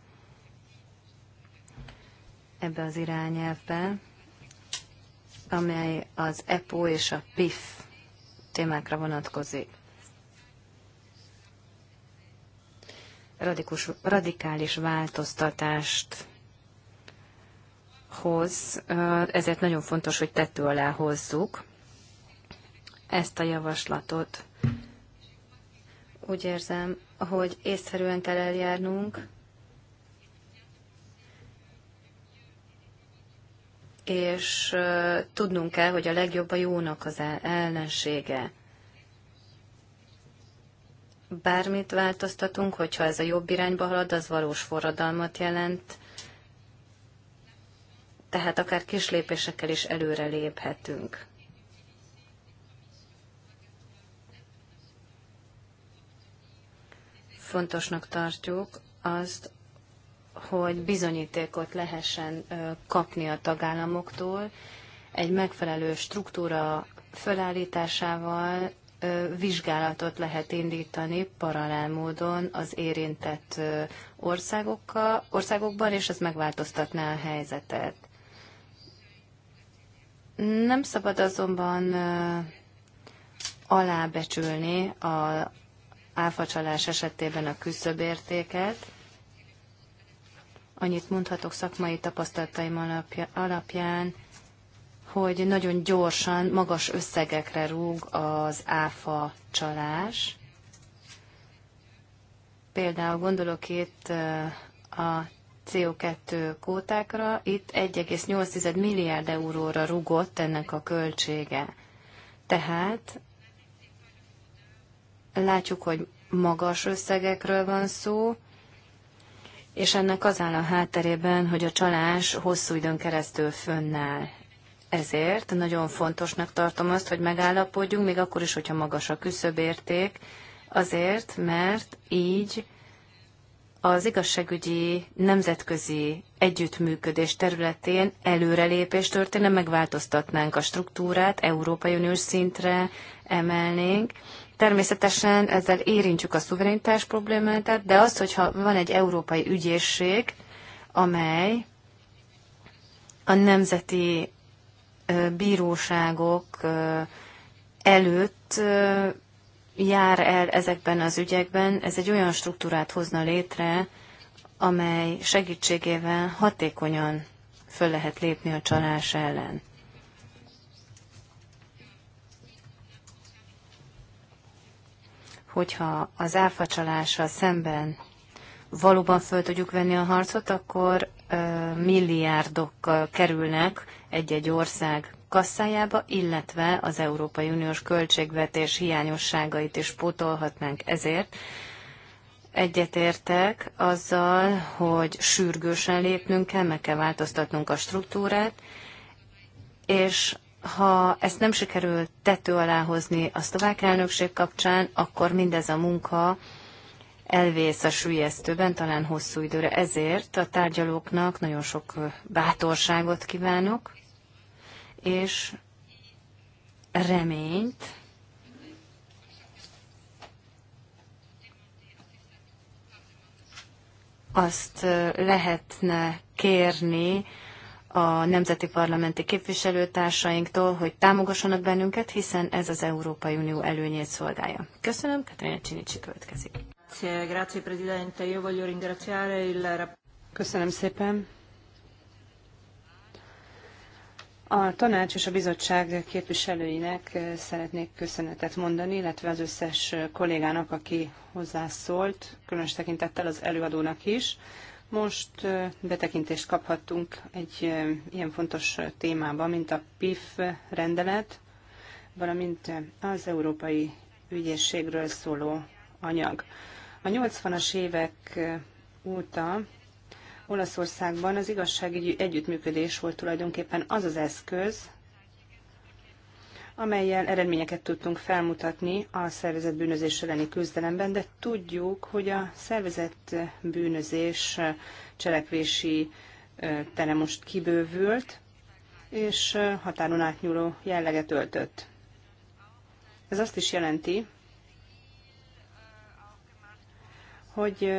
ebbe az irányelvbe, amely az EPO és a PIF témákra vonatkozik. Radikus, radikális változtatást hoz, ezért nagyon fontos, hogy tető alá hozzuk ezt a javaslatot. Úgy érzem, hogy észszerűen kell eljárnunk, és tudnunk kell, hogy a legjobb a jónak az ellensége. Bármit változtatunk, hogyha ez a jobb irányba halad, az valós forradalmat jelent, tehát akár kis lépésekkel is előre léphetünk. Fontosnak tartjuk azt, hogy bizonyítékot lehessen kapni a tagállamoktól egy megfelelő struktúra fölállításával vizsgálatot lehet indítani paralel módon az érintett országokkal, országokban, és ez megváltoztatná a helyzetet. Nem szabad azonban alábecsülni a áfacsalás esetében a küszöbértéket. Annyit mondhatok szakmai tapasztalataim alapja, alapján, hogy nagyon gyorsan, magas összegekre rúg az áfa csalás. Például gondolok itt a CO2 kótákra, itt 1,8 milliárd euróra rugott ennek a költsége. Tehát látjuk, hogy magas összegekről van szó, és ennek az áll a hátterében, hogy a csalás hosszú időn keresztül fönnáll. Ezért nagyon fontosnak tartom azt, hogy megállapodjunk, még akkor is, hogyha magas a küszöbérték, azért, mert így az igazságügyi nemzetközi együttműködés területén előrelépés történne, megváltoztatnánk a struktúrát, Európai Uniós szintre emelnénk. Természetesen ezzel érintjük a szuverenitás problémát, de az, hogyha van egy európai ügyészség, amely a nemzeti bíróságok előtt jár el ezekben az ügyekben, ez egy olyan struktúrát hozna létre, amely segítségével hatékonyan föl lehet lépni a csalás ellen. Hogyha az áfa csalással szemben valóban föl tudjuk venni a harcot, akkor milliárdok kerülnek egy-egy ország kasszájába, illetve az Európai Uniós költségvetés hiányosságait is pótolhatnánk ezért. Egyetértek azzal, hogy sürgősen lépnünk kell, meg kell változtatnunk a struktúrát, és ha ezt nem sikerül tető alá hozni a szlovák elnökség kapcsán, akkor mindez a munka elvész a sülyeztőben, talán hosszú időre. Ezért a tárgyalóknak nagyon sok bátorságot kívánok, és reményt, azt lehetne kérni a nemzeti parlamenti képviselőtársainktól, hogy támogassanak bennünket, hiszen ez az Európai Unió előnyét szolgálja. Köszönöm, Katrina Csinicsi következik. Köszönöm szépen. A tanács és a bizottság képviselőinek eh, szeretnék köszönetet mondani, illetve az összes kollégának, aki hozzászólt, különös tekintettel az előadónak is. Most eh, betekintést kaphattunk egy eh, ilyen fontos témába, mint a PIF rendelet, valamint az Európai Ügyészségről szóló anyag. A 80-as évek óta Olaszországban az igazságügyi együttműködés volt tulajdonképpen az az eszköz, amelyel eredményeket tudtunk felmutatni a szervezett bűnözés elleni küzdelemben, de tudjuk, hogy a szervezett bűnözés cselekvési tere most kibővült, és határon átnyúló jelleget öltött. Ez azt is jelenti, hogy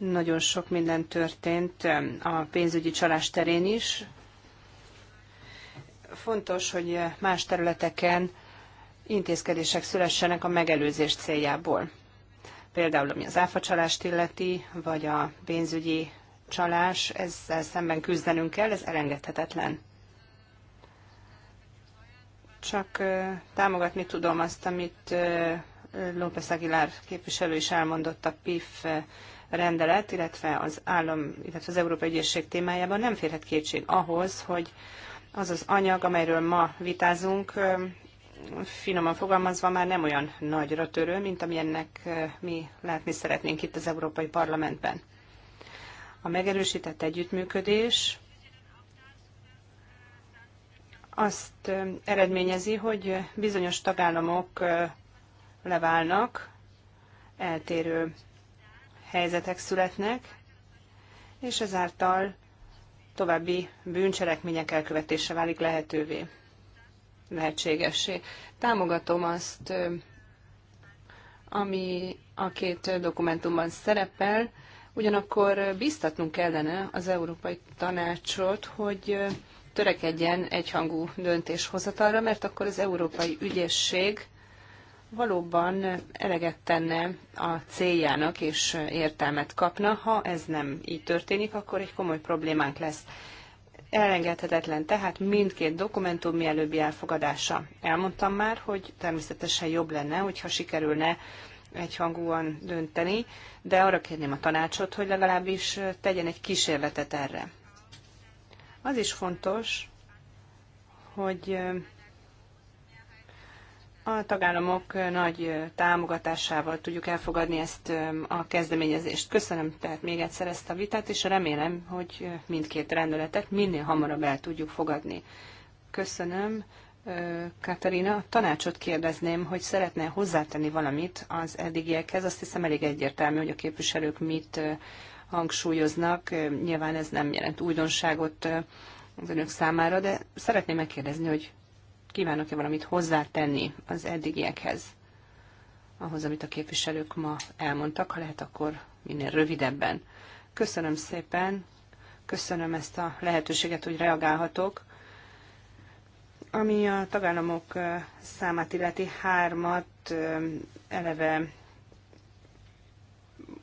nagyon sok minden történt a pénzügyi csalás terén is. Fontos, hogy más területeken intézkedések szülessenek a megelőzés céljából. Például ami az áfacsalást illeti, vagy a pénzügyi csalás, ezzel szemben küzdenünk kell, ez elengedhetetlen. Csak támogatni tudom azt, amit López Aguilar képviselő is elmondott a PIF rendelet, illetve az állam, illetve az Európai Ügyészség témájában nem férhet kétség ahhoz, hogy az az anyag, amelyről ma vitázunk, finoman fogalmazva már nem olyan nagyra törő, mint amilyennek mi látni szeretnénk itt az Európai Parlamentben. A megerősített együttműködés azt eredményezi, hogy bizonyos tagállamok leválnak eltérő helyzetek születnek, és ezáltal további bűncselekmények elkövetése válik lehetővé, lehetségessé. Támogatom azt, ami a két dokumentumban szerepel, ugyanakkor biztatnunk kellene az Európai Tanácsot, hogy törekedjen egyhangú döntéshozatalra, mert akkor az Európai ügyesség valóban eleget tenne a céljának és értelmet kapna. Ha ez nem így történik, akkor egy komoly problémánk lesz. Elengedhetetlen tehát mindkét dokumentum mielőbbi elfogadása. Elmondtam már, hogy természetesen jobb lenne, hogyha sikerülne egyhangúan dönteni, de arra kérném a tanácsot, hogy legalábbis tegyen egy kísérletet erre. Az is fontos, hogy a tagállamok nagy támogatásával tudjuk elfogadni ezt a kezdeményezést. Köszönöm tehát még egyszer ezt a vitát, és remélem, hogy mindkét rendeletet minél hamarabb el tudjuk fogadni. Köszönöm. Katarina, tanácsot kérdezném, hogy szeretne hozzátenni valamit az eddigiekhez. Azt hiszem elég egyértelmű, hogy a képviselők mit hangsúlyoznak. Nyilván ez nem jelent újdonságot az önök számára, de szeretném megkérdezni, hogy kívánok-e valamit hozzátenni az eddigiekhez, ahhoz, amit a képviselők ma elmondtak, ha lehet, akkor minél rövidebben. Köszönöm szépen, köszönöm ezt a lehetőséget, hogy reagálhatok. Ami a tagállamok számát illeti hármat eleve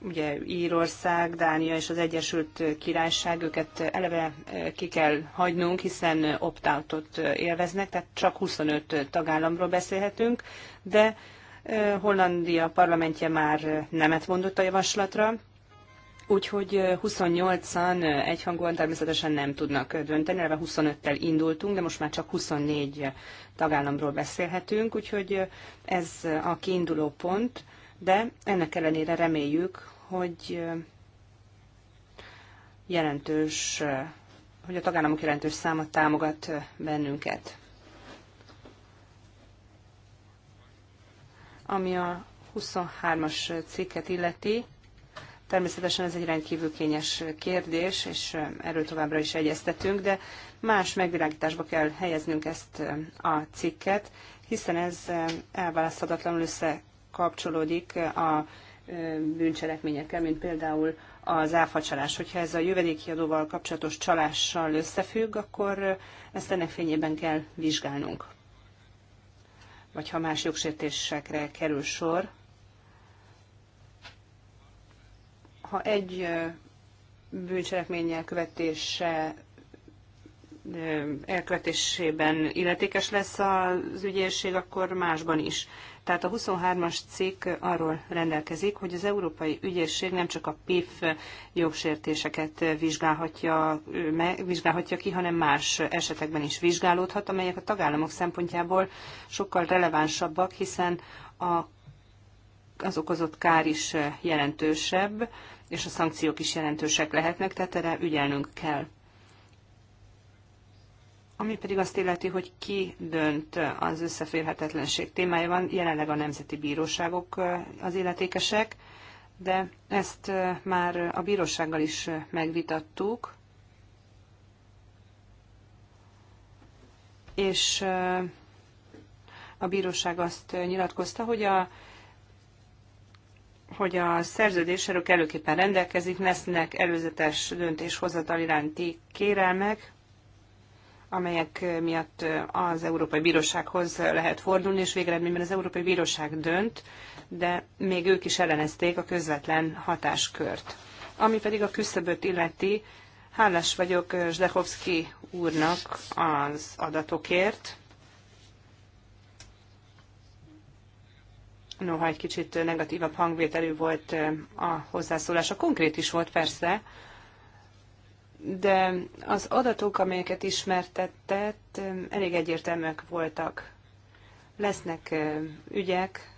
ugye Írország, Dánia és az Egyesült Királyság, őket eleve eh, ki kell hagynunk, hiszen eh, opt-outot eh, élveznek, tehát csak 25 tagállamról beszélhetünk, de Hollandia parlamentje már nemet mondott a javaslatra, Úgyhogy 28-an egyhangúan természetesen nem tudnak dönteni, eleve 25-tel indultunk, de most már csak 24 tagállamról beszélhetünk, úgyhogy ez a kiinduló pont de ennek ellenére reméljük, hogy jelentős, hogy a tagállamok jelentős száma támogat bennünket. Ami a 23-as cikket illeti, természetesen ez egy rendkívül kényes kérdés, és erről továbbra is egyeztetünk, de más megvilágításba kell helyeznünk ezt a cikket, hiszen ez elválaszthatatlanul össze kapcsolódik a bűncselekményekkel, mint például az áfacsalás. Hogyha ez a jövedékiadóval kapcsolatos csalással összefügg, akkor ezt ennek fényében kell vizsgálnunk. Vagy ha más jogsértésekre kerül sor. Ha egy bűncselekménnyel követése elkövetésében illetékes lesz az ügyészség, akkor másban is. Tehát a 23-as cikk arról rendelkezik, hogy az Európai Ügyészség nem csak a PIF jogsértéseket vizsgálhatja, vizsgálhatja ki, hanem más esetekben is vizsgálódhat, amelyek a tagállamok szempontjából sokkal relevánsabbak, hiszen a, az okozott kár is jelentősebb, és a szankciók is jelentősek lehetnek, tehát erre ügyelnünk kell. Ami pedig azt illeti, hogy ki dönt az összeférhetetlenség témájában, jelenleg a nemzeti bíróságok az illetékesek, de ezt már a bírósággal is megvitattuk, és a bíróság azt nyilatkozta, hogy a, hogy a szerződés előképpen rendelkezik, lesznek előzetes döntéshozatal iránti kérelmek, amelyek miatt az Európai Bírósághoz lehet fordulni, és végeredményben az Európai Bíróság dönt, de még ők is ellenezték a közvetlen hatáskört. Ami pedig a küszöböt illeti, hálás vagyok Zdechovszki úrnak az adatokért. Noha egy kicsit negatívabb hangvételű volt a hozzászólása, konkrét is volt persze, de az adatok, amelyeket ismertettet, elég egyértelműek voltak. Lesznek ügyek,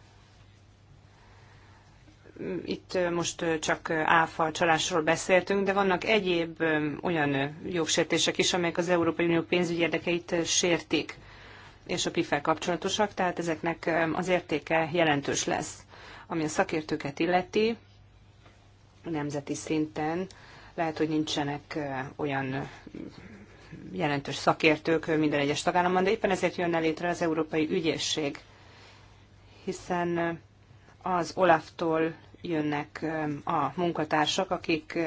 itt most csak áfa csalásról beszéltünk, de vannak egyéb olyan jogsértések is, amelyek az Európai Unió pénzügyi érdekeit sértik, és a pif el kapcsolatosak, tehát ezeknek az értéke jelentős lesz. Ami a szakértőket illeti, nemzeti szinten lehet, hogy nincsenek olyan jelentős szakértők minden egyes tagállamban, de éppen ezért jönne létre az Európai Ügyészség, hiszen az Olaftól jönnek a munkatársak, akik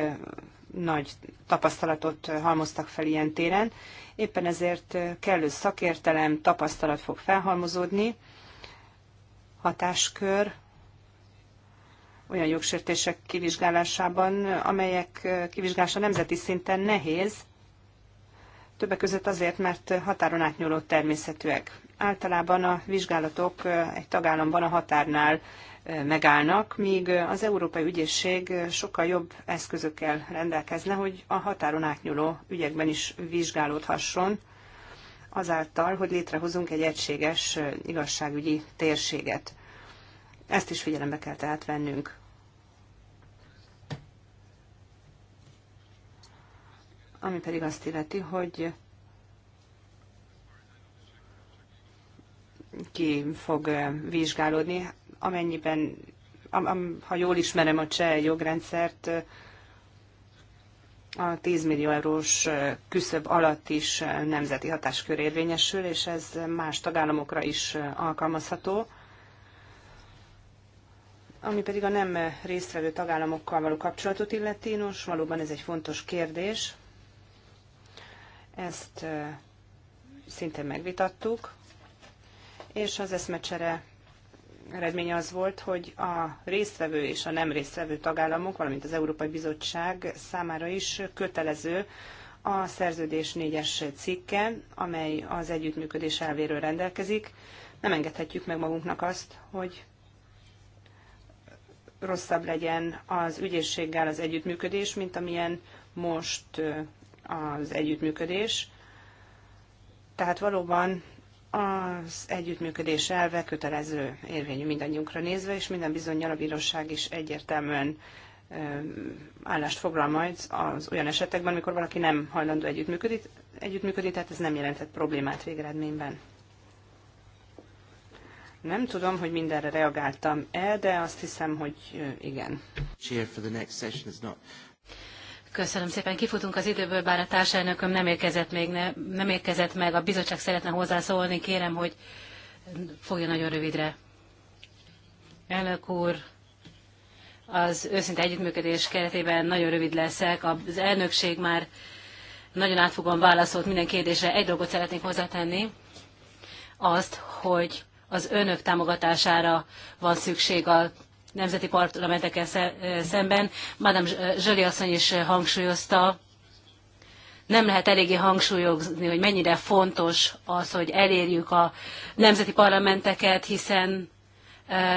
nagy tapasztalatot halmoztak fel ilyen téren. Éppen ezért kellő szakértelem, tapasztalat fog felhalmozódni, hatáskör, olyan jogsértések kivizsgálásában, amelyek kivizsgálása nemzeti szinten nehéz, többek között azért, mert határon átnyúló természetűek. Általában a vizsgálatok egy tagállamban a határnál megállnak, míg az Európai Ügyészség sokkal jobb eszközökkel rendelkezne, hogy a határon átnyúló ügyekben is vizsgálódhasson, azáltal, hogy létrehozunk egy egységes igazságügyi térséget. Ezt is figyelembe kell tehát vennünk. ami pedig azt illeti, hogy ki fog eh, vizsgálódni, amennyiben, am, am, ha jól ismerem a cseh jogrendszert, eh, a 10 millió eurós eh, küszöb alatt is nemzeti hatáskör érvényesül, és ez más tagállamokra is alkalmazható. Ami pedig a nem résztvevő tagállamokkal való kapcsolatot illeti, nos, valóban ez egy fontos kérdés. Ezt szintén megvitattuk, és az eszmecsere eredménye az volt, hogy a résztvevő és a nem résztvevő tagállamok, valamint az Európai Bizottság számára is kötelező a szerződés négyes cikke, amely az együttműködés elvéről rendelkezik. Nem engedhetjük meg magunknak azt, hogy rosszabb legyen az ügyészséggel az együttműködés, mint amilyen most az együttműködés. Tehát valóban az együttműködés elve kötelező érvényű mindannyiunkra nézve, és minden bizonyal a bíróság is egyértelműen állást foglal majd az olyan esetekben, amikor valaki nem hajlandó együttműködni, együttműködni tehát ez nem jelenthet problémát végeredményben. Nem tudom, hogy mindenre reagáltam el, de azt hiszem, hogy igen. Köszönöm szépen. Kifutunk az időből, bár a társelnököm nem érkezett, még ne, nem érkezett meg. A bizottság szeretne hozzászólni. Kérem, hogy fogja nagyon rövidre. Elnök úr, az őszinte együttműködés keretében nagyon rövid leszek. Az elnökség már nagyon átfogóan válaszolt minden kérdésre. Egy dolgot szeretnék hozzátenni, azt, hogy az önök támogatására van szükség a nemzeti parlamentekkel szemben. Madame Zsöli asszony is hangsúlyozta, nem lehet eléggé hangsúlyozni, hogy mennyire fontos az, hogy elérjük a nemzeti parlamenteket, hiszen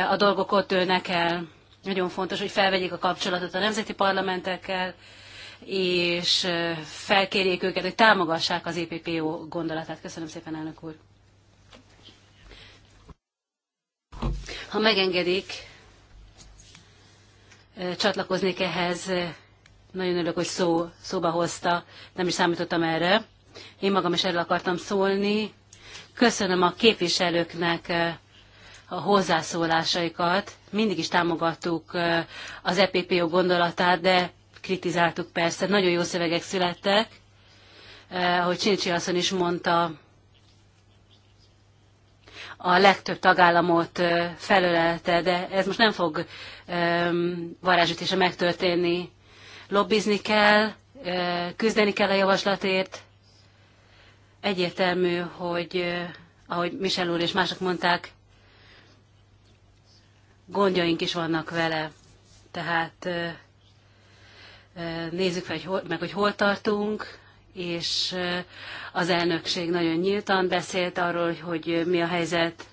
a dolgok ott ülnek el. Nagyon fontos, hogy felvegyék a kapcsolatot a nemzeti parlamentekkel, és felkérjék őket, hogy támogassák az EPPO gondolatát. Köszönöm szépen, elnök úr. Ha megengedik, csatlakoznék ehhez. Nagyon örülök, hogy szó, szóba hozta, nem is számítottam erre. Én magam is erről akartam szólni. Köszönöm a képviselőknek eh, a hozzászólásaikat. Mindig is támogattuk eh, az EPPO gondolatát, de kritizáltuk persze. Nagyon jó szövegek születtek, eh, ahogy Csincsi asszony is mondta, a legtöbb tagállamot felölelte, de ez most nem fog varázsütése megtörténni. Lobbizni kell, küzdeni kell a javaslatért. Egyértelmű, hogy ahogy Michel úr és mások mondták, gondjaink is vannak vele. Tehát nézzük meg, hogy hol tartunk, és eh, az elnökség nagyon nyíltan beszélt arról, hogy mi a helyzet.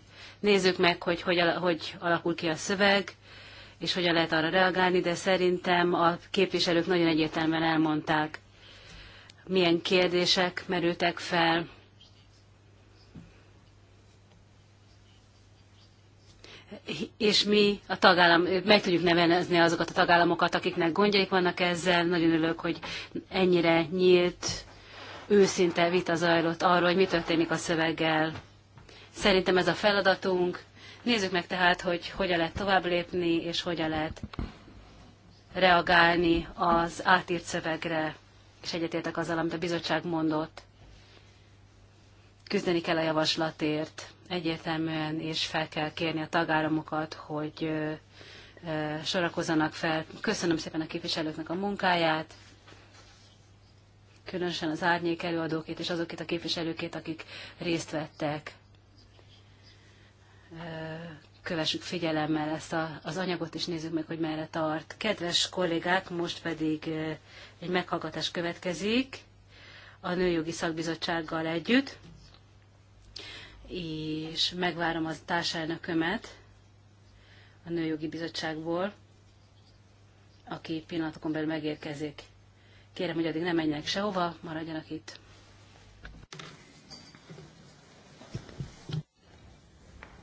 Nézzük meg, hogy hogy, hogy alakul ki a szöveg, és hogyan lehet arra reagálni, de szerintem a képviselők nagyon egyértelműen elmondták, milyen kérdések merültek fel. És mi a tagállam, meg tudjuk nevezni azokat a tagállamokat, akiknek gondjaik vannak ezzel. Nagyon örülök, hogy ennyire nyílt őszinte vita zajlott arról, hogy mi történik a szöveggel. Szerintem ez a feladatunk. Nézzük meg tehát, hogy hogyan lehet tovább lépni, és hogyan lehet reagálni az átírt szövegre, és egyetértek azzal, amit a bizottság mondott. Küzdeni kell a javaslatért egyértelműen, és fel kell kérni a tagállamokat, hogy sorakozzanak fel. Köszönöm szépen a képviselőknek a munkáját különösen az árnyék előadókét és azokét a képviselőkét, akik részt vettek. Kövessük figyelemmel ezt a, az anyagot, és nézzük meg, hogy merre tart. Kedves kollégák, most pedig egy meghallgatás következik a Nőjogi Szakbizottsággal együtt, és megvárom az társelnökömet a Nőjogi Bizottságból, aki pillanatokon belül megérkezik. Kérem, hogy addig ne menjenek sehova, maradjanak itt.